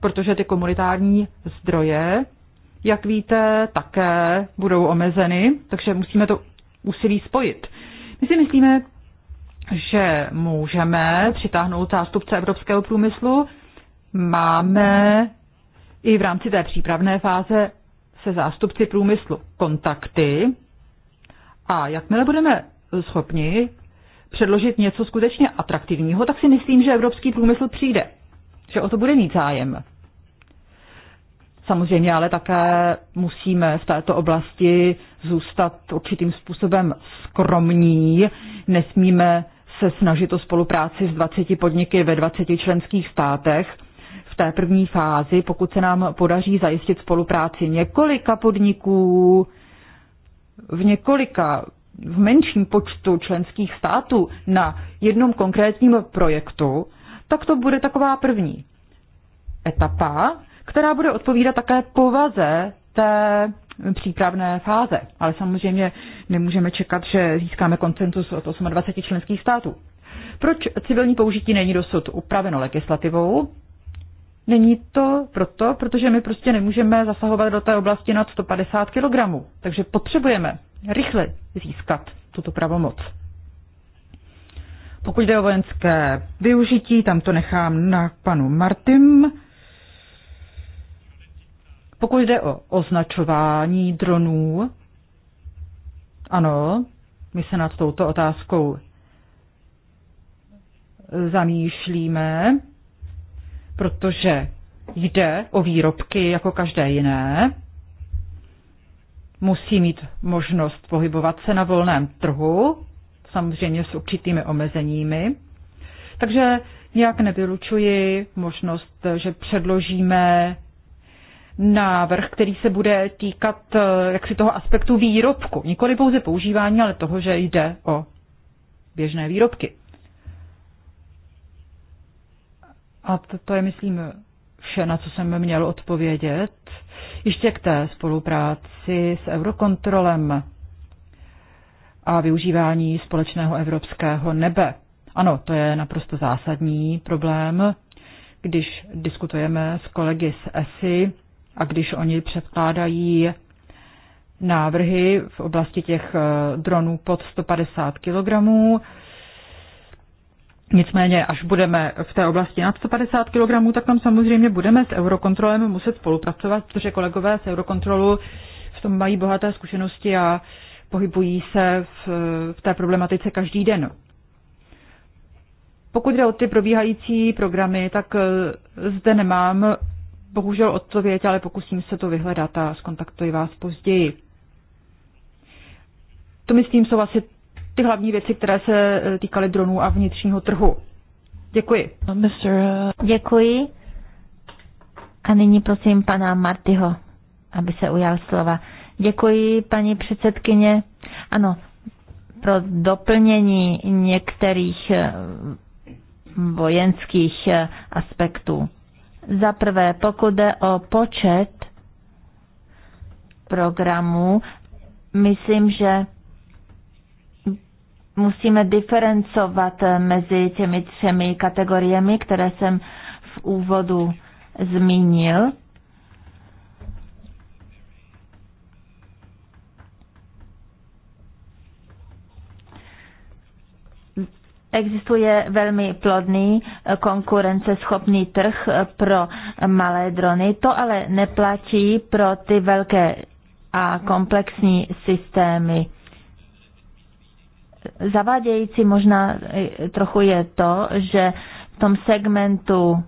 protože ty komunitární zdroje jak víte, také budou omezeny, takže musíme to úsilí spojit. My si myslíme, že můžeme přitáhnout zástupce evropského průmyslu. Máme i v rámci té přípravné fáze se zástupci průmyslu kontakty a jakmile budeme schopni předložit něco skutečně atraktivního, tak si myslím, že evropský průmysl přijde, že o to bude mít zájem. Samozřejmě ale také musíme v této oblasti zůstat určitým způsobem skromní. Nesmíme se snažit o spolupráci s 20 podniky ve 20 členských státech. V té první fázi, pokud se nám podaří zajistit spolupráci několika podniků, v několika v menším počtu členských států na jednom konkrétním projektu, tak to bude taková první etapa, která bude odpovídat také povaze té přípravné fáze. Ale samozřejmě nemůžeme čekat, že získáme koncentus od 28 členských států. Proč civilní použití není dosud upraveno legislativou? Není to proto, protože my prostě nemůžeme zasahovat do té oblasti nad 150 kg. Takže potřebujeme rychle získat tuto pravomoc. Pokud jde o vojenské využití, tam to nechám na panu Martim. Pokud jde o označování dronů, ano, my se nad touto otázkou zamýšlíme, protože jde o výrobky jako každé jiné. Musí mít možnost pohybovat se na volném trhu, samozřejmě s určitými omezeními. Takže nějak nevylučuji možnost, že předložíme návrh, který se bude týkat eh, jaksi toho aspektu výrobku. Nikoli pouze používání, ale toho, že jde o běžné výrobky. A to, to je, myslím, vše, na co jsem měl odpovědět. Ještě k té spolupráci s Eurokontrolem a využívání společného evropského nebe. Ano, to je naprosto zásadní problém, když diskutujeme s kolegy z ESI a když oni předkládají návrhy v oblasti těch eh, dronů pod 150 kg. Nicméně, až budeme v té oblasti nad 150 kg, tak tam samozřejmě budeme s Eurokontrolem muset spolupracovat, protože kolegové z Eurokontrolu v tom mají bohaté zkušenosti a pohybují se v, v té problematice každý den. Pokud jde o ty probíhající programy, tak eh, zde nemám bohužel odpověď, ale pokusím se to vyhledat a skontaktuji vás později. To myslím jsou asi ty hlavní věci, které se eh, týkaly dronů a vnitřního trhu. Děkuji. Eh, Děkuji. A nyní prosím pana Martyho, aby se ujal slova. Děkuji, paní předsedkyně. Ano, pro doplnění některých eh, vojenských aspektů. Za prvé, pokud jde o počet programů, myslím, že musíme diferencovat mezi těmi třemi kategoriemi, které jsem v úvodu zmínil. Existuje velmi plodný eh, konkurenceschopný trh eh, pro malé drony. To ale neplatí pro ty velké a komplexní systémy. Zavádějící možná eh, trochu je to, že v tom segmentu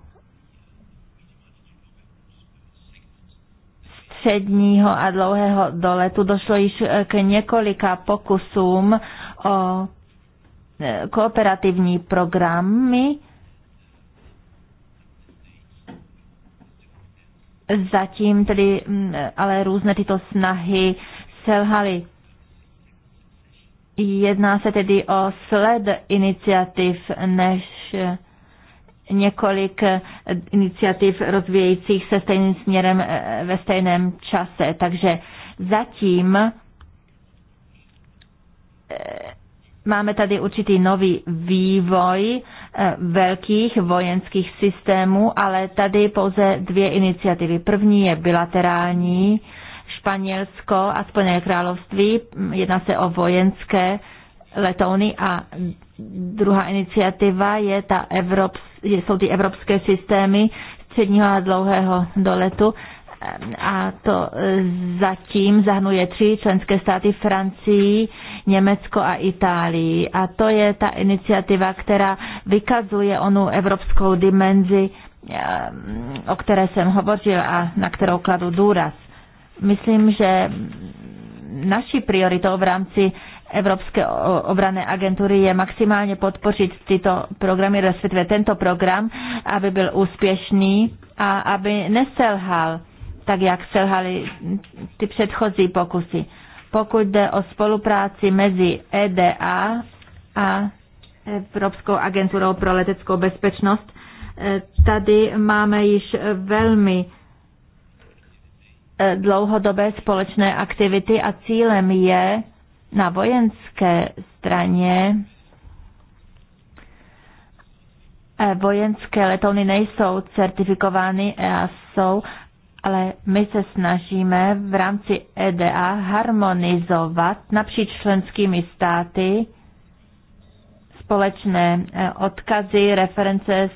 středního a dlouhého doletu došlo již k několika pokusům o kooperativní programy zatím tedy mm, ale různé tyto snahy selhaly. Jedná se tedy o sled iniciativ než několik iniciativ rozvíjejících se stejným směrem e, ve stejném čase. Takže zatím e, Máme tady určitý nový vývoj eh, velkých vojenských systémů, ale tady pouze dvě iniciativy. První je bilaterální, Španělsko a Spojené království, jedná se o vojenské letouny a druhá iniciativa je ta Evrops, jsou ty evropské systémy středního a dlouhého doletu a to e, zatím zahnuje tři členské státy Francii, Německo a Itálii. A to je ta iniciativa, která vykazuje onu evropskou dimenzi, e, o které jsem hovořil a na kterou kladu důraz. Myslím, že naší prioritou v rámci Evropské obrané agentury je maximálně podpořit tyto programy, respektive tento program, aby byl úspěšný a aby neselhal tak jak selhaly ty předchozí pokusy. Pokud jde o spolupráci mezi EDA a Evropskou agenturou pro leteckou bezpečnost, e, tady máme již velmi e, dlouhodobé společné aktivity a cílem je na vojenské straně e, vojenské letouny nejsou certifikovány a jsou ale my se snažíme v rámci EDA harmonizovat napříč členskými státy společné eh, odkazy, reference,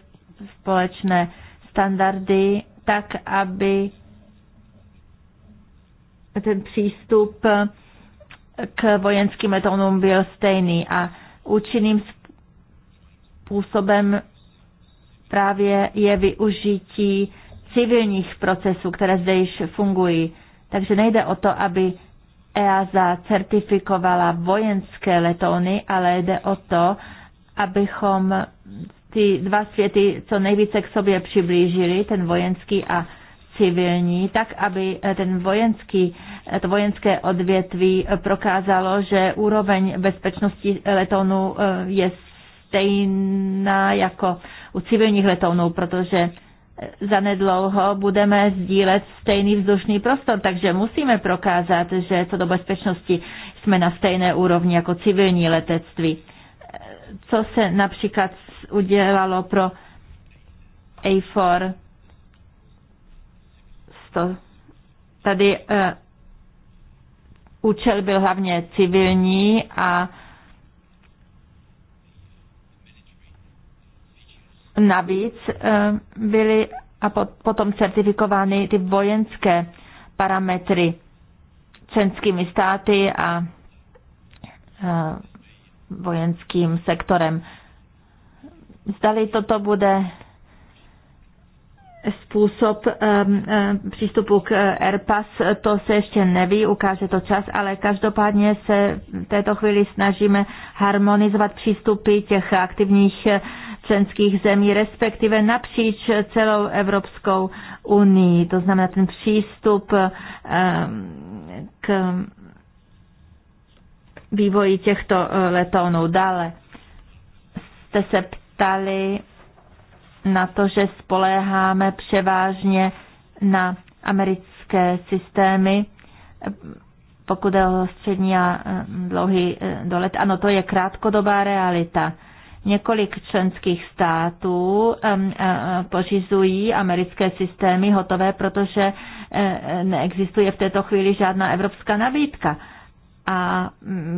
společné standardy, tak, aby ten přístup eh, k vojenským letounům byl stejný a účinným způsobem právě je využití civilních procesů, které zde již fungují. Takže nejde o to, aby EASA certifikovala vojenské Letony, ale jde o to, abychom ty dva světy co nejvíce k sobě přiblížili, ten vojenský a civilní, tak aby ten vojenský, to vojenské odvětví prokázalo, že úroveň bezpečnosti letounů eh, je stejná jako u civilních letounů, protože zanedlouho budeme sdílet stejný vzdušný prostor, takže musíme prokázat, že co do bezpečnosti jsme na stejné úrovni jako civilní letectví. Co se například udělalo pro A4 100? Tady uh, účel byl hlavně civilní a Navíc eh, byly a potom certifikovány ty vojenské parametry členskými státy a eh, vojenským sektorem. Zdali toto bude způsob eh, přístupu k AirPass, to se ještě neví, ukáže to čas, ale každopádně se v této chvíli snažíme harmonizovat přístupy těch aktivních členských zemí, respektive napříč celou Evropskou unii. To znamená ten přístup ehm, k vývoji těchto eh, letounů. Dále jste se ptali na to, že spoléháme převážně na americké systémy, pokud je o střední a eh, dlouhý eh, dolet. Ano, to je krátkodobá realita. Několik členských států pořizují americké systémy hotové, protože eh, neexistuje v této chvíli žádná evropská nabídka. A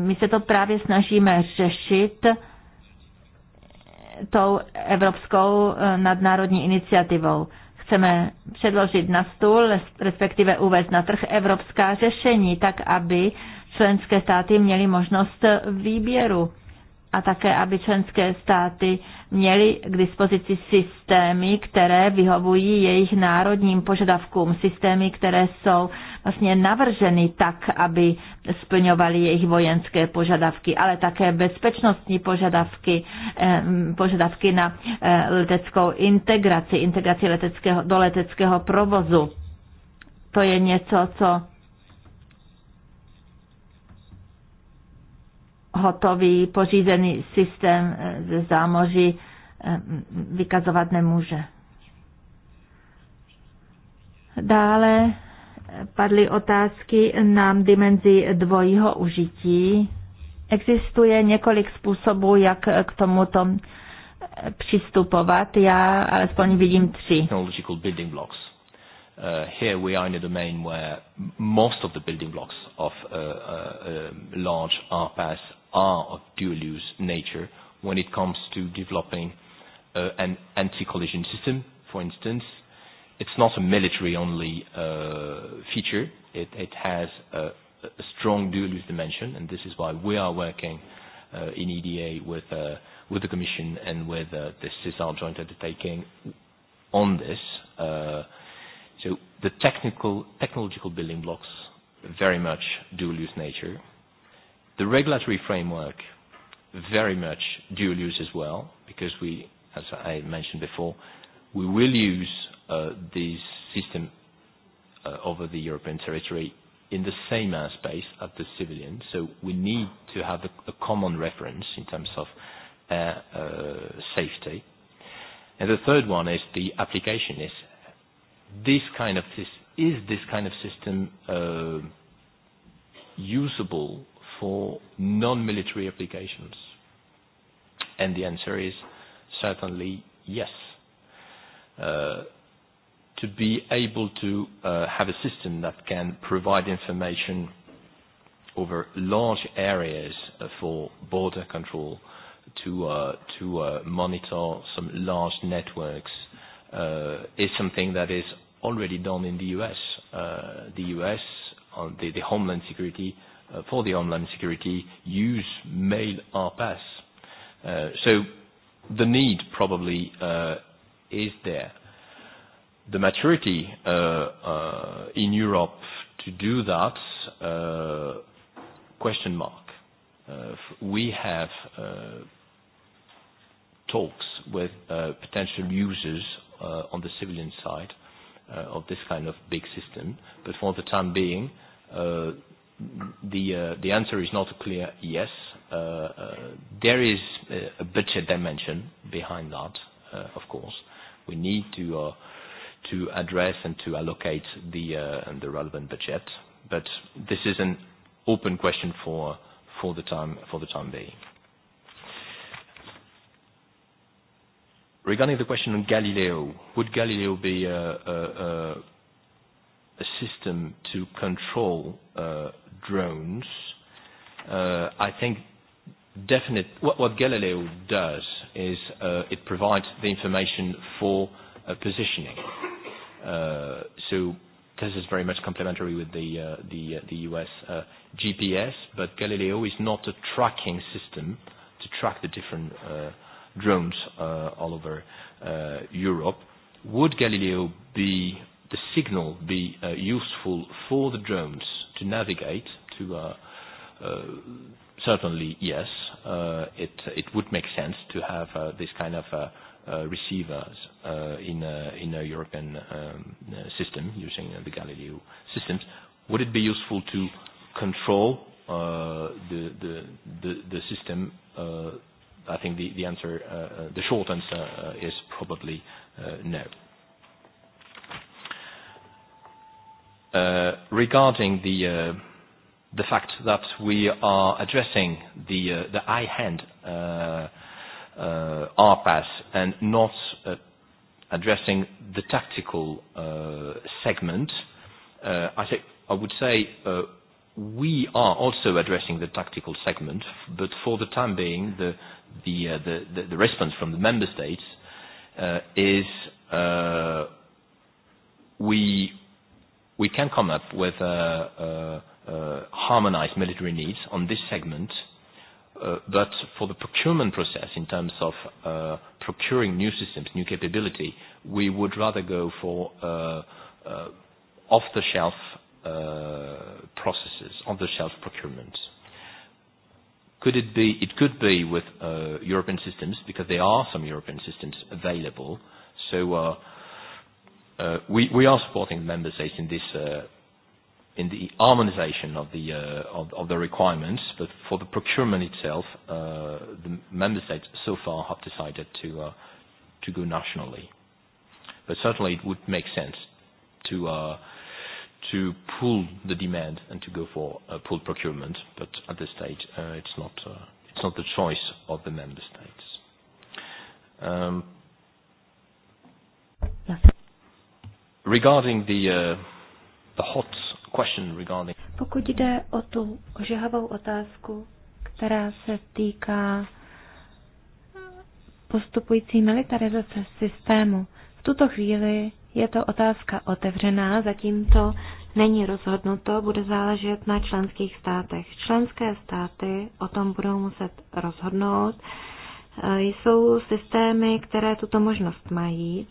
my se to právě snažíme řešit tou evropskou eh, nadnárodní iniciativou. Chceme předložit na stůl, respektive uvést na trh evropská řešení, tak aby členské státy měly možnost eh, výběru a také, aby členské státy měly k dispozici systémy, které vyhovují jejich národním požadavkům, systémy, které jsou vlastně navrženy tak, aby splňovaly jejich vojenské požadavky, ale také bezpečnostní požadavky, požadavky na eh, leteckou integraci, integraci leteckého, do leteckého provozu. To je něco, co hotový pořízený systém eh, ze zámoří eh, vykazovat nemůže. Dále padly otázky na dimenzi dvojího užití. Existuje několik způsobů, jak k tomuto eh, přistupovat. Já alespoň vidím tři. Uh, here we are in a domain where most of the building blocks of uh, uh, um, large RPAS are of dual-use nature when it comes to developing uh, an anti-collision system, for instance. It's not a military-only uh, feature. It, it has a, a strong dual-use dimension, and this is why we are working uh, in EDA with, uh, with the Commission and with uh, the CESAR joint undertaking on this. Uh, so the technical, technological building blocks very much dual-use nature. The regulatory framework, very much dual use as well, because we, as I mentioned before, we will use uh, this system uh, over the European territory in the same airspace as the civilian. So we need to have a, a common reference in terms of air uh, safety. And the third one is the application is this kind of is this kind of system uh, usable for non-military applications? And the answer is certainly yes. Uh, to be able to uh, have a system that can provide information over large areas uh, for border control to uh, to uh, monitor some large networks uh, is something that is already done in the U.S. Uh, the U.S. on uh, the, the Homeland Security Uh, for the online security use mail RPAS. Uh, so the need probably uh, is there. The maturity uh, uh, in Europe to do that, uh, question mark. Uh, we have uh, talks with uh, potential users uh, on the civilian side uh, of this kind of big system. But for the time being, uh, Uh, the answer is not a clear yes. Uh, uh, there is a, a budget dimension behind that, uh, of course. We need to uh, to address and to allocate the uh, and the relevant budget, but this is an open question for for the time for the time being. Regarding the question on Galileo, would Galileo be uh, uh, uh, a system to control uh, drones. Uh, I think definite what, what Galileo does is uh, it provides the information for uh, positioning. Uh, so this is very much complementary with the uh, the, uh, the US uh, GPS, but Galileo is not a tracking system to track the different uh, drones uh, all over uh, Europe. Would Galileo be the signal be uh, useful for the drones to navigate to uh, uh, certainly yes uh, it it would make sense to have uh, this kind of uh, uh, receivers uh, in a, uh, in a European um, uh, system using uh, the Galileo systems would it be useful to control uh, the, the the the system uh, I think the the answer uh, uh the short answer uh, is probably uh, no Uh, regarding the, uh, the fact that we are addressing the, uh, the high-end uh, uh, RPAS and not addressing the tactical segment, I, I would say we are also addressing the tactical segment, but for the time being, the, the response from the member states is we we can come up with a harmonized military needs on this segment. Uh, but for the procurement process, in terms of uh, procuring new systems, new capability, we would rather go for uh, uh, off-the-shelf uh, processes, off-the-shelf procurement. Could it be? It could be with uh, European systems because there are some European systems available. So. Uh, Uh, we, we are supporting the member states in this uh, in the harmonization of the uh, of, of the requirements, but for the procurement itself, uh, the member states so far have decided to uh, to go nationally. But certainly, it would make sense to uh, to pull the demand and to go for a uh, pooled procurement. But at this stage, uh, it's not uh, it's not the choice of the member states. Um, Regarding the, uh, the hot question regarding... Pokud jde o tu ožehavou otázku, která se týká postupující militarizace systému, v tuto chvíli je to otázka otevřená, zatím to není rozhodnuto, bude záležet na členských státech. Členské státy o tom budou muset rozhodnout. E, jsou systémy, které tuto možnost mají.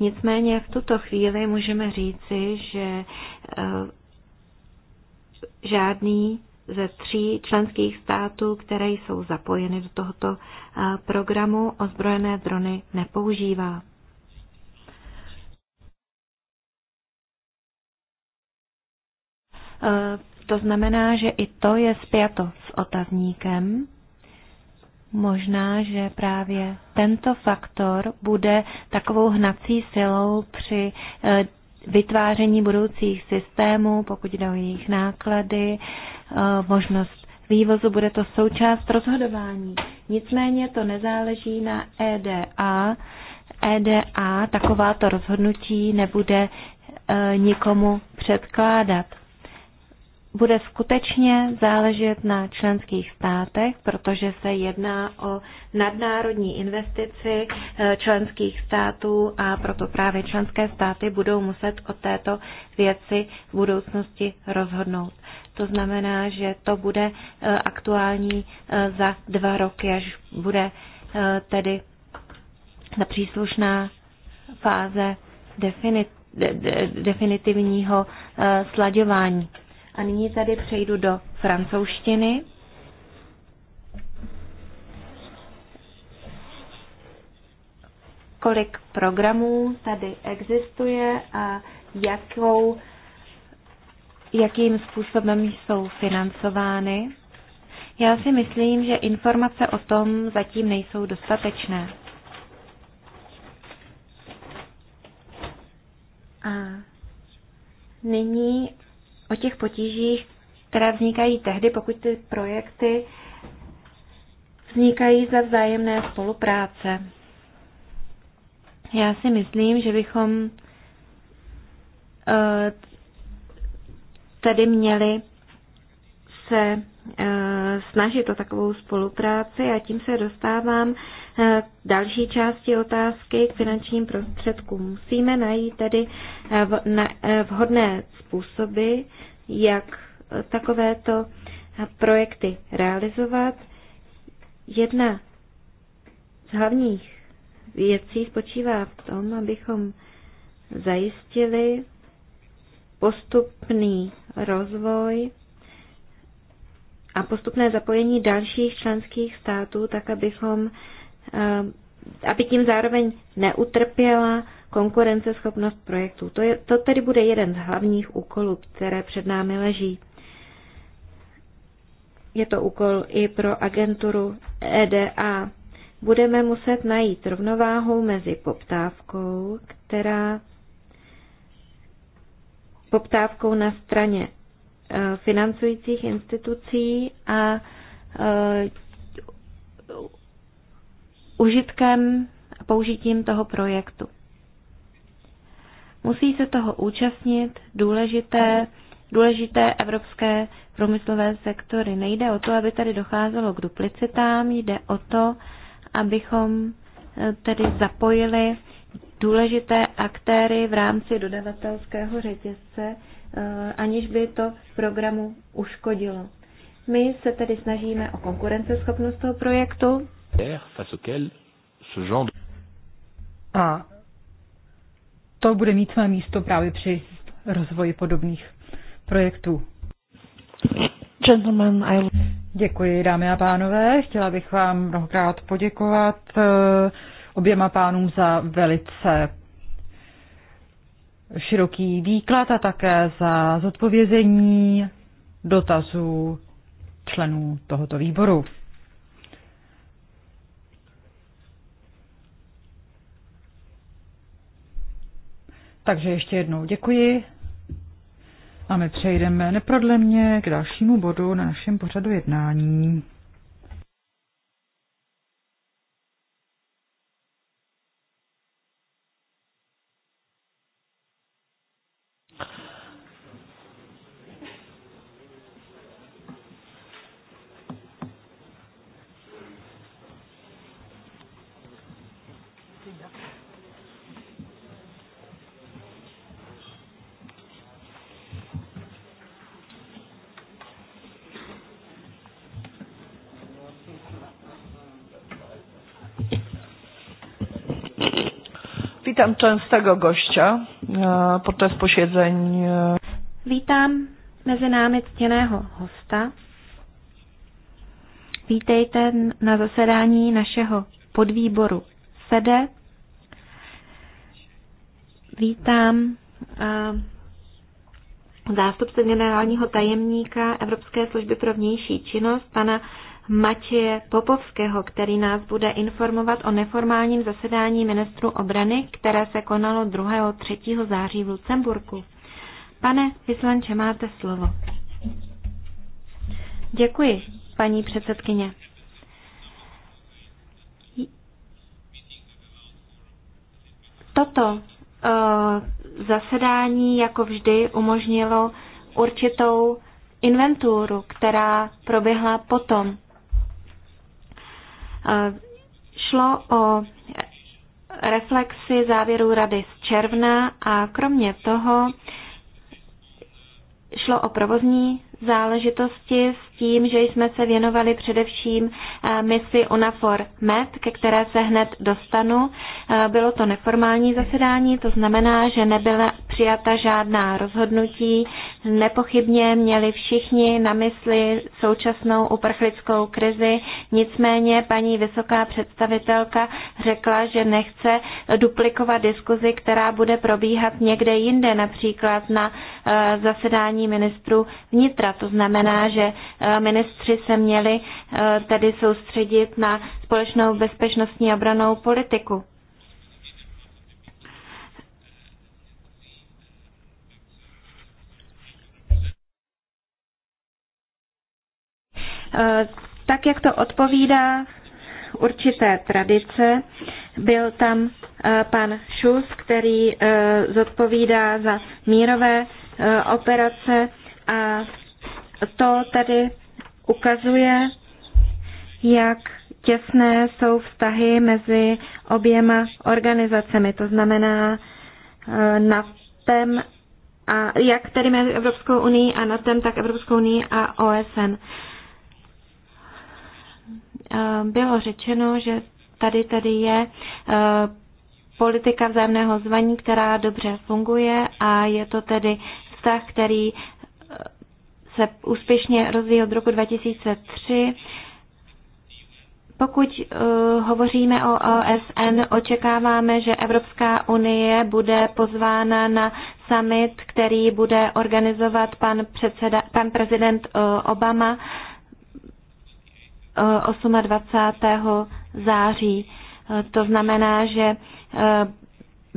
Nicméně v tuto chvíli můžeme říci, že eh, žádný ze tří členských států, které jsou zapojeny do tohoto eh, programu, ozbrojené drony nepoužívá. Eh, to znamená, že i to je spjato s otazníkem. Možná, že právě tento faktor bude takovou hnací silou při eh, vytváření budoucích systémů, pokud jde o jejich náklady, eh, možnost vývozu, bude to součást rozhodování. Nicméně to nezáleží na EDA. EDA takováto rozhodnutí nebude eh, nikomu předkládat bude skutečně záležet na členských státech, protože se jedná o nadnárodní investici eh, členských států a proto právě členské státy budou muset o této věci v budoucnosti rozhodnout. To znamená, že to bude eh, aktuální eh, za dva roky, až bude tedy na příslušná fáze definitivního slaďování. A nyní tady přejdu do francouzštiny. Kolik programů tady existuje a jakou, jakým způsobem jsou financovány? Já si myslím, že informace o tom zatím nejsou dostatečné. A nyní o těch potížích, které vznikají tehdy, pokud ty projekty vznikají za vzájemné spolupráce. Já si myslím, že bychom eh, tady měli se eh, snažit o takovou spolupráci a tím se dostávám Eh, další části otázky k finančním prostředkům. Musíme najít tedy eh, eh, vhodné způsoby, jak takovéto projekty realizovat. Jedna z hlavních věcí spočívá v tom, abychom zajistili postupný rozvoj a postupné zapojení dalších členských států, tak abychom Eh, aby tím zároveň neutrpěla konkurenceschopnost projektů. To, je, to tedy bude jeden z hlavních úkolů, které před námi leží. Je to úkol i pro agenturu EDA. Budeme muset najít rovnováhu mezi poptávkou, která poptávkou na straně eh, financujících institucí a eh, užitkem a použitím toho projektu. Musí se toho účastnit důležité, důležité evropské průmyslové sektory. Nejde o to, aby tady docházelo k duplicitám, jde o to, abychom eh, tedy zapojili důležité aktéry v rámci dodavatelského řetězce, eh, aniž by to programu uškodilo. My se tedy snažíme o konkurenceschopnost toho projektu, a to bude mít své místo právě při rozvoji podobných projektů. Gentlemen, I... Děkuji, dámy a pánové. Chtěla bych vám mnohokrát poděkovat eh, oběma pánům za velice široký výklad a také za zodpovězení dotazů členů tohoto výboru. Takže ještě jednou děkuji a my přejdeme neprodlemně k dalšímu bodu na našem pořadu jednání. Witam częstego gościa eh, podczas posiedzeń. Eh, Vítám mezi námi ctěného hosta. Vítejte na zasedání našeho podvýboru SEDE. Vítám eh, zástupce generálního tajemníka Evropské služby pro vnější činnost, pana Matěje Popovského, který nás bude informovat o neformálním zasedání ministru obrany, které se konalo 2. 3. září v Lucemburku. Pane vyslanče, máte slovo. Děkuji, paní předsedkyně. Toto uh, zasedání, jako vždy, umožnilo určitou inventuru, která proběhla potom Eh, šlo o reflexy závěrů rady z června a kromě toho šlo o provozní záležitosti tím, že jsme se věnovali především eh, misi UNAFOR MED, ke které se hned dostanu. Eh, bylo to neformální zasedání, to znamená, že nebyla přijata žádná rozhodnutí. Nepochybně měli všichni na mysli současnou uprchlickou krizi, nicméně paní vysoká představitelka řekla, že nechce duplikovat diskuzi, která bude probíhat někde jinde, například na eh, zasedání ministrů vnitra. To znamená, že Eh, ministři se měli eh, tedy soustředit na společnou bezpečnostní obranou politiku. Eh, tak, jak to odpovídá určité tradice, byl tam pan Šus, který zodpovídá za mírové operace a to tedy ukazuje, jak těsné jsou vztahy mezi oběma organizacemi, to znamená eh, NATEM a jak tedy mezi Evropskou unii a NATEM, tak Evropskou unii a OSN. Eh, bylo řečeno, že tady tady je eh, politika vzájemného zvaní, která dobře funguje a je to tedy vztah, který se úspěšně rozvíjí od roku 2003. Pokud uh, hovoříme o OSN, očekáváme, že Evropská unie bude pozvána na summit, který bude organizovat pan, předseda, pan prezident uh, Obama uh, eh, 28. září. Uh, to znamená, že uh,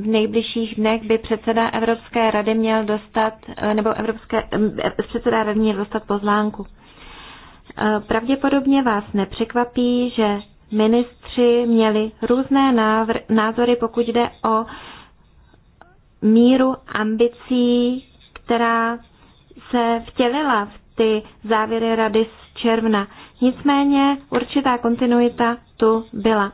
v nejbližších dnech by předseda Evropské rady měl dostat, eh, nebo Evropské, eh, eh, předseda rady měl dostat pozvánku. Pravděpodobně vás nepřekvapí, že ministři měli různé návr- názory, pokud jde o míru ambicí, která se vtělila v ty závěry rady z června. Nicméně určitá kontinuita tu byla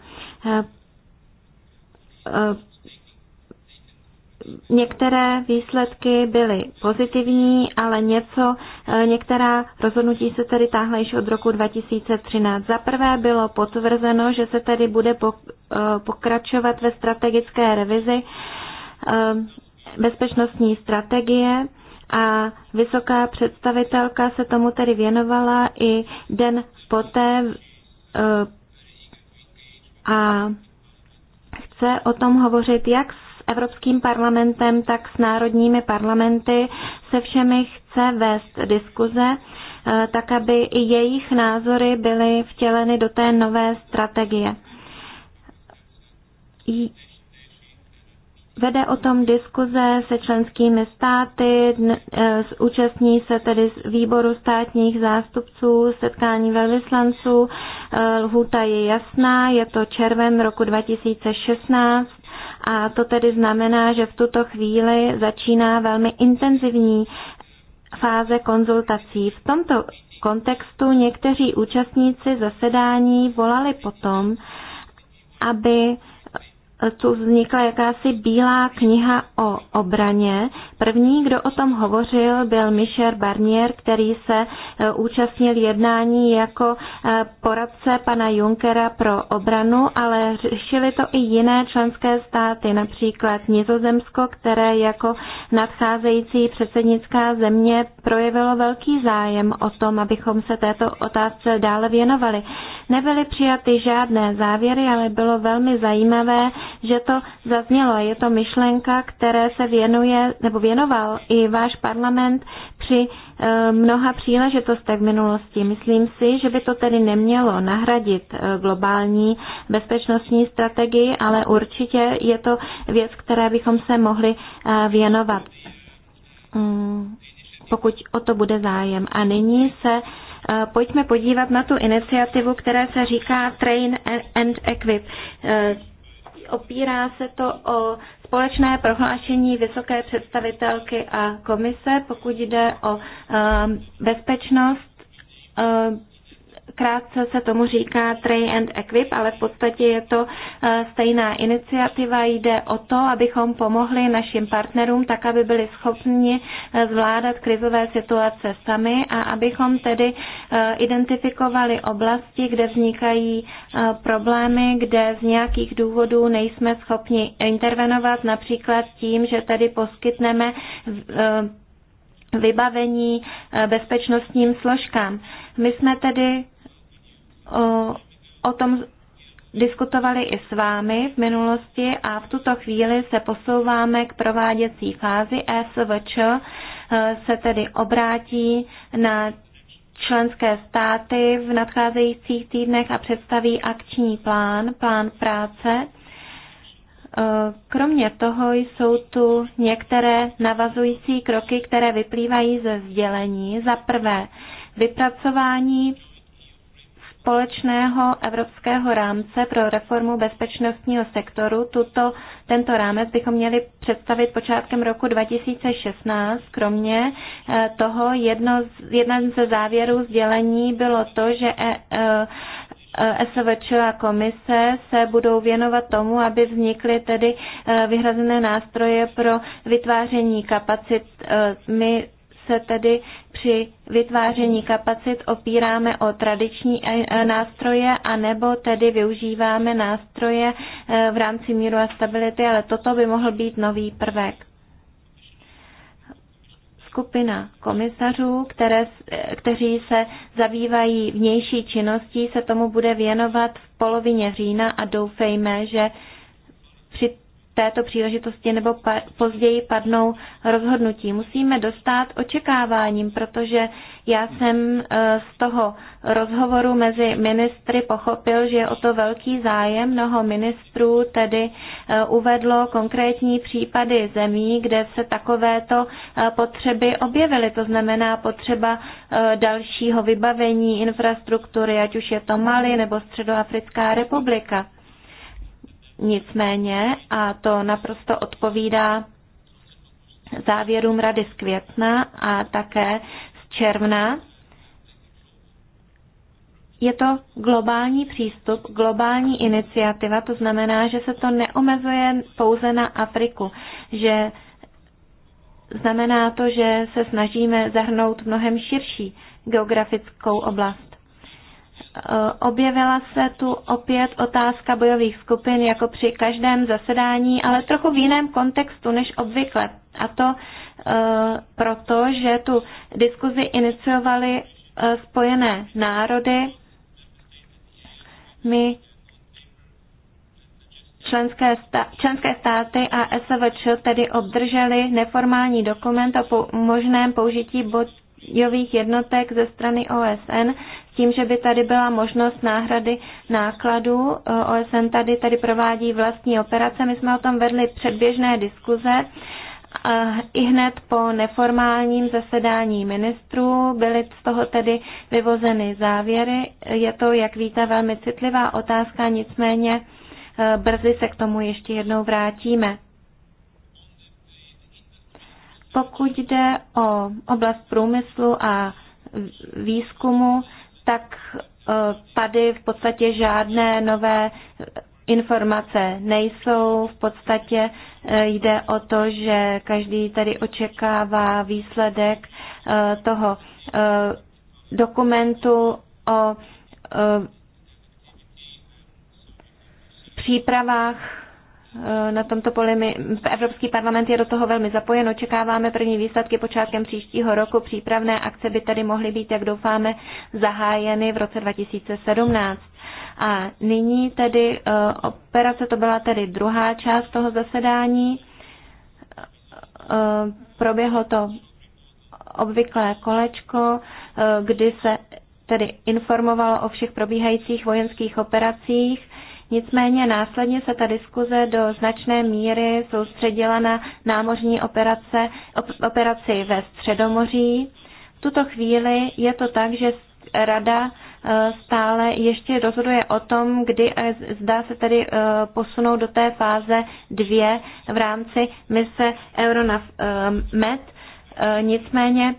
Některé výsledky byly pozitivní, ale něco, eh, některá rozhodnutí se tedy táhla již od roku 2013. Za prvé bylo potvrzeno, že se tedy bude eh, pokračovat ve strategické revizi eh, bezpečnostní strategie a vysoká představitelka se tomu tedy věnovala i den poté a chce o tom hovořit jak s Evropským parlamentem, tak s národními parlamenty se všemi chce vést diskuze, eh, tak aby i jejich názory byly vtěleny do té nové strategie. Vede o tom diskuze se členskými státy, eh, účastní se tedy z výboru státních zástupců, setkání velvyslanců. Eh, lhůta je jasná, je to červen roku 2016. A to tedy znamená, že v tuto chvíli začíná velmi intenzivní fáze konzultací. V tomto kontextu někteří účastníci zasedání volali potom, aby tu vznikla jakási bílá kniha o obraně. První, kdo o tom hovořil, byl Michel Barnier, který se e, účastnil jednání jako e, poradce pana Junckera pro obranu, ale řešili to i jiné členské státy, například Nizozemsko, které jako nadcházející předsednická země projevilo velký zájem o tom, abychom se této otázce dále věnovali. Nebyly přijaty žádné závěry, ale bylo velmi zajímavé, že to zaznělo. Je to myšlenka, které se věnuje, nebo věnoval i váš parlament při eh, mnoha příležitostech v minulosti. Myslím si, že by to tedy nemělo nahradit eh, globální bezpečnostní strategii, ale určitě je to věc, které bychom se mohli eh, věnovat, mm, pokud o to bude zájem. A nyní se pojďme podívat na tu iniciativu, která se říká Train and Equip opírá se to o společné prohlášení vysoké představitelky a komise, pokud jde o eh, bezpečnost eh, krátce se tomu říká Tray and Equip, ale v podstatě je to eh, stejná iniciativa. Jde o to, abychom pomohli našim partnerům tak, aby byli schopni eh, zvládat krizové situace sami a abychom tedy eh, identifikovali oblasti, kde vznikají problémy, kde z nějakých důvodů nejsme schopni intervenovat, například tím, že tedy poskytneme vybavení bezpečnostním složkám. My jsme tedy o tom diskutovali i s vámi v minulosti a v tuto chvíli se posouváme k prováděcí fázi. SVČ e, se tedy obrátí na členské státy v nadcházejících týdnech a představí akční plán, plán práce. E, kromě toho jsou tu některé navazující kroky, které vyplývají ze sdělení. Za prvé, vypracování společného evropského rámce pro reformu bezpečnostního sektoru. Tuto, tento rámec bychom měli představit počátkem roku 2016. Kromě eh, toho jedno, jeden ze závěrů sdělení bylo to, že eh, eh, SVČ a komise se budou věnovat tomu, aby vznikly tedy vyhrazené nástroje pro vytváření kapacit. My se tedy při vytváření kapacit opíráme o tradiční e, e, nástroje, a nebo tedy využíváme nástroje e, v rámci míru a stability, ale toto by mohl být nový prvek. Skupina komisařů, které, kteří se zabývají vnější činností, se tomu bude věnovat v polovině října a doufejme, že této příležitosti nebo pa- později padnou rozhodnutí. Musíme dostat očekáváním, protože já jsem eh, z toho rozhovoru mezi ministry pochopil, že je o to velký zájem. Mnoho ministrů tedy eh, uvedlo konkrétní případy zemí, kde se takovéto eh, potřeby objevily. To znamená potřeba dalšího vybavení infrastruktury, ať už je to Mali nebo Středoafrická republika. Nicméně, a to naprosto odpovídá závěrům rady z května a také z června, je to globální přístup, globální iniciativa, to znamená, že se to neomezuje pouze na Afriku, že znamená to, že se snažíme zahrnout mnohem širší geografickou oblast. Eh, objevila se tu opět otázka bojových skupin jako při každém zasedání, ale trochu v jiném kontextu než obvykle. A to eh, proto, že tu diskuzi iniciovaly eh, spojené národy. My Členské, členské státy a SVČ tedy obdrželi neformální dokument o po, možném použití bojových jednotek ze strany OSN tím, že by tady byla možnost náhrady nákladů. OSN tady, tady provádí vlastní operace. My jsme o tom vedli předběžné diskuze. I hned po neformálním zasedání ministrů byly z toho tedy vyvozeny závěry. Je to, jak víte, velmi citlivá otázka, nicméně e, brzy se k tomu ještě jednou vrátíme. Pokud jde o oblast průmyslu a výzkumu, tak eh, tady v podstatě žádné nové informace nejsou. V podstatě eh, jde o to, že každý tady očekává výsledek eh, toho dokumentu o přípravách Eh, na tomto poli. My, Evropský parlament je do toho velmi zapojen. Očekáváme první výsledky počátkem příštího roku. Přípravné akce by tedy mohly být, jak doufáme, zahájeny v roce 2017. A nyní tedy eh, operace, to byla tedy druhá část toho zasedání. Eh, proběhlo to obvyklé kolečko, kdy se tedy informovalo o všech probíhajících vojenských operacích Nicméně následně se ta diskuze do značné míry soustředila na námořní operace, operaci ve Středomoří. V tuto chvíli je to tak, že Rada e, stále ještě rozhoduje o tom, kdy zdá se tedy e, posunou do té fáze dvě v rámci mise Euronav-Med. E, nicméně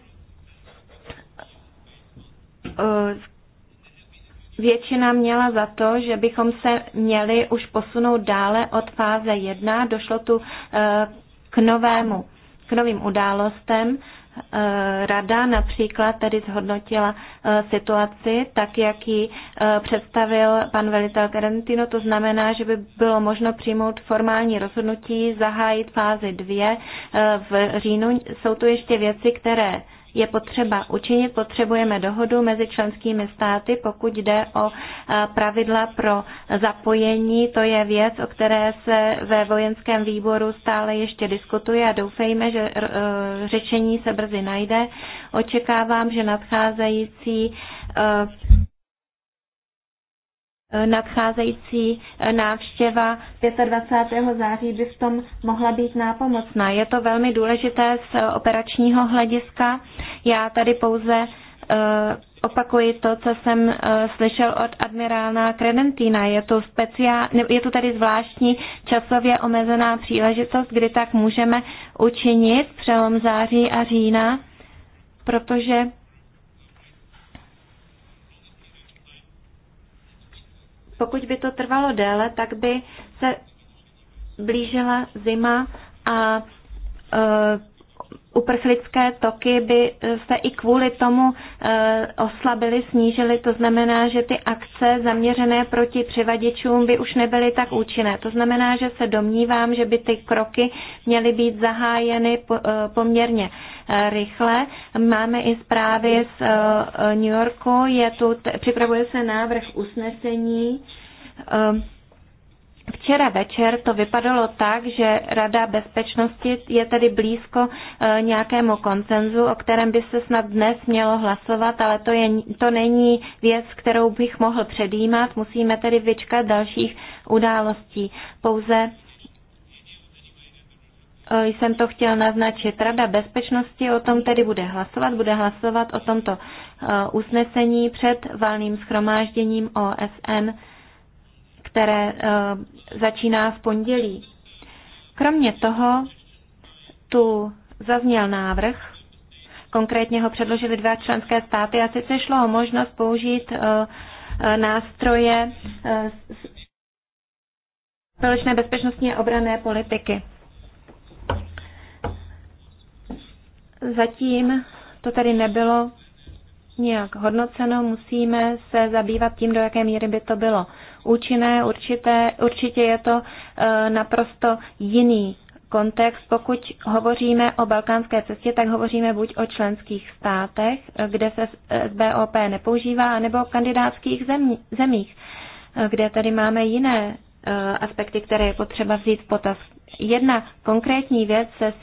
většina měla za to, že bychom se měli už posunout dále od fáze 1. Došlo tu eh, k novému, k novým událostem. Eh, rada například tedy zhodnotila eh, situaci tak, jak ji představil pan velitel Karantino. To znamená, že by bylo možno přijmout formální rozhodnutí, zahájit fázi 2 v říjnu. Jsou tu ještě věci, které je potřeba učinit. Potřebujeme dohodu mezi členskými státy, pokud jde o e, pravidla pro zapojení. To je věc, o které se ve vojenském výboru stále ještě diskutuje a doufejme, že e, řešení se brzy najde. Očekávám, že nadcházející e, Eh, nadcházející eh, návštěva 25. září by v tom mohla být nápomocná. Je to velmi důležité z eh, operačního hlediska. Já tady pouze opakuji to, co jsem slyšel od admirála Credentina. Je to, speciál, je to tady zvláštní časově omezená příležitost, kdy tak můžeme učinit přelom září a října, protože pokud by to trvalo déle, tak by se blížila zima a e, uprchlické toky by eh, se i kvůli tomu eh, oslabily, snížily. To znamená, že ty akce zaměřené proti přivadičům by už nebyly tak účinné. To znamená, že se domnívám, že by ty kroky měly být zahájeny eh, poměrně rychle. Máme i zprávy z New Yorku, je tu, připravuje se návrh usnesení Včera večer to vypadalo tak, že Rada bezpečnosti je tedy blízko e, nějakému koncenzu, o kterém by se snad dnes mělo hlasovat, ale to, je, to není věc, kterou bych mohl předjímat. Musíme tedy vyčkat dalších událostí. Pouze e, jsem to chtěl naznačit. Rada bezpečnosti o tom tedy bude hlasovat, bude hlasovat o tomto e, usnesení před valným schromážděním OSN které eh, začíná v pondělí. Kromě toho tu zazněl návrh, konkrétně ho předložili dva členské státy a sice šlo o možnost použít eh, eh, nástroje společné bezpečnostní a obrané politiky. Zatím to tady nebylo nějak hodnoceno, musíme se zabývat tím, do jaké míry by to bylo účinné, určité, určitě je to e, naprosto jiný kontext. Pokud hovoříme o balkánské cestě, tak hovoříme buď o členských státech, e, kde se SBOP e, nepoužívá, nebo o kandidátských zemí, zemích, kde tady máme jiné aspekty, které je potřeba vzít v potaz. Jedna konkrétní věc se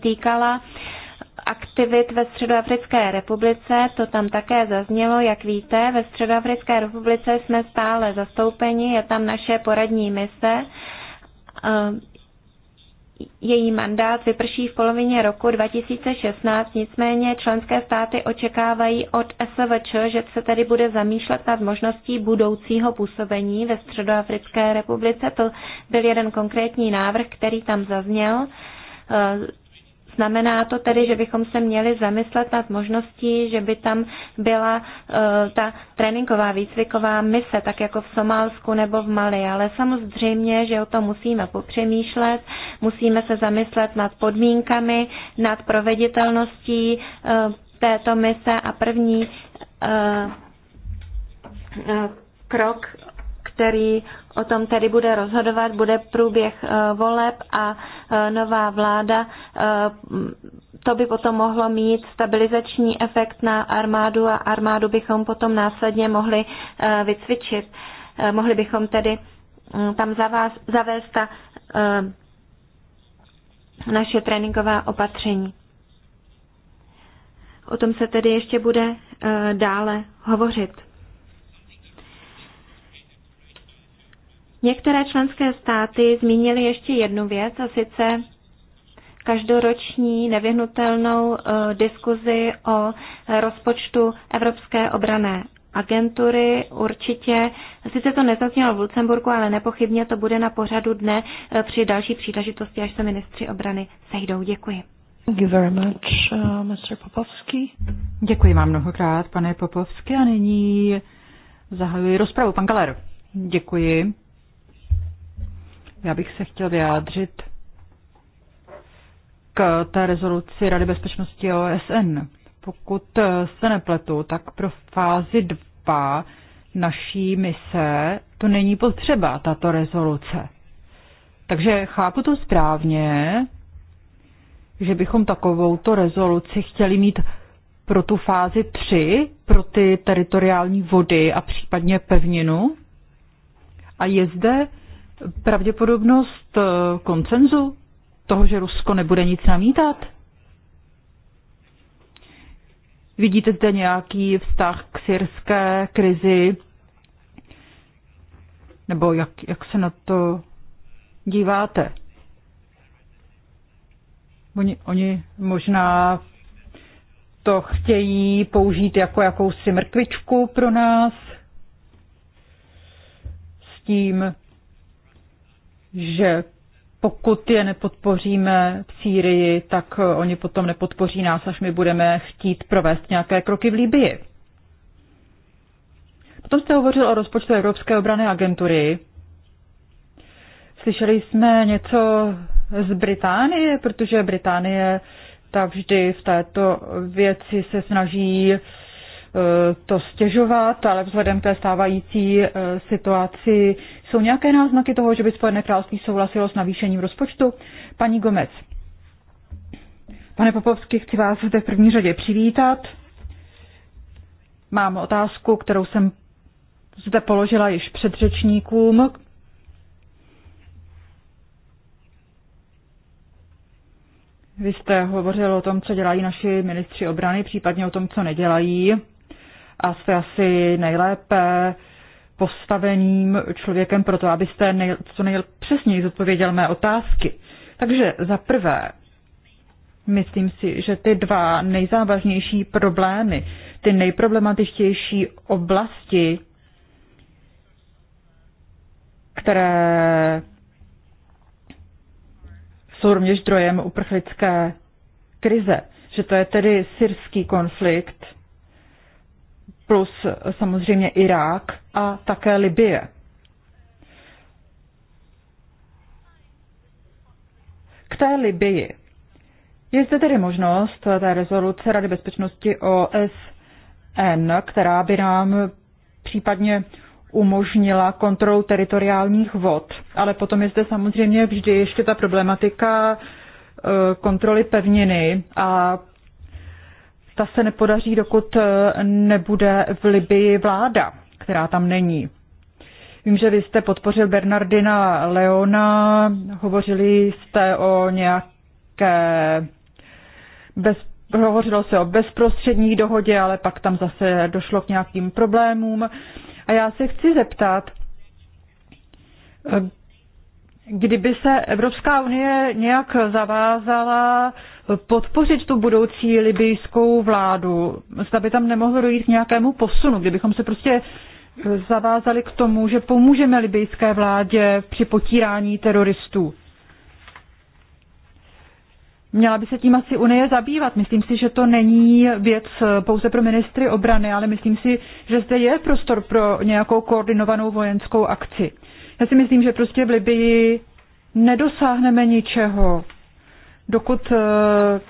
týkala uh, aktivit ve Středoafrické republice, to tam také zaznělo, jak víte, ve Středoafrické republice jsme stále zastoupeni, je tam naše poradní mise. Eh, její mandát vyprší v polovině roku 2016, nicméně členské státy očekávají od SVČ, že se tedy bude zamýšlet nad možností budoucího působení ve Středoafrické republice. To byl jeden konkrétní návrh, který tam zazněl eh, Znamená to tedy, že bychom se měli zamyslet nad možností, že by tam byla uh, ta tréninková výcviková mise, tak jako v Somálsku nebo v Mali. Ale samozřejmě, že o tom musíme popřemýšlet, musíme se zamyslet nad podmínkami, nad proveditelností uh, této mise a první uh, krok, který o tom tedy bude rozhodovat, bude průběh eh, voleb a eh, nová vláda. Eh, to by potom mohlo mít stabilizační efekt na armádu a armádu bychom potom následně mohli vycvičit. Mohli bychom tedy mm, tam zavést ta naše tréninková opatření. O tom se tedy ještě bude dále hovořit. Některé členské státy zmínily ještě jednu věc, a sice každoroční nevyhnutelnou uh, diskuzi o eh, rozpočtu Evropské obrané agentury. Určitě, sice to nezaznělo v Lucemburku, ale nepochybně to bude na pořadu dne eh, při další příležitosti, až se ministři obrany sejdou. Děkuji. Thank you very much, uh, Mr. Popovský. Děkuji vám mnohokrát, pane Popovský. A nyní zahajuji rozpravu. Pan Galer. Děkuji. Já bych se chtěl vyjádřit k té rezoluci Rady bezpečnosti OSN. Pokud se nepletu, tak pro fázi 2 naší mise to není potřeba, tato rezoluce. Takže chápu to správně, že bychom takovouto rezoluci chtěli mít pro tu fázi 3, pro ty teritoriální vody a případně pevninu. A je zde pravděpodobnost eh, koncenzu toho, že Rusko nebude nic namítat? Vidíte zde nějaký vztah k syrské krizi? Nebo jak, jak se na to díváte? Oni, oni možná to chtějí použít jako jakousi mrkvičku pro nás s tím, že pokud je nepodpoříme v Sýrii, tak oni potom nepodpoří nás, až my budeme chtít provést nějaké kroky v Libii. Potom jste hovořil o rozpočtu Evropské obrany agentury. Slyšeli jsme něco z Británie, protože Británie ta vždy v této věci se snaží eh, to stěžovat, ale vzhledem k té stávající eh, situaci jsou nějaké náznaky toho, že by Spojené království souhlasilo s navýšením rozpočtu? Paní Gomez. Pane Popovský, chci vás zde v první řadě přivítat. Mám otázku, kterou jsem zde položila již předřečníkům. Vy jste hovořil o tom, co dělají naši ministři obrany, případně o tom, co nedělají. A jste asi nejlépe postaveným člověkem pro to, abyste nej, co nejpřesněji zodpověděl mé otázky. Takže za prvé, myslím si, že ty dva nejzávažnější problémy, ty nejproblematičtější oblasti, které jsou rovněž zdrojem uprchlické krize, že to je tedy syrský konflikt plus samozřejmě Irák a také Libie. K té Libii. Je zde tedy možnost té rezoluce Rady bezpečnosti OSN, která by nám případně umožnila kontrolu teritoriálních vod. Ale potom je zde samozřejmě vždy ještě ta problematika eh, kontroly pevniny a ta se nepodaří, dokud eh, nebude v Libii vláda, která tam není. Vím, že vy jste podpořil Bernardina Leona, hovořili jste o nějaké bez, hovořilo se o bezprostřední dohodě, ale pak tam zase došlo k nějakým problémům. A já se chci zeptat, eh, kdyby se Evropská unie nějak zavázala podpořit tu budoucí libijskou vládu? Zda by tam nemohlo dojít k nějakému posunu, kdybychom se prostě zavázali k tomu, že pomůžeme libijské vládě při potírání teroristů. Měla by se tím asi Unie zabývat. Myslím si, že to není věc pouze pro ministry obrany, ale myslím si, že zde je prostor pro nějakou koordinovanou vojenskou akci. Já si myslím, že prostě v Libii nedosáhneme ničeho, dokud eh,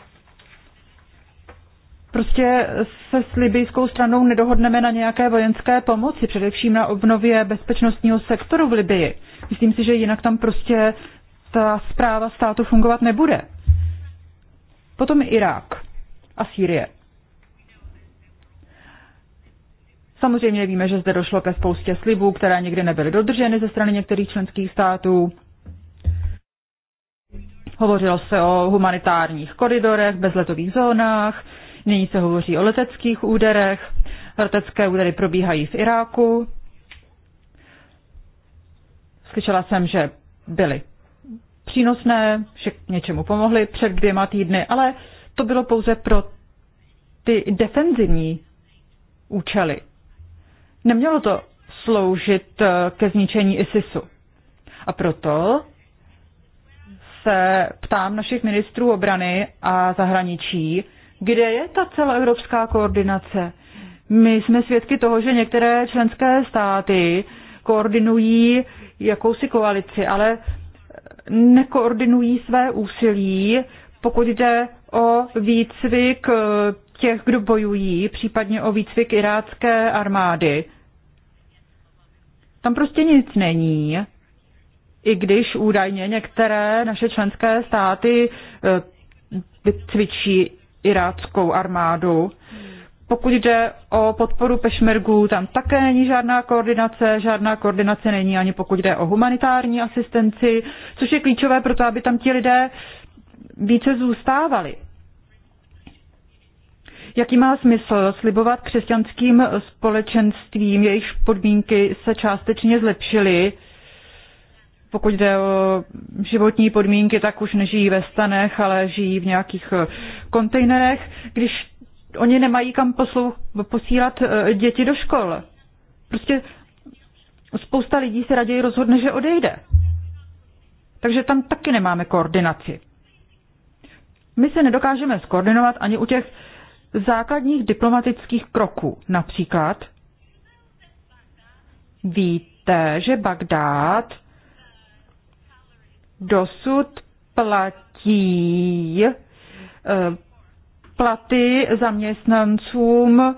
prostě se s libijskou stranou nedohodneme na nějaké vojenské pomoci, především na obnově bezpečnostního sektoru v Libii. Myslím si, že jinak tam prostě ta zpráva státu fungovat nebude. Potom Irák a Sýrie. Samozřejmě víme, že zde došlo ke spoustě slibů, které nikdy nebyly dodrženy ze strany některých členských států. Hovořilo se o humanitárních koridorech, bezletových zónách, nyní se hovoří o leteckých úderech, letecké údery probíhají v Iráku. Slyšela jsem, že byly přínosné, že k něčemu pomohly před dvěma týdny, ale to bylo pouze pro ty defenzivní účely. Nemělo to sloužit eh, ke zničení ISISu. A proto se ptám našich ministrů obrany a zahraničí, kde je ta celoevropská koordinace? My jsme svědky toho, že některé členské státy koordinují jakousi koalici, ale nekoordinují své úsilí, pokud jde o výcvik eh, těch, kdo bojují, případně o výcvik irácké armády. Tam prostě nic není i když údajně některé naše členské státy eh, cvičí iráckou armádu. Pokud jde o podporu pešmergů, tam také není žádná koordinace, žádná koordinace není ani pokud jde o humanitární asistenci, což je klíčové pro to, aby tam ti lidé více zůstávali. Jaký má smysl slibovat křesťanským společenstvím, jejichž podmínky se částečně zlepšily, pokud jde o životní podmínky, tak už nežijí ve stanech, ale žijí v nějakých eh, kontejnerech, když oni nemají kam poslou, posílat eh, děti do škol. Prostě spousta lidí se raději rozhodne, že odejde. Takže tam taky nemáme koordinaci. My se nedokážeme skoordinovat ani u těch základních diplomatických kroků. Například víte, že Bagdád dosud platí eh, platy zaměstnancům eh,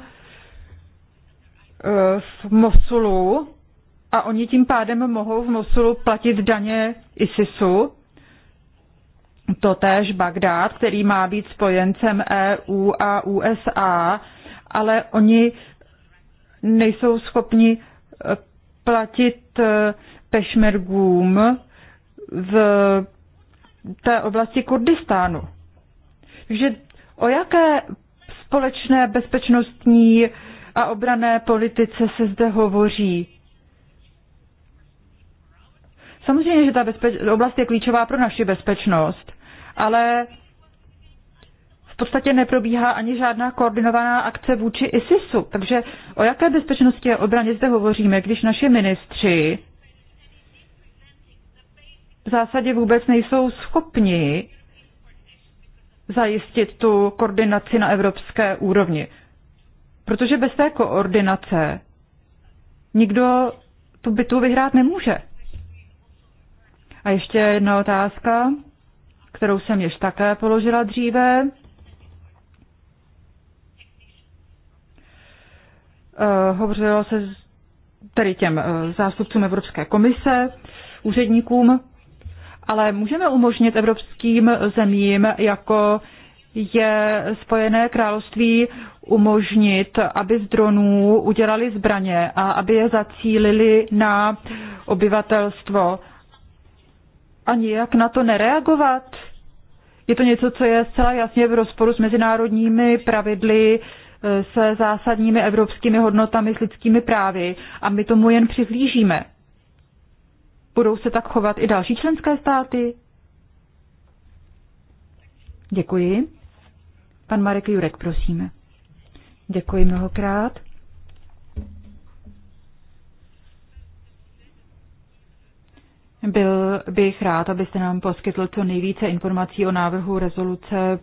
v Mosulu a oni tím pádem mohou v Mosulu platit daně ISISu. Totéž Bagdád, který má být spojencem EU a USA, ale oni nejsou schopni eh, platit pešmergům, v té oblasti Kurdistánu. Takže o jaké společné bezpečnostní a obrané politice se zde hovoří? Samozřejmě, že ta bezpeč- oblast je klíčová pro naši bezpečnost, ale v podstatě neprobíhá ani žádná koordinovaná akce vůči ISISu. Takže o jaké bezpečnosti a obraně zde hovoříme, když naši ministři v zásadě vůbec nejsou schopni zajistit tu koordinaci na evropské úrovni. Protože bez té koordinace nikdo tu bitvu vyhrát nemůže. A ještě jedna otázka, kterou jsem již také položila dříve. Uh, hovořilo se tedy těm uh, zástupcům Evropské komise, úředníkům, ale můžeme umožnit evropským zemím, jako je Spojené království, umožnit, aby z dronů udělali zbraně a aby je zacílili na obyvatelstvo a nijak na to nereagovat? Je to něco, co je zcela jasně v rozporu s mezinárodními pravidly, se zásadními evropskými hodnotami, s lidskými právy a my tomu jen přihlížíme. Budou se tak chovat i další členské státy? Děkuji. Pan Marek Jurek, prosím. Děkuji mnohokrát. Byl bych rád, abyste nám poskytl co nejvíce informací o návrhu rezoluce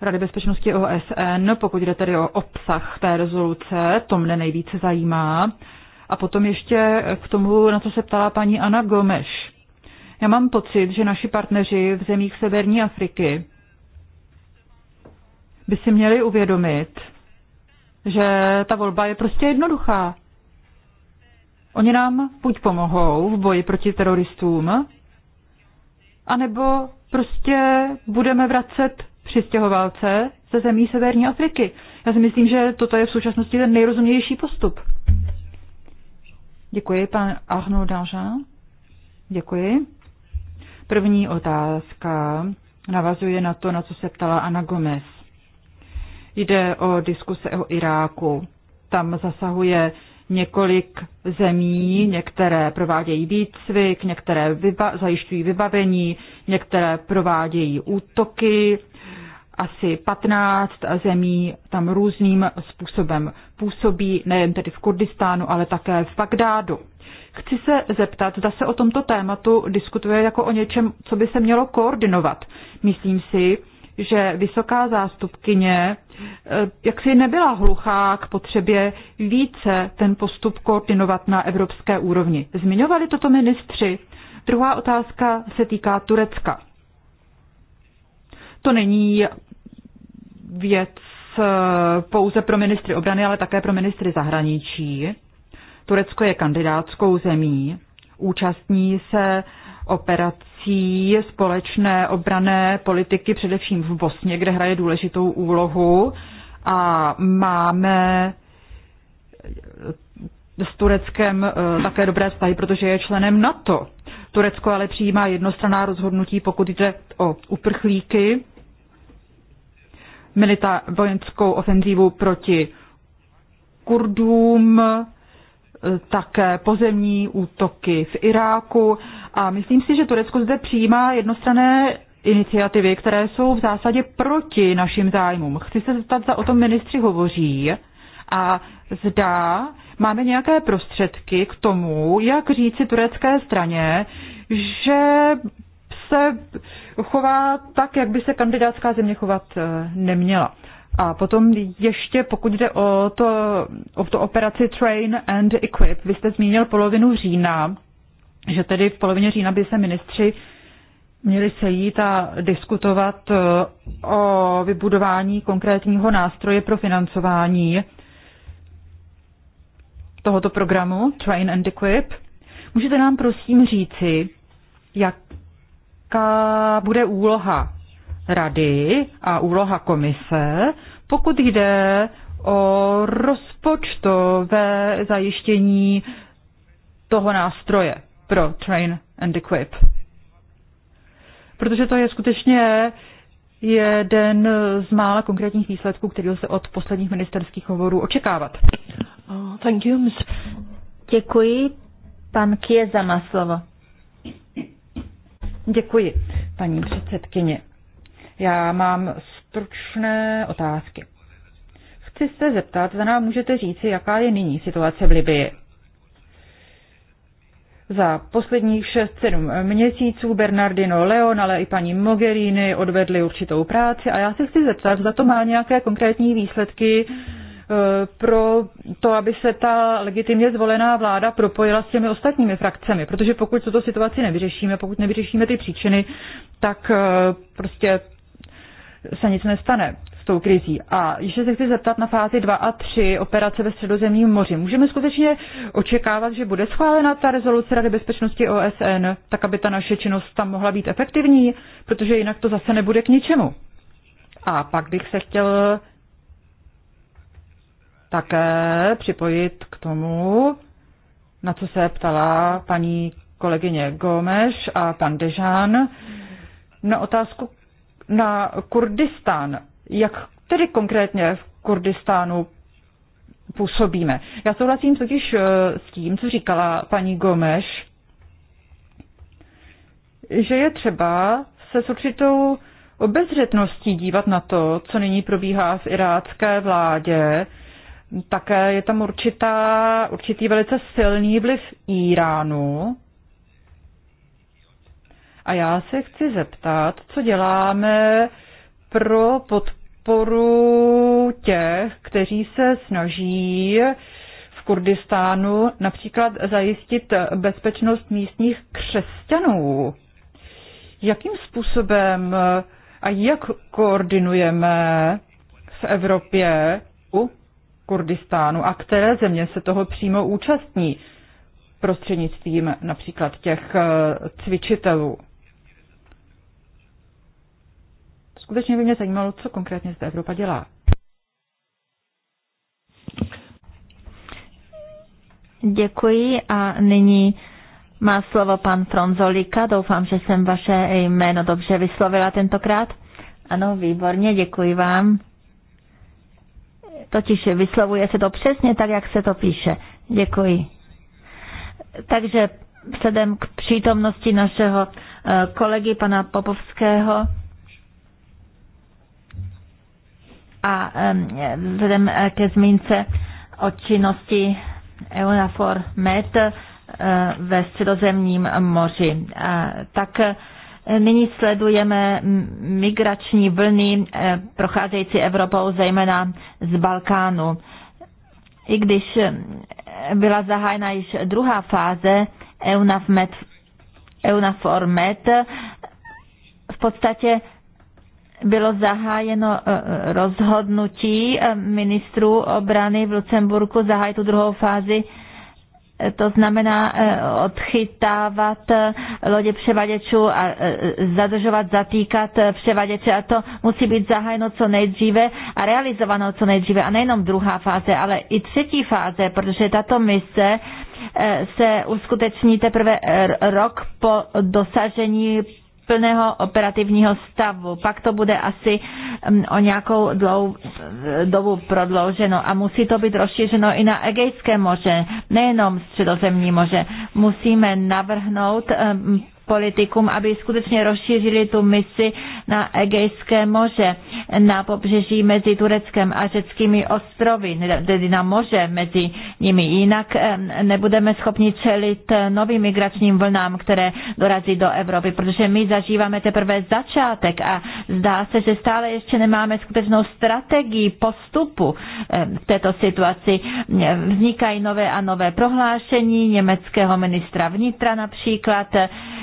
Rady bezpečnosti OSN, pokud jde tedy o obsah té rezoluce, to mne nejvíce zajímá. A potom ještě k tomu, na co se ptala paní Ana Gomeš. Já mám pocit, že naši partneři v zemích Severní Afriky by si měli uvědomit, že ta volba je prostě jednoduchá. Oni nám buď pomohou v boji proti teroristům, anebo prostě budeme vracet přistěhovalce ze zemí Severní Afriky. Já si myslím, že toto je v současnosti ten nejrozumější postup. Děkuji, pan Arnaud Danjean. Děkuji. První otázka navazuje na to, na co se ptala Ana Gomez. Jde o diskuse o Iráku. Tam zasahuje několik zemí, některé provádějí výcvik, některé vyba- zajišťují vybavení, některé provádějí útoky. Uh, asi 15 zemí tam různým způsobem působí, nejen tedy v Kurdistánu, ale také v Bagdádu. Chci se zeptat, zda se o tomto tématu diskutuje jako o něčem, co by se mělo koordinovat. Myslím si, že vysoká zástupkyně eh, jaksi nebyla hluchá k potřebě více ten postup koordinovat na evropské úrovni. Zmiňovali toto ministři? Druhá otázka se týká Turecka. To není věc eh, pouze pro ministry obrany, ale také pro ministry zahraničí. Turecko je kandidátskou zemí, účastní se operací společné obrané politiky především v Bosně, kde hraje důležitou úlohu a máme eh, s Tureckem eh, také dobré vztahy, protože je členem NATO. Turecko ale přijímá jednostranná rozhodnutí, pokud jde o uprchlíky milita- vojenskou ofenzívu proti Kurdům, e, také pozemní útoky v Iráku a myslím si, že Turecko zde přijímá jednostrané iniciativy, které jsou v zásadě proti našim zájmům. Chci se zeptat, za o tom ministři hovoří a zdá, máme nějaké prostředky k tomu, jak říci turecké straně, že se chová tak, jak by se kandidátská země chovat eh, neměla. A potom ještě, pokud jde o, to, o to operaci Train and Equip, vy jste zmínil polovinu října, že tedy v polovině října by se ministři měli sejít a diskutovat eh, o vybudování konkrétního nástroje pro financování tohoto programu Train and Equip. Můžete nám prosím říci, jak jaká bude úloha rady a úloha komise, pokud jde o rozpočtové zajištění toho nástroje pro Train and Equip. Protože to je skutečně jeden z mála konkrétních výsledků, který se od posledních ministerských hovorů očekávat. Oh, thank you, Děkuji. Pan Kieza má slovo. Děkuji, paní předsedkyně. Já mám stručné otázky. Chci se zeptat, zda nám můžete říci, jaká je nyní situace v Libii. Za posledních 6-7 měsíců Bernardino Leon, ale i paní Mogherini odvedli určitou práci a já se chci zeptat, zda to má nějaké konkrétní výsledky Eh, pro to, aby se ta legitimně zvolená vláda propojila s těmi ostatními frakcemi, protože pokud tuto situaci nevyřešíme, pokud nevyřešíme ty příčiny, tak eh, prostě se nic nestane s tou krizí. A ještě se chci zeptat na fázi 2 a 3 operace ve středozemním moři. Můžeme skutečně očekávat, že bude schválena ta rezoluce Rady bezpečnosti OSN, tak aby ta naše činnost tam mohla být efektivní, protože jinak to zase nebude k ničemu. A pak bych se chtěl také připojit k tomu, na co se ptala paní kolegyně Gomeš a pan Dežán, na otázku na Kurdistán. Jak tedy konkrétně v Kurdistánu působíme? Já souhlasím totiž eh, s tím, co říkala paní Gomeš, že je třeba se s určitou obezřetností dívat na to, co nyní probíhá v irácké vládě, také je tam určitá, určitý velice silný vliv Iránu. A já se chci zeptat, co děláme pro podporu těch, kteří se snaží v Kurdistánu například zajistit bezpečnost místních křesťanů. Jakým způsobem a jak koordinujeme v Evropě Kurdistánu a které země se toho přímo účastní prostřednictvím například těch eh, cvičitelů. Skutečně by mě zajímalo, co konkrétně zde Evropa dělá. Děkuji a nyní má slovo pan Fronzolika. Doufám, že jsem vaše jméno dobře vyslovila tentokrát. Ano, výborně, děkuji vám. Totiž vyslovuje se to přesně tak, jak se to píše. Děkuji. Takže vzhledem k přítomnosti našeho eh, kolegy pana Popovského a vzhledem eh, ke zmínce o činnosti EUNAFOR MED eh, ve středozemním moři. Tak Nyní sledujeme migrační vlny e, procházející Evropou, zejména z Balkánu. I když e, byla zahájena již druhá fáze EUNAFMED, EUNAFOR MED, v podstatě bylo zahájeno e, rozhodnutí ministrů obrany v Lucemburku zahájit tu druhou fázi to znamená eh, odchytávat eh, lodě převaděčů a eh, zadržovat, zatýkat převaděče a to musí být zahájeno co nejdříve a realizováno co nejdříve a nejenom druhá fáze, ale i třetí fáze, protože tato mise se uskuteční teprve rok po dosažení plného operativního stavu. Pak to bude asi mm, o nějakou dlou, dobu prodlouženo a musí to být rozšířeno i na Egejské moře, nejenom Středozemní moře. Musíme navrhnout mm, politikům, aby skutečně rozšířili tu misi na Egejské moře, na pobřeží mezi Tureckem a řeckými ostrovy, tedy na moře mezi nimi. Jinak nebudeme schopni čelit novým migračním vlnám, které dorazí do Evropy, protože my zažíváme teprve začátek a zdá se, že stále ještě nemáme skutečnou strategii postupu v této situaci. Vznikají nové a nové prohlášení německého ministra vnitra například,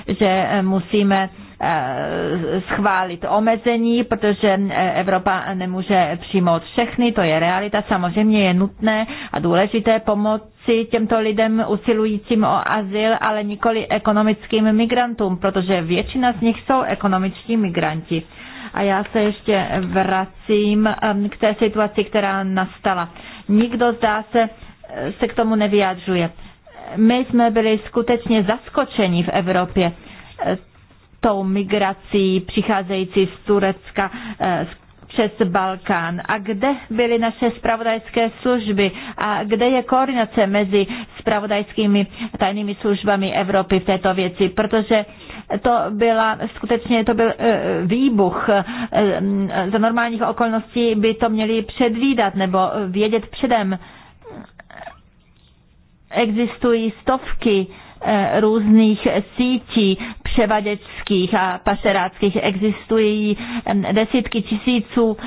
že eh, musíme eh, schválit omezení, protože eh, Evropa nemůže přijmout všechny, to je realita. Samozřejmě je nutné a důležité pomoci těmto lidem usilujícím o azyl, ale nikoli ekonomickým migrantům, protože většina z nich jsou ekonomičtí migranti. A já se ještě vracím ehm, k té situaci, která nastala. Nikdo zdá se, se k tomu nevyjadřuje my jsme byli skutečně zaskočeni v Evropě eh, tou migrací přicházející z Turecka, eh, přes Balkán. A kde byly naše spravodajské služby? A kde je koordinace mezi spravodajskými tajnými službami Evropy v této věci? Protože to byla skutečně to byl eh, výbuch. Za normálních okolností by to měli předvídat nebo vědět předem existují stovky eh, různých sítí převaděčských a pašeráckých. Existují desítky tisíců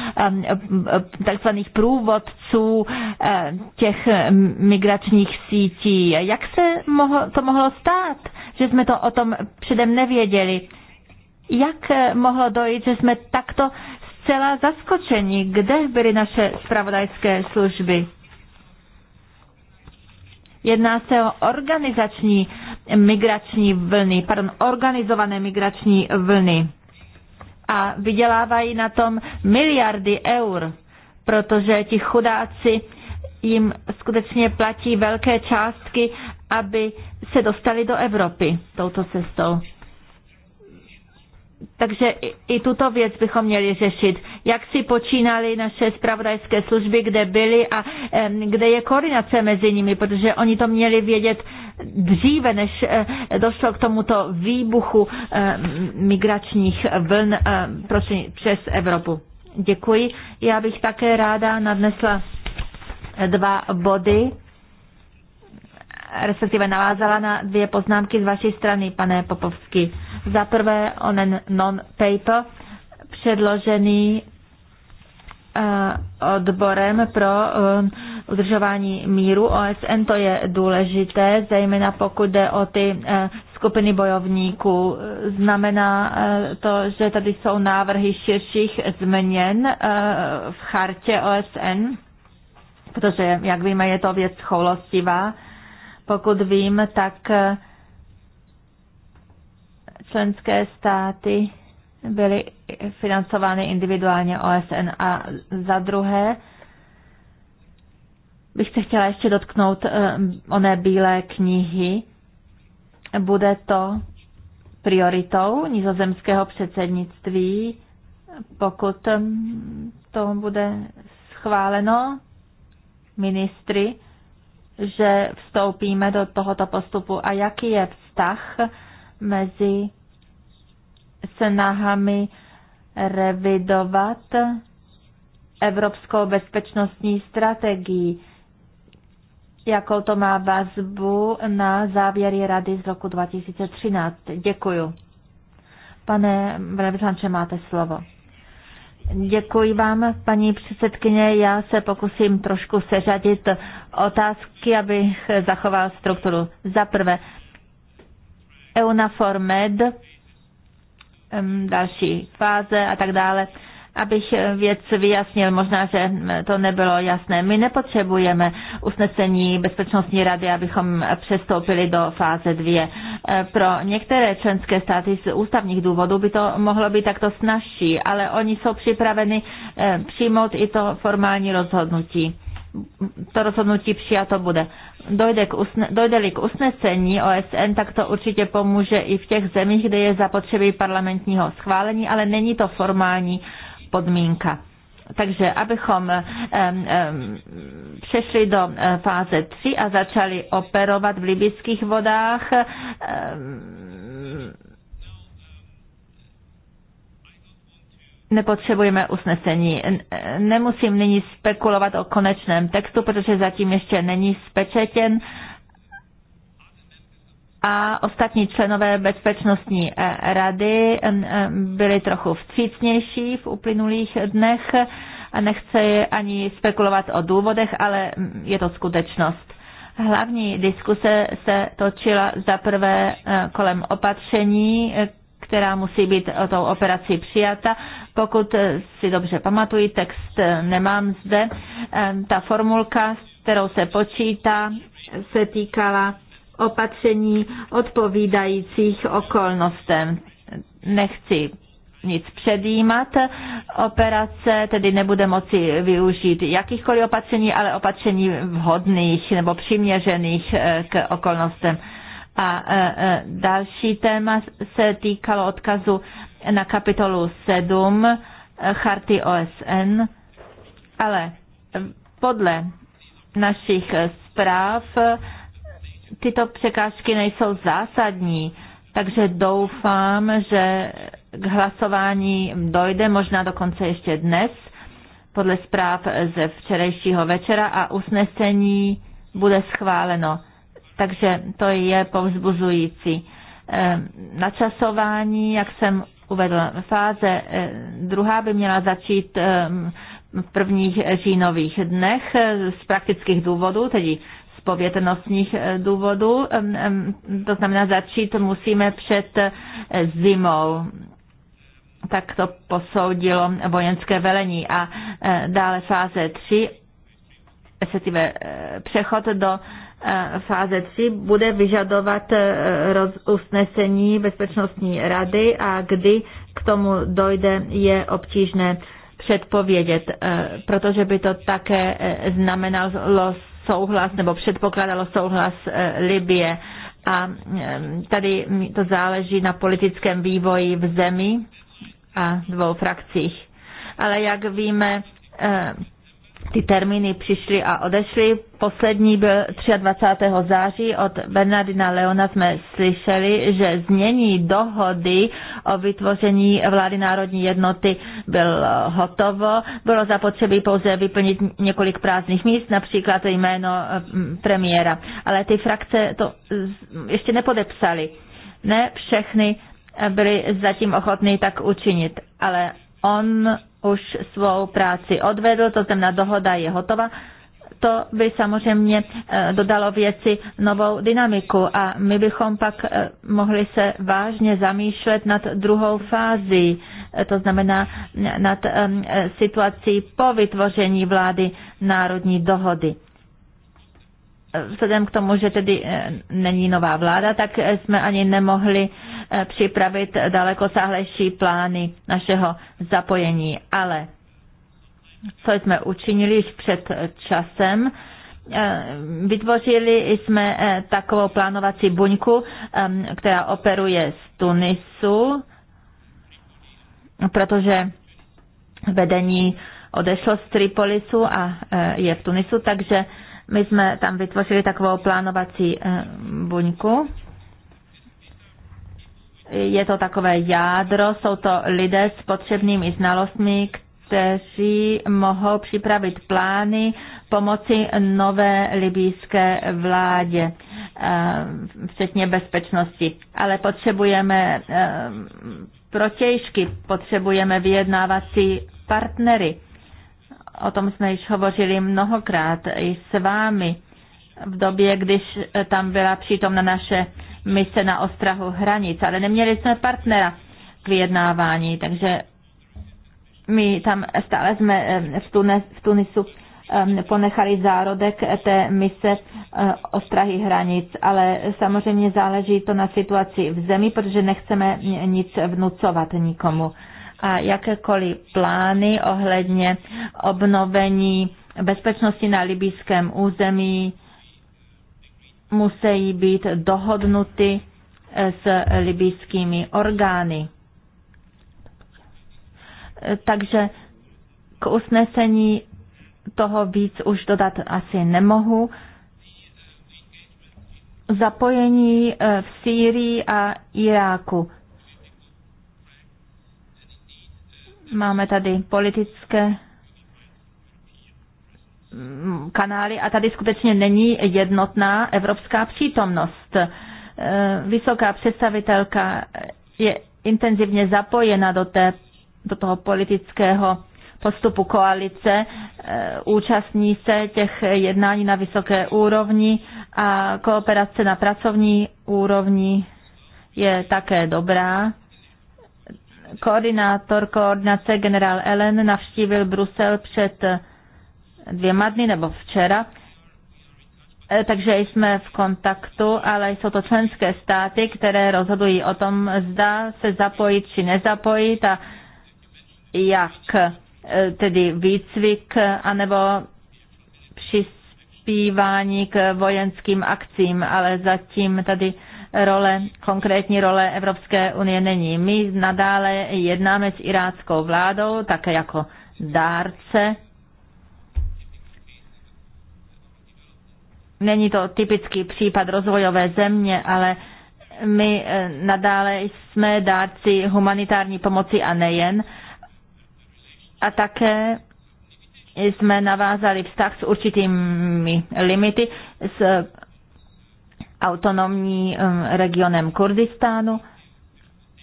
takzvaných průvodců eh, těch migračních sítí. Jak se to mohlo stát, že jsme to o tom předem nevěděli? Jak eh, mohlo dojít, že jsme takto zcela zaskočeni? Kde byly naše spravodajské služby? Jedná se o organizační migrační vlny, pardon, organizované migrační vlny. A vydělávají na tom miliardy eur, protože ti chudáci jim skutečně platí velké částky, aby se dostali do Evropy touto cestou. Takže i tuto věc bychom měli řešit. Jak si počínali naše spravodajské služby, kde byly a kde je koordinace mezi nimi, protože oni to měli vědět dříve, než e, došlo k tomuto výbuchu e, migračních vln e, přes Evropu. Děkuji. Já bych také ráda nadnesla dva body respektive navázala na dvě poznámky z vaší strany, pane Popovský. Za prvé onen non-paper předložený eh, odborem pro eh, udržování míru OSN. To je důležité, zejména pokud jde o ty eh, skupiny bojovníků. Znamená to, že tady jsou návrhy širších změn v chartě OSN, protože, jak víme, je to věc choulostivá pokud vím, tak eh, členské státy byly financovány individuálně OSN. A za druhé bych se chtěla ještě dotknout eh, oné bílé knihy. Bude to prioritou nizozemského předsednictví, pokud mm, to bude schváleno ministry že vstoupíme do tohoto postupu a jaký je vztah mezi snahami revidovat evropskou bezpečnostní strategii, jakou to má vazbu na závěry Rady z roku 2013. Děkuju. Pane velvyslanče, máte slovo. Děkuji vám, paní předsedkyně. Já se pokusím trošku seřadit otázky, abych zachoval strukturu. Za prvé, EUNAFOR MED, další fáze a tak dále abych eh, věc vyjasnil, možná, že eh, to nebylo jasné. My nepotřebujeme usnesení Bezpečnostní rady, abychom přestoupili do fáze 2. Eh, pro některé členské státy z ústavních důvodů by to mohlo být takto snažší, ale oni jsou připraveni přijmout i to formální rozhodnutí to rozhodnutí přijato bude. Dojde k usne, dojde-li k usnesení OSN, tak to určitě pomůže i v těch zemích, kde je zapotřebí parlamentního schválení, ale není to formální podmínka. Takže abychom eh, eh, přešli do eh, fáze 3 a začali operovat v libických vodách, nepotřebujeme usnesení. Nemusím nyní spekulovat o konečném textu, protože zatím ještě není spečetěn a ostatní členové bezpečnostní eh, rady byli trochu vstřícnější v uplynulých dnech. nechce ani spekulovat o důvodech, ale mm, je to skutečnost. Hlavní diskuse se točila zaprvé eh, kolem opatření, eh, která musí být o tou operací přijata. Pokud si dobře pamatuji, text nemám zde. Ta formulka, kterou se počítá, se týkala opatření odpovídajících okolnostem. Nechci nic předjímat. Operace tedy nebude moci využít jakýchkoliv opatření, ale opatření vhodných nebo přiměřených eh, k okolnostem. A eh, eh, další téma se týkalo odkazu na kapitolu 7 charty OSN, ale podle našich zpráv tyto překážky nejsou zásadní, takže doufám, že k hlasování dojde možná dokonce ještě dnes podle zpráv ze včerejšího večera a usnesení bude schváleno. Takže to je povzbuzující. Eh, Načasování, jak jsem uvedl, fáze eh, druhá by měla začít eh, v prvních říjnových dnech z praktických důvodů, tedy odpovědnostních eh, důvodů. To znamená, začít musíme před eh, zimou tak to posoudilo vojenské velení. A eh, dále fáze 3, respektive přechod do fáze 3 bude vyžadovat usnesení Bezpečnostní rady a kdy k tomu dojde, je obtížné předpovědět, protože by to také znamenalo souhlas nebo předpokládalo souhlas eh, Libie. A eh, tady to záleží na politickém vývoji v zemi a dvou frakcích. Ale jak víme, eh, ty termíny přišly a odešly. Poslední byl 23. září od Bernardina Leona jsme slyšeli, že změní dohody o vytvoření vlády národní jednoty byl hotovo. Bylo zapotřebí pouze vyplnit několik prázdných míst, například jméno mm, premiéra. Ale ty frakce to ještě nepodepsali. Ne všechny byli zatím ochotní tak učinit, ale on už svou práci odvedl, to znamená dohoda je hotová, to by samozřejmě eh, dodalo věci novou dynamiku a my bychom pak eh, mohli se vážně zamýšlet nad druhou fází, eh, to znamená nad situací po vytvoření vlády národní dohody vzhledem k tomu, že tedy není nová vláda, tak jsme ani nemohli Eh, připravit daleko sáhlejší plány našeho zapojení. Ale co jsme učinili již před časem, eh, Vytvořili jsme eh, takovou plánovací buňku, která operuje z Tunisu, protože vedení odešlo z Tripolisu a je v Tunisu, takže my jsme tam vytvořili takovou plánovací buňku je to takové jádro, jsou to lidé s potřebnými znalostmi, kteří mohou připravit plány pomoci nové libijské vládě, eh, včetně bezpečnosti. Ale potřebujeme eh, protějšky, potřebujeme vyjednávací partnery. O tom jsme již hovořili mnohokrát i s vámi v době, když tam byla přítomna naše mise na ostrahu hranic, ale neměli jsme partnera k vyjednávání, takže my tam stále jsme v, Tunis, v Tunisu ponechali zárodek té mise eh, ostrahy hranic, ale samozřejmě záleží to na situaci v zemi, protože nechceme nic vnucovat nikomu. A jakékoliv plány ohledně obnovení bezpečnosti na Libyském území, musí být dohodnuty eh, s libijskými orgány. Eh, takže k usnesení toho víc už dodat asi nemohu. Zapojení eh, v Sýrii a Iráku. Máme tady politické kanály a tady skutečně není jednotná evropská přítomnost. E, vysoká představitelka je intenzivně zapojena do, té, do toho politického postupu koalice, e, účastní se těch jednání na vysoké úrovni a kooperace na pracovní úrovni je také dobrá. Koordinátor koordinace generál Ellen navštívil Brusel před dvěma dny nebo včera. E, takže jsme v kontaktu, ale jsou to členské státy, které rozhodují o tom, zda se zapojit či nezapojit a jak e, tedy výcvik anebo přispívání k vojenským akcím, ale zatím tady role, konkrétní role Evropské unie není. My nadále jednáme s iráckou vládou, také jako dárce Není to typický případ rozvojové země, ale my eh, nadále jsme dárci humanitární pomoci a nejen. A také jsme navázali vztah s určitými limity s autonomní eh, regionem Kurdistánu.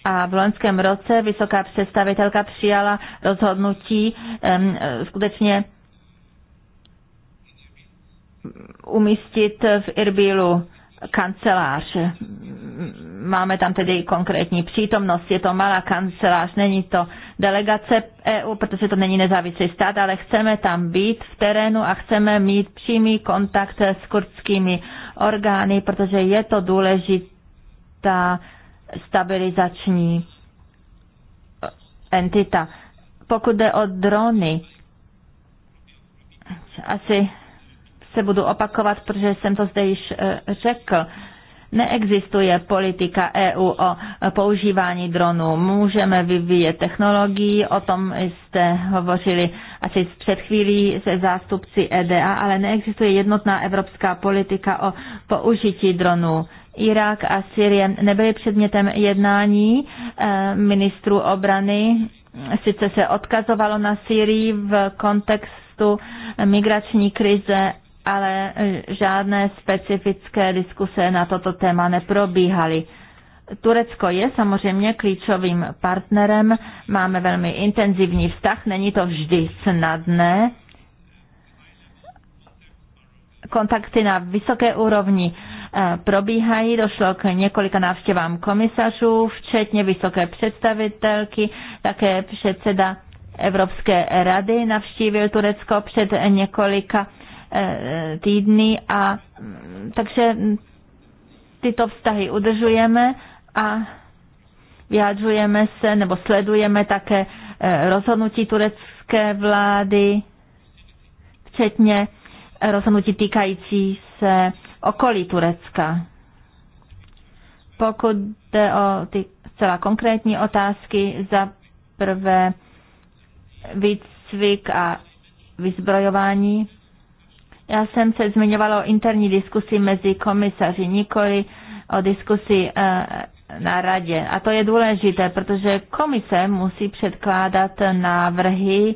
A v loňském roce vysoká představitelka přijala rozhodnutí eh, skutečně umístit v Irbílu kancelář. Máme tam tedy konkrétní přítomnost, je to malá kancelář, není to delegace EU, protože to není nezávislý stát, ale chceme tam být v terénu a chceme mít přímý kontakt s kurdskými orgány, protože je to důležitá stabilizační entita. Pokud jde o drony, asi se budu opakovat, protože jsem to zde již eh, řekl. Neexistuje politika EU o používání dronů. Můžeme vyvíjet technologii, o tom jste hovořili asi před chvílí se zástupci EDA, ale neexistuje jednotná evropská politika o použití dronů. Irák a Syrie nebyly předmětem jednání eh, ministrů obrany. Sice se odkazovalo na Syrii v kontextu migrační krize, ale e, žádné specifické diskuse na toto téma neprobíhaly. Turecko je samozřejmě klíčovým partnerem, máme velmi intenzivní vztah, není to vždy snadné. Kontakty na vysoké úrovni e, probíhají, došlo k několika návštěvám komisařů, včetně vysoké představitelky, také předseda Evropské rady navštívil Turecko před několika týdny a takže tyto vztahy udržujeme a vyjadřujeme se nebo sledujeme také eh, rozhodnutí turecké vlády, včetně rozhodnutí týkající se okolí Turecka. Pokud jde o ty celá konkrétní otázky, za prvé výcvik a vyzbrojování. Já jsem se zmiňovala o interní diskusi mezi komisaři, nikoli o diskusi eh, na radě. A to je důležité, protože komise musí předkládat návrhy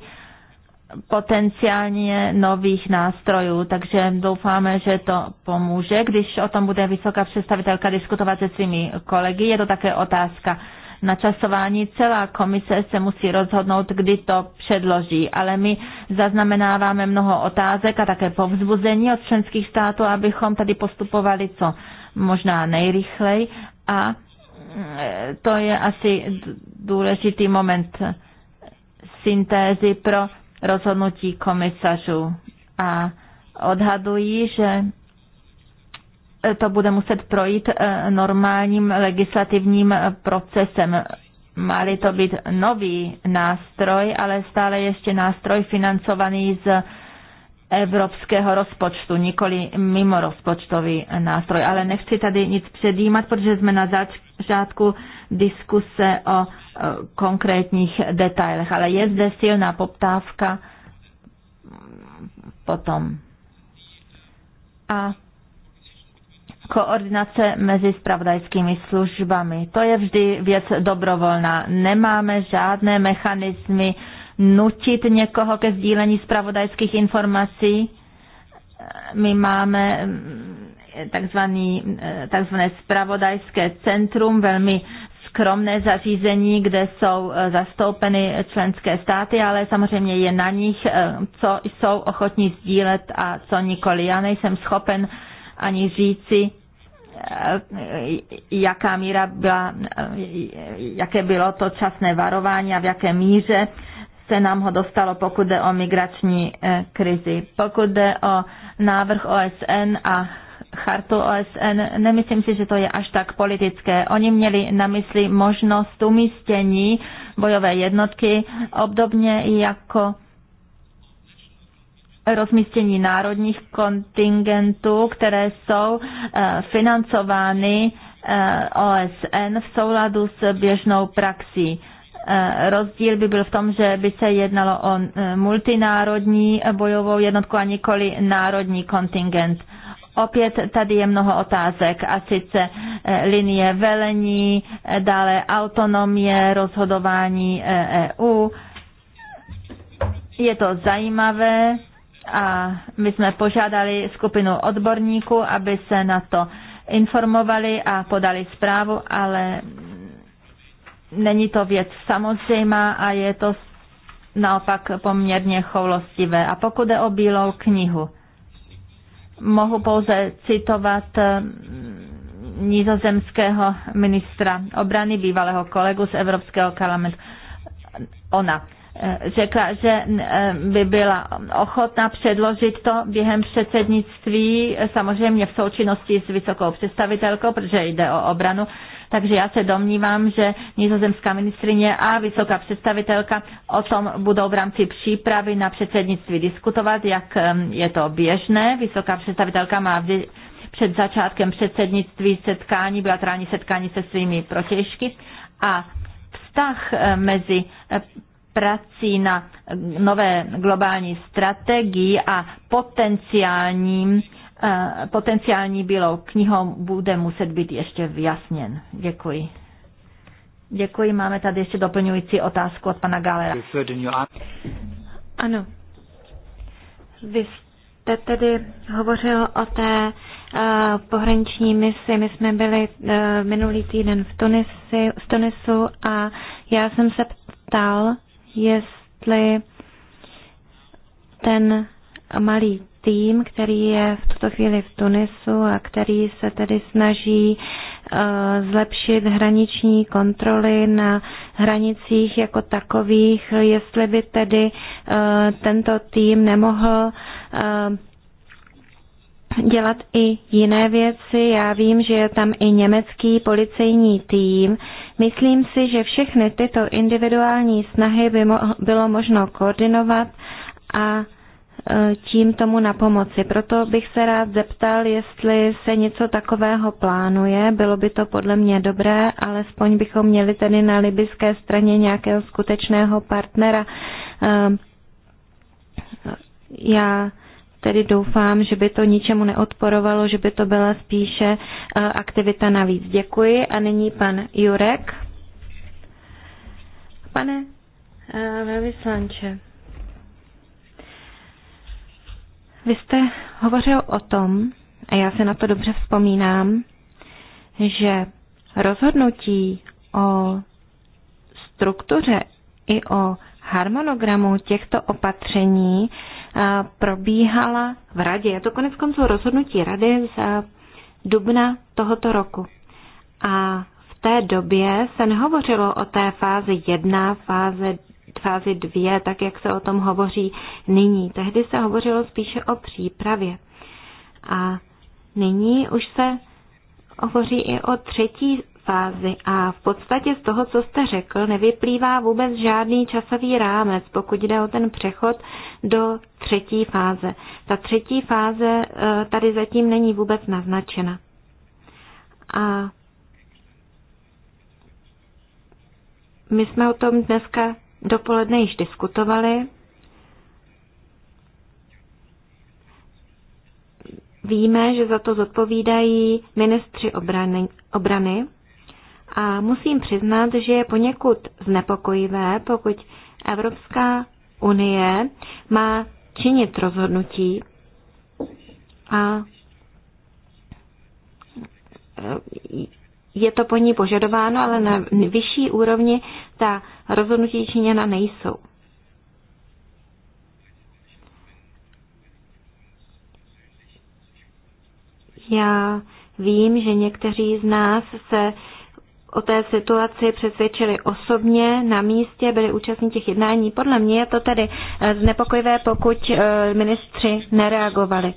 potenciálně nových nástrojů, takže doufáme, že to pomůže, když o tom bude vysoká představitelka diskutovat se svými kolegy. Je to také otázka načasování. Celá komise se musí rozhodnout, kdy to předloží, ale my zaznamenáváme mnoho otázek a také povzbuzení od členských států, abychom tady postupovali co možná nejrychleji a mm, to je asi důležitý moment syntézy pro rozhodnutí komisařů. A odhadují, že to bude muset projít eh, normálním legislativním procesem. Má-li to být nový nástroj, ale stále ještě nástroj financovaný z evropského rozpočtu, nikoli mimo rozpočtový nástroj. Ale nechci tady nic předjímat, protože jsme na začátku diskuse o eh, konkrétních detailech. Ale je zde silná poptávka potom. A koordinace mezi spravodajskými službami. To je vždy věc dobrovolná. Nemáme žádné mechanismy nutit někoho ke sdílení spravodajských informací. My máme mm, takzvaný, eh, takzvané spravodajské centrum, velmi skromné zařízení, kde jsou eh, zastoupeny členské státy, ale samozřejmě je na nich, eh, co jsou ochotní sdílet a co nikoli. Já nejsem schopen ani říci, Eh, jaká míra byla, eh, jaké bylo to časné varování a v jaké míře se nám ho dostalo, pokud jde o migrační eh, krizi. Pokud jde o návrh OSN a chartu OSN, nemyslím si, že to je až tak politické. Oni měli na mysli možnost umístění bojové jednotky obdobně jako rozmístění národních kontingentů, které jsou eh, financovány eh, OSN v souladu s běžnou praxí. Eh, rozdíl by byl v tom, že by se jednalo o multinárodní bojovou jednotku a nikoli národní kontingent. Opět tady je mnoho otázek a sice linie velení, dále autonomie, rozhodování EU. E je to zajímavé, a my jsme požádali skupinu odborníků, aby se na to informovali a podali zprávu, ale není to věc samozřejmá a je to naopak poměrně choulostivé. A pokud je o bílou knihu, mohu pouze citovat eh, nizozemského ministra obrany, bývalého kolegu z Evropského parlamentu. Ona. Eh, řekla, že mm, eh, by byla ochotna předložit to během předsednictví, eh, samozřejmě v součinnosti s vysokou představitelkou, protože jde o obranu. Takže já se domnívám, že nizozemská ministrině a vysoká představitelka o tom budou v rámci přípravy na předsednictví diskutovat, jak je to běžné. Vysoká představitelka má vždy před začátkem předsednictví setkání, bilaterální setkání se svými protěžky a vztah mezi prací na nové globální strategii a potenciálním eh, potenciální bílou knihou bude muset být ještě vyjasněn. Děkuji. Děkuji. Máme tady ještě doplňující otázku od pana Galera. Ano. Vy jste tedy hovořil o té uh, pohraniční misi. My jsme byli uh, minulý týden v, Tunisi, v Tunisu a já jsem se ptal, jestli ten malý tým, který je v tuto chvíli v Tunisu a který se tedy snaží eh, zlepšit hraniční kontroly na hranicích jako takových, jestli by tedy eh, tento tým nemohl eh, dělat i jiné věci. Já vím, že je tam i německý policejní tým, Myslím si, že všechny tyto individuální snahy by mo- bylo možno koordinovat a e, tím tomu na pomoci. Proto bych se rád zeptal, jestli se něco takového plánuje. Bylo by to podle mě dobré, alespoň bychom měli tedy na libyské straně nějakého skutečného partnera. E, já tedy doufám, že by to ničemu neodporovalo, že by to byla spíše eh, aktivita navíc. Děkuji. A nyní pan Jurek. Pane eh, velvyslanče, vy jste hovořil o tom, a já se na to dobře vzpomínám, že rozhodnutí o struktuře i o harmonogramu těchto opatření probíhala v radě. Je to konec konců rozhodnutí rady z dubna tohoto roku. A v té době se nehovořilo o té fázi 1, fáze fázi 2, tak jak se o tom hovoří nyní. Tehdy se hovořilo spíše o přípravě. A nyní už se hovoří i o třetí fázi a v podstatě z toho, co jste řekl, nevyplývá vůbec žádný časový rámec, pokud jde o ten přechod do třetí fáze. Ta třetí fáze eh, tady zatím není vůbec naznačena. A my jsme o tom dneska dopoledne již diskutovali. Víme, že za to zodpovídají ministři obrany, obrany a musím přiznat, že je poněkud znepokojivé, pokud Evropská unie má činit rozhodnutí a eh, je to po ní požadováno, ale na vyšší úrovni ta rozhodnutí činěna nejsou. Já vím, že někteří z nás se o té situaci přesvědčili osobně na místě, byli účastní těch jednání. Podle mě je to tedy eh, znepokojivé, pokud eh, ministři nereagovali.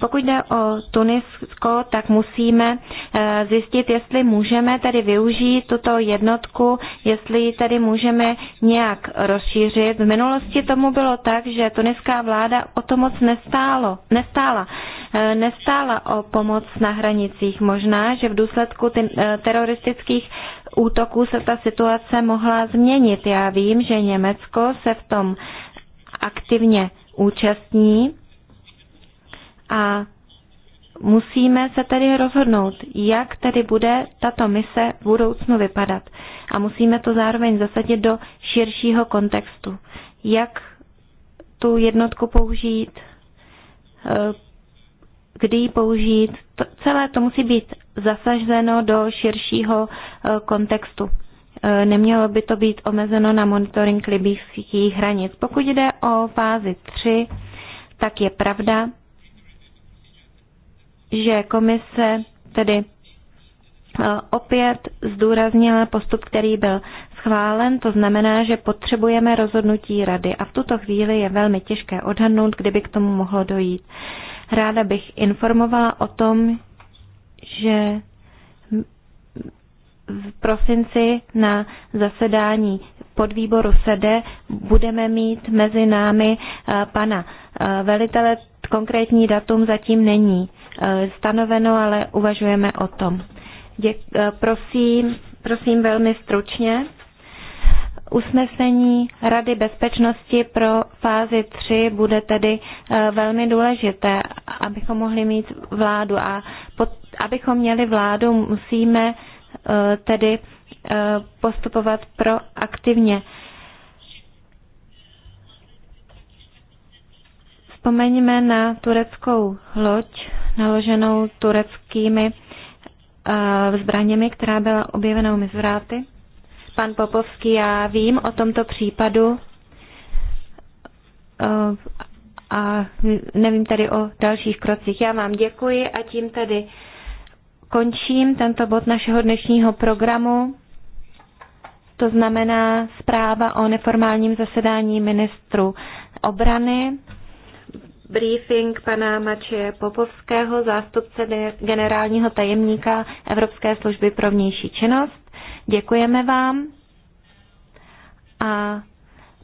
Pokud jde o Tunisko, tak musíme eh, zjistit, jestli můžeme tedy využít tuto jednotku, jestli ji tedy můžeme nějak rozšířit. V minulosti tomu bylo tak, že tuniská vláda o to moc nestálo, nestála. Eh, nestála o pomoc na hranicích. Možná, že v důsledku eh, teroristických útoků se ta situace mohla změnit. Já vím, že Německo se v tom aktivně účastní a musíme se tedy rozhodnout, jak tedy bude tato mise v budoucnu vypadat. A musíme to zároveň zasadit do širšího kontextu. Jak tu jednotku použít, eh, kdy ji použít, to, celé to musí být zasaženo do širšího eh, kontextu. Eh, nemělo by to být omezeno na monitoring libijských hranic. Pokud jde o fázi 3, tak je pravda, že komise tedy eh, opět zdůraznila postup, který byl schválen, to znamená, že potřebujeme rozhodnutí rady a v tuto chvíli je velmi těžké odhadnout, kdyby k tomu mohlo dojít. Ráda bych informovala o tom, že v prosinci na zasedání podvýboru SEDE budeme mít mezi námi eh, pana eh, velitele. Konkrétní datum zatím není Eh, stanoveno, ale uvažujeme o tom. Děk, eh, prosím, prosím velmi stručně. Usnesení Rady bezpečnosti pro fázi 3 bude tedy eh, velmi důležité, abychom mohli mít vládu a pod, abychom měli vládu, musíme tedy postupovat proaktivně. Vzpomeňme na tureckou loď naloženou tureckými eh, zbraněmi, která byla objevenou mizvráty. Pan Popovský, já vím o tomto případu eh, a nevím tady o dalších krocích. Já vám děkuji a tím tedy končím tento bod našeho dnešního programu. To znamená zpráva o neformálním zasedání ministru obrany briefing pana Mačeje Popovského, zástupce generálního tajemníka Evropské služby pro vnější činnost. Děkujeme vám. A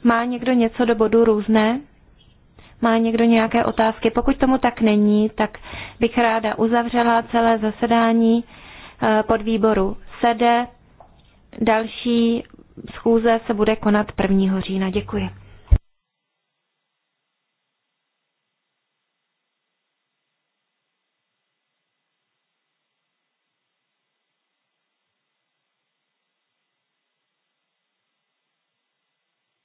má někdo něco do bodu různé? Má někdo nějaké otázky? Pokud tomu tak není, tak bych ráda uzavřela celé zasedání eh, pod výboru SEDE. Další schůze se bude konat 1. října. Děkuji.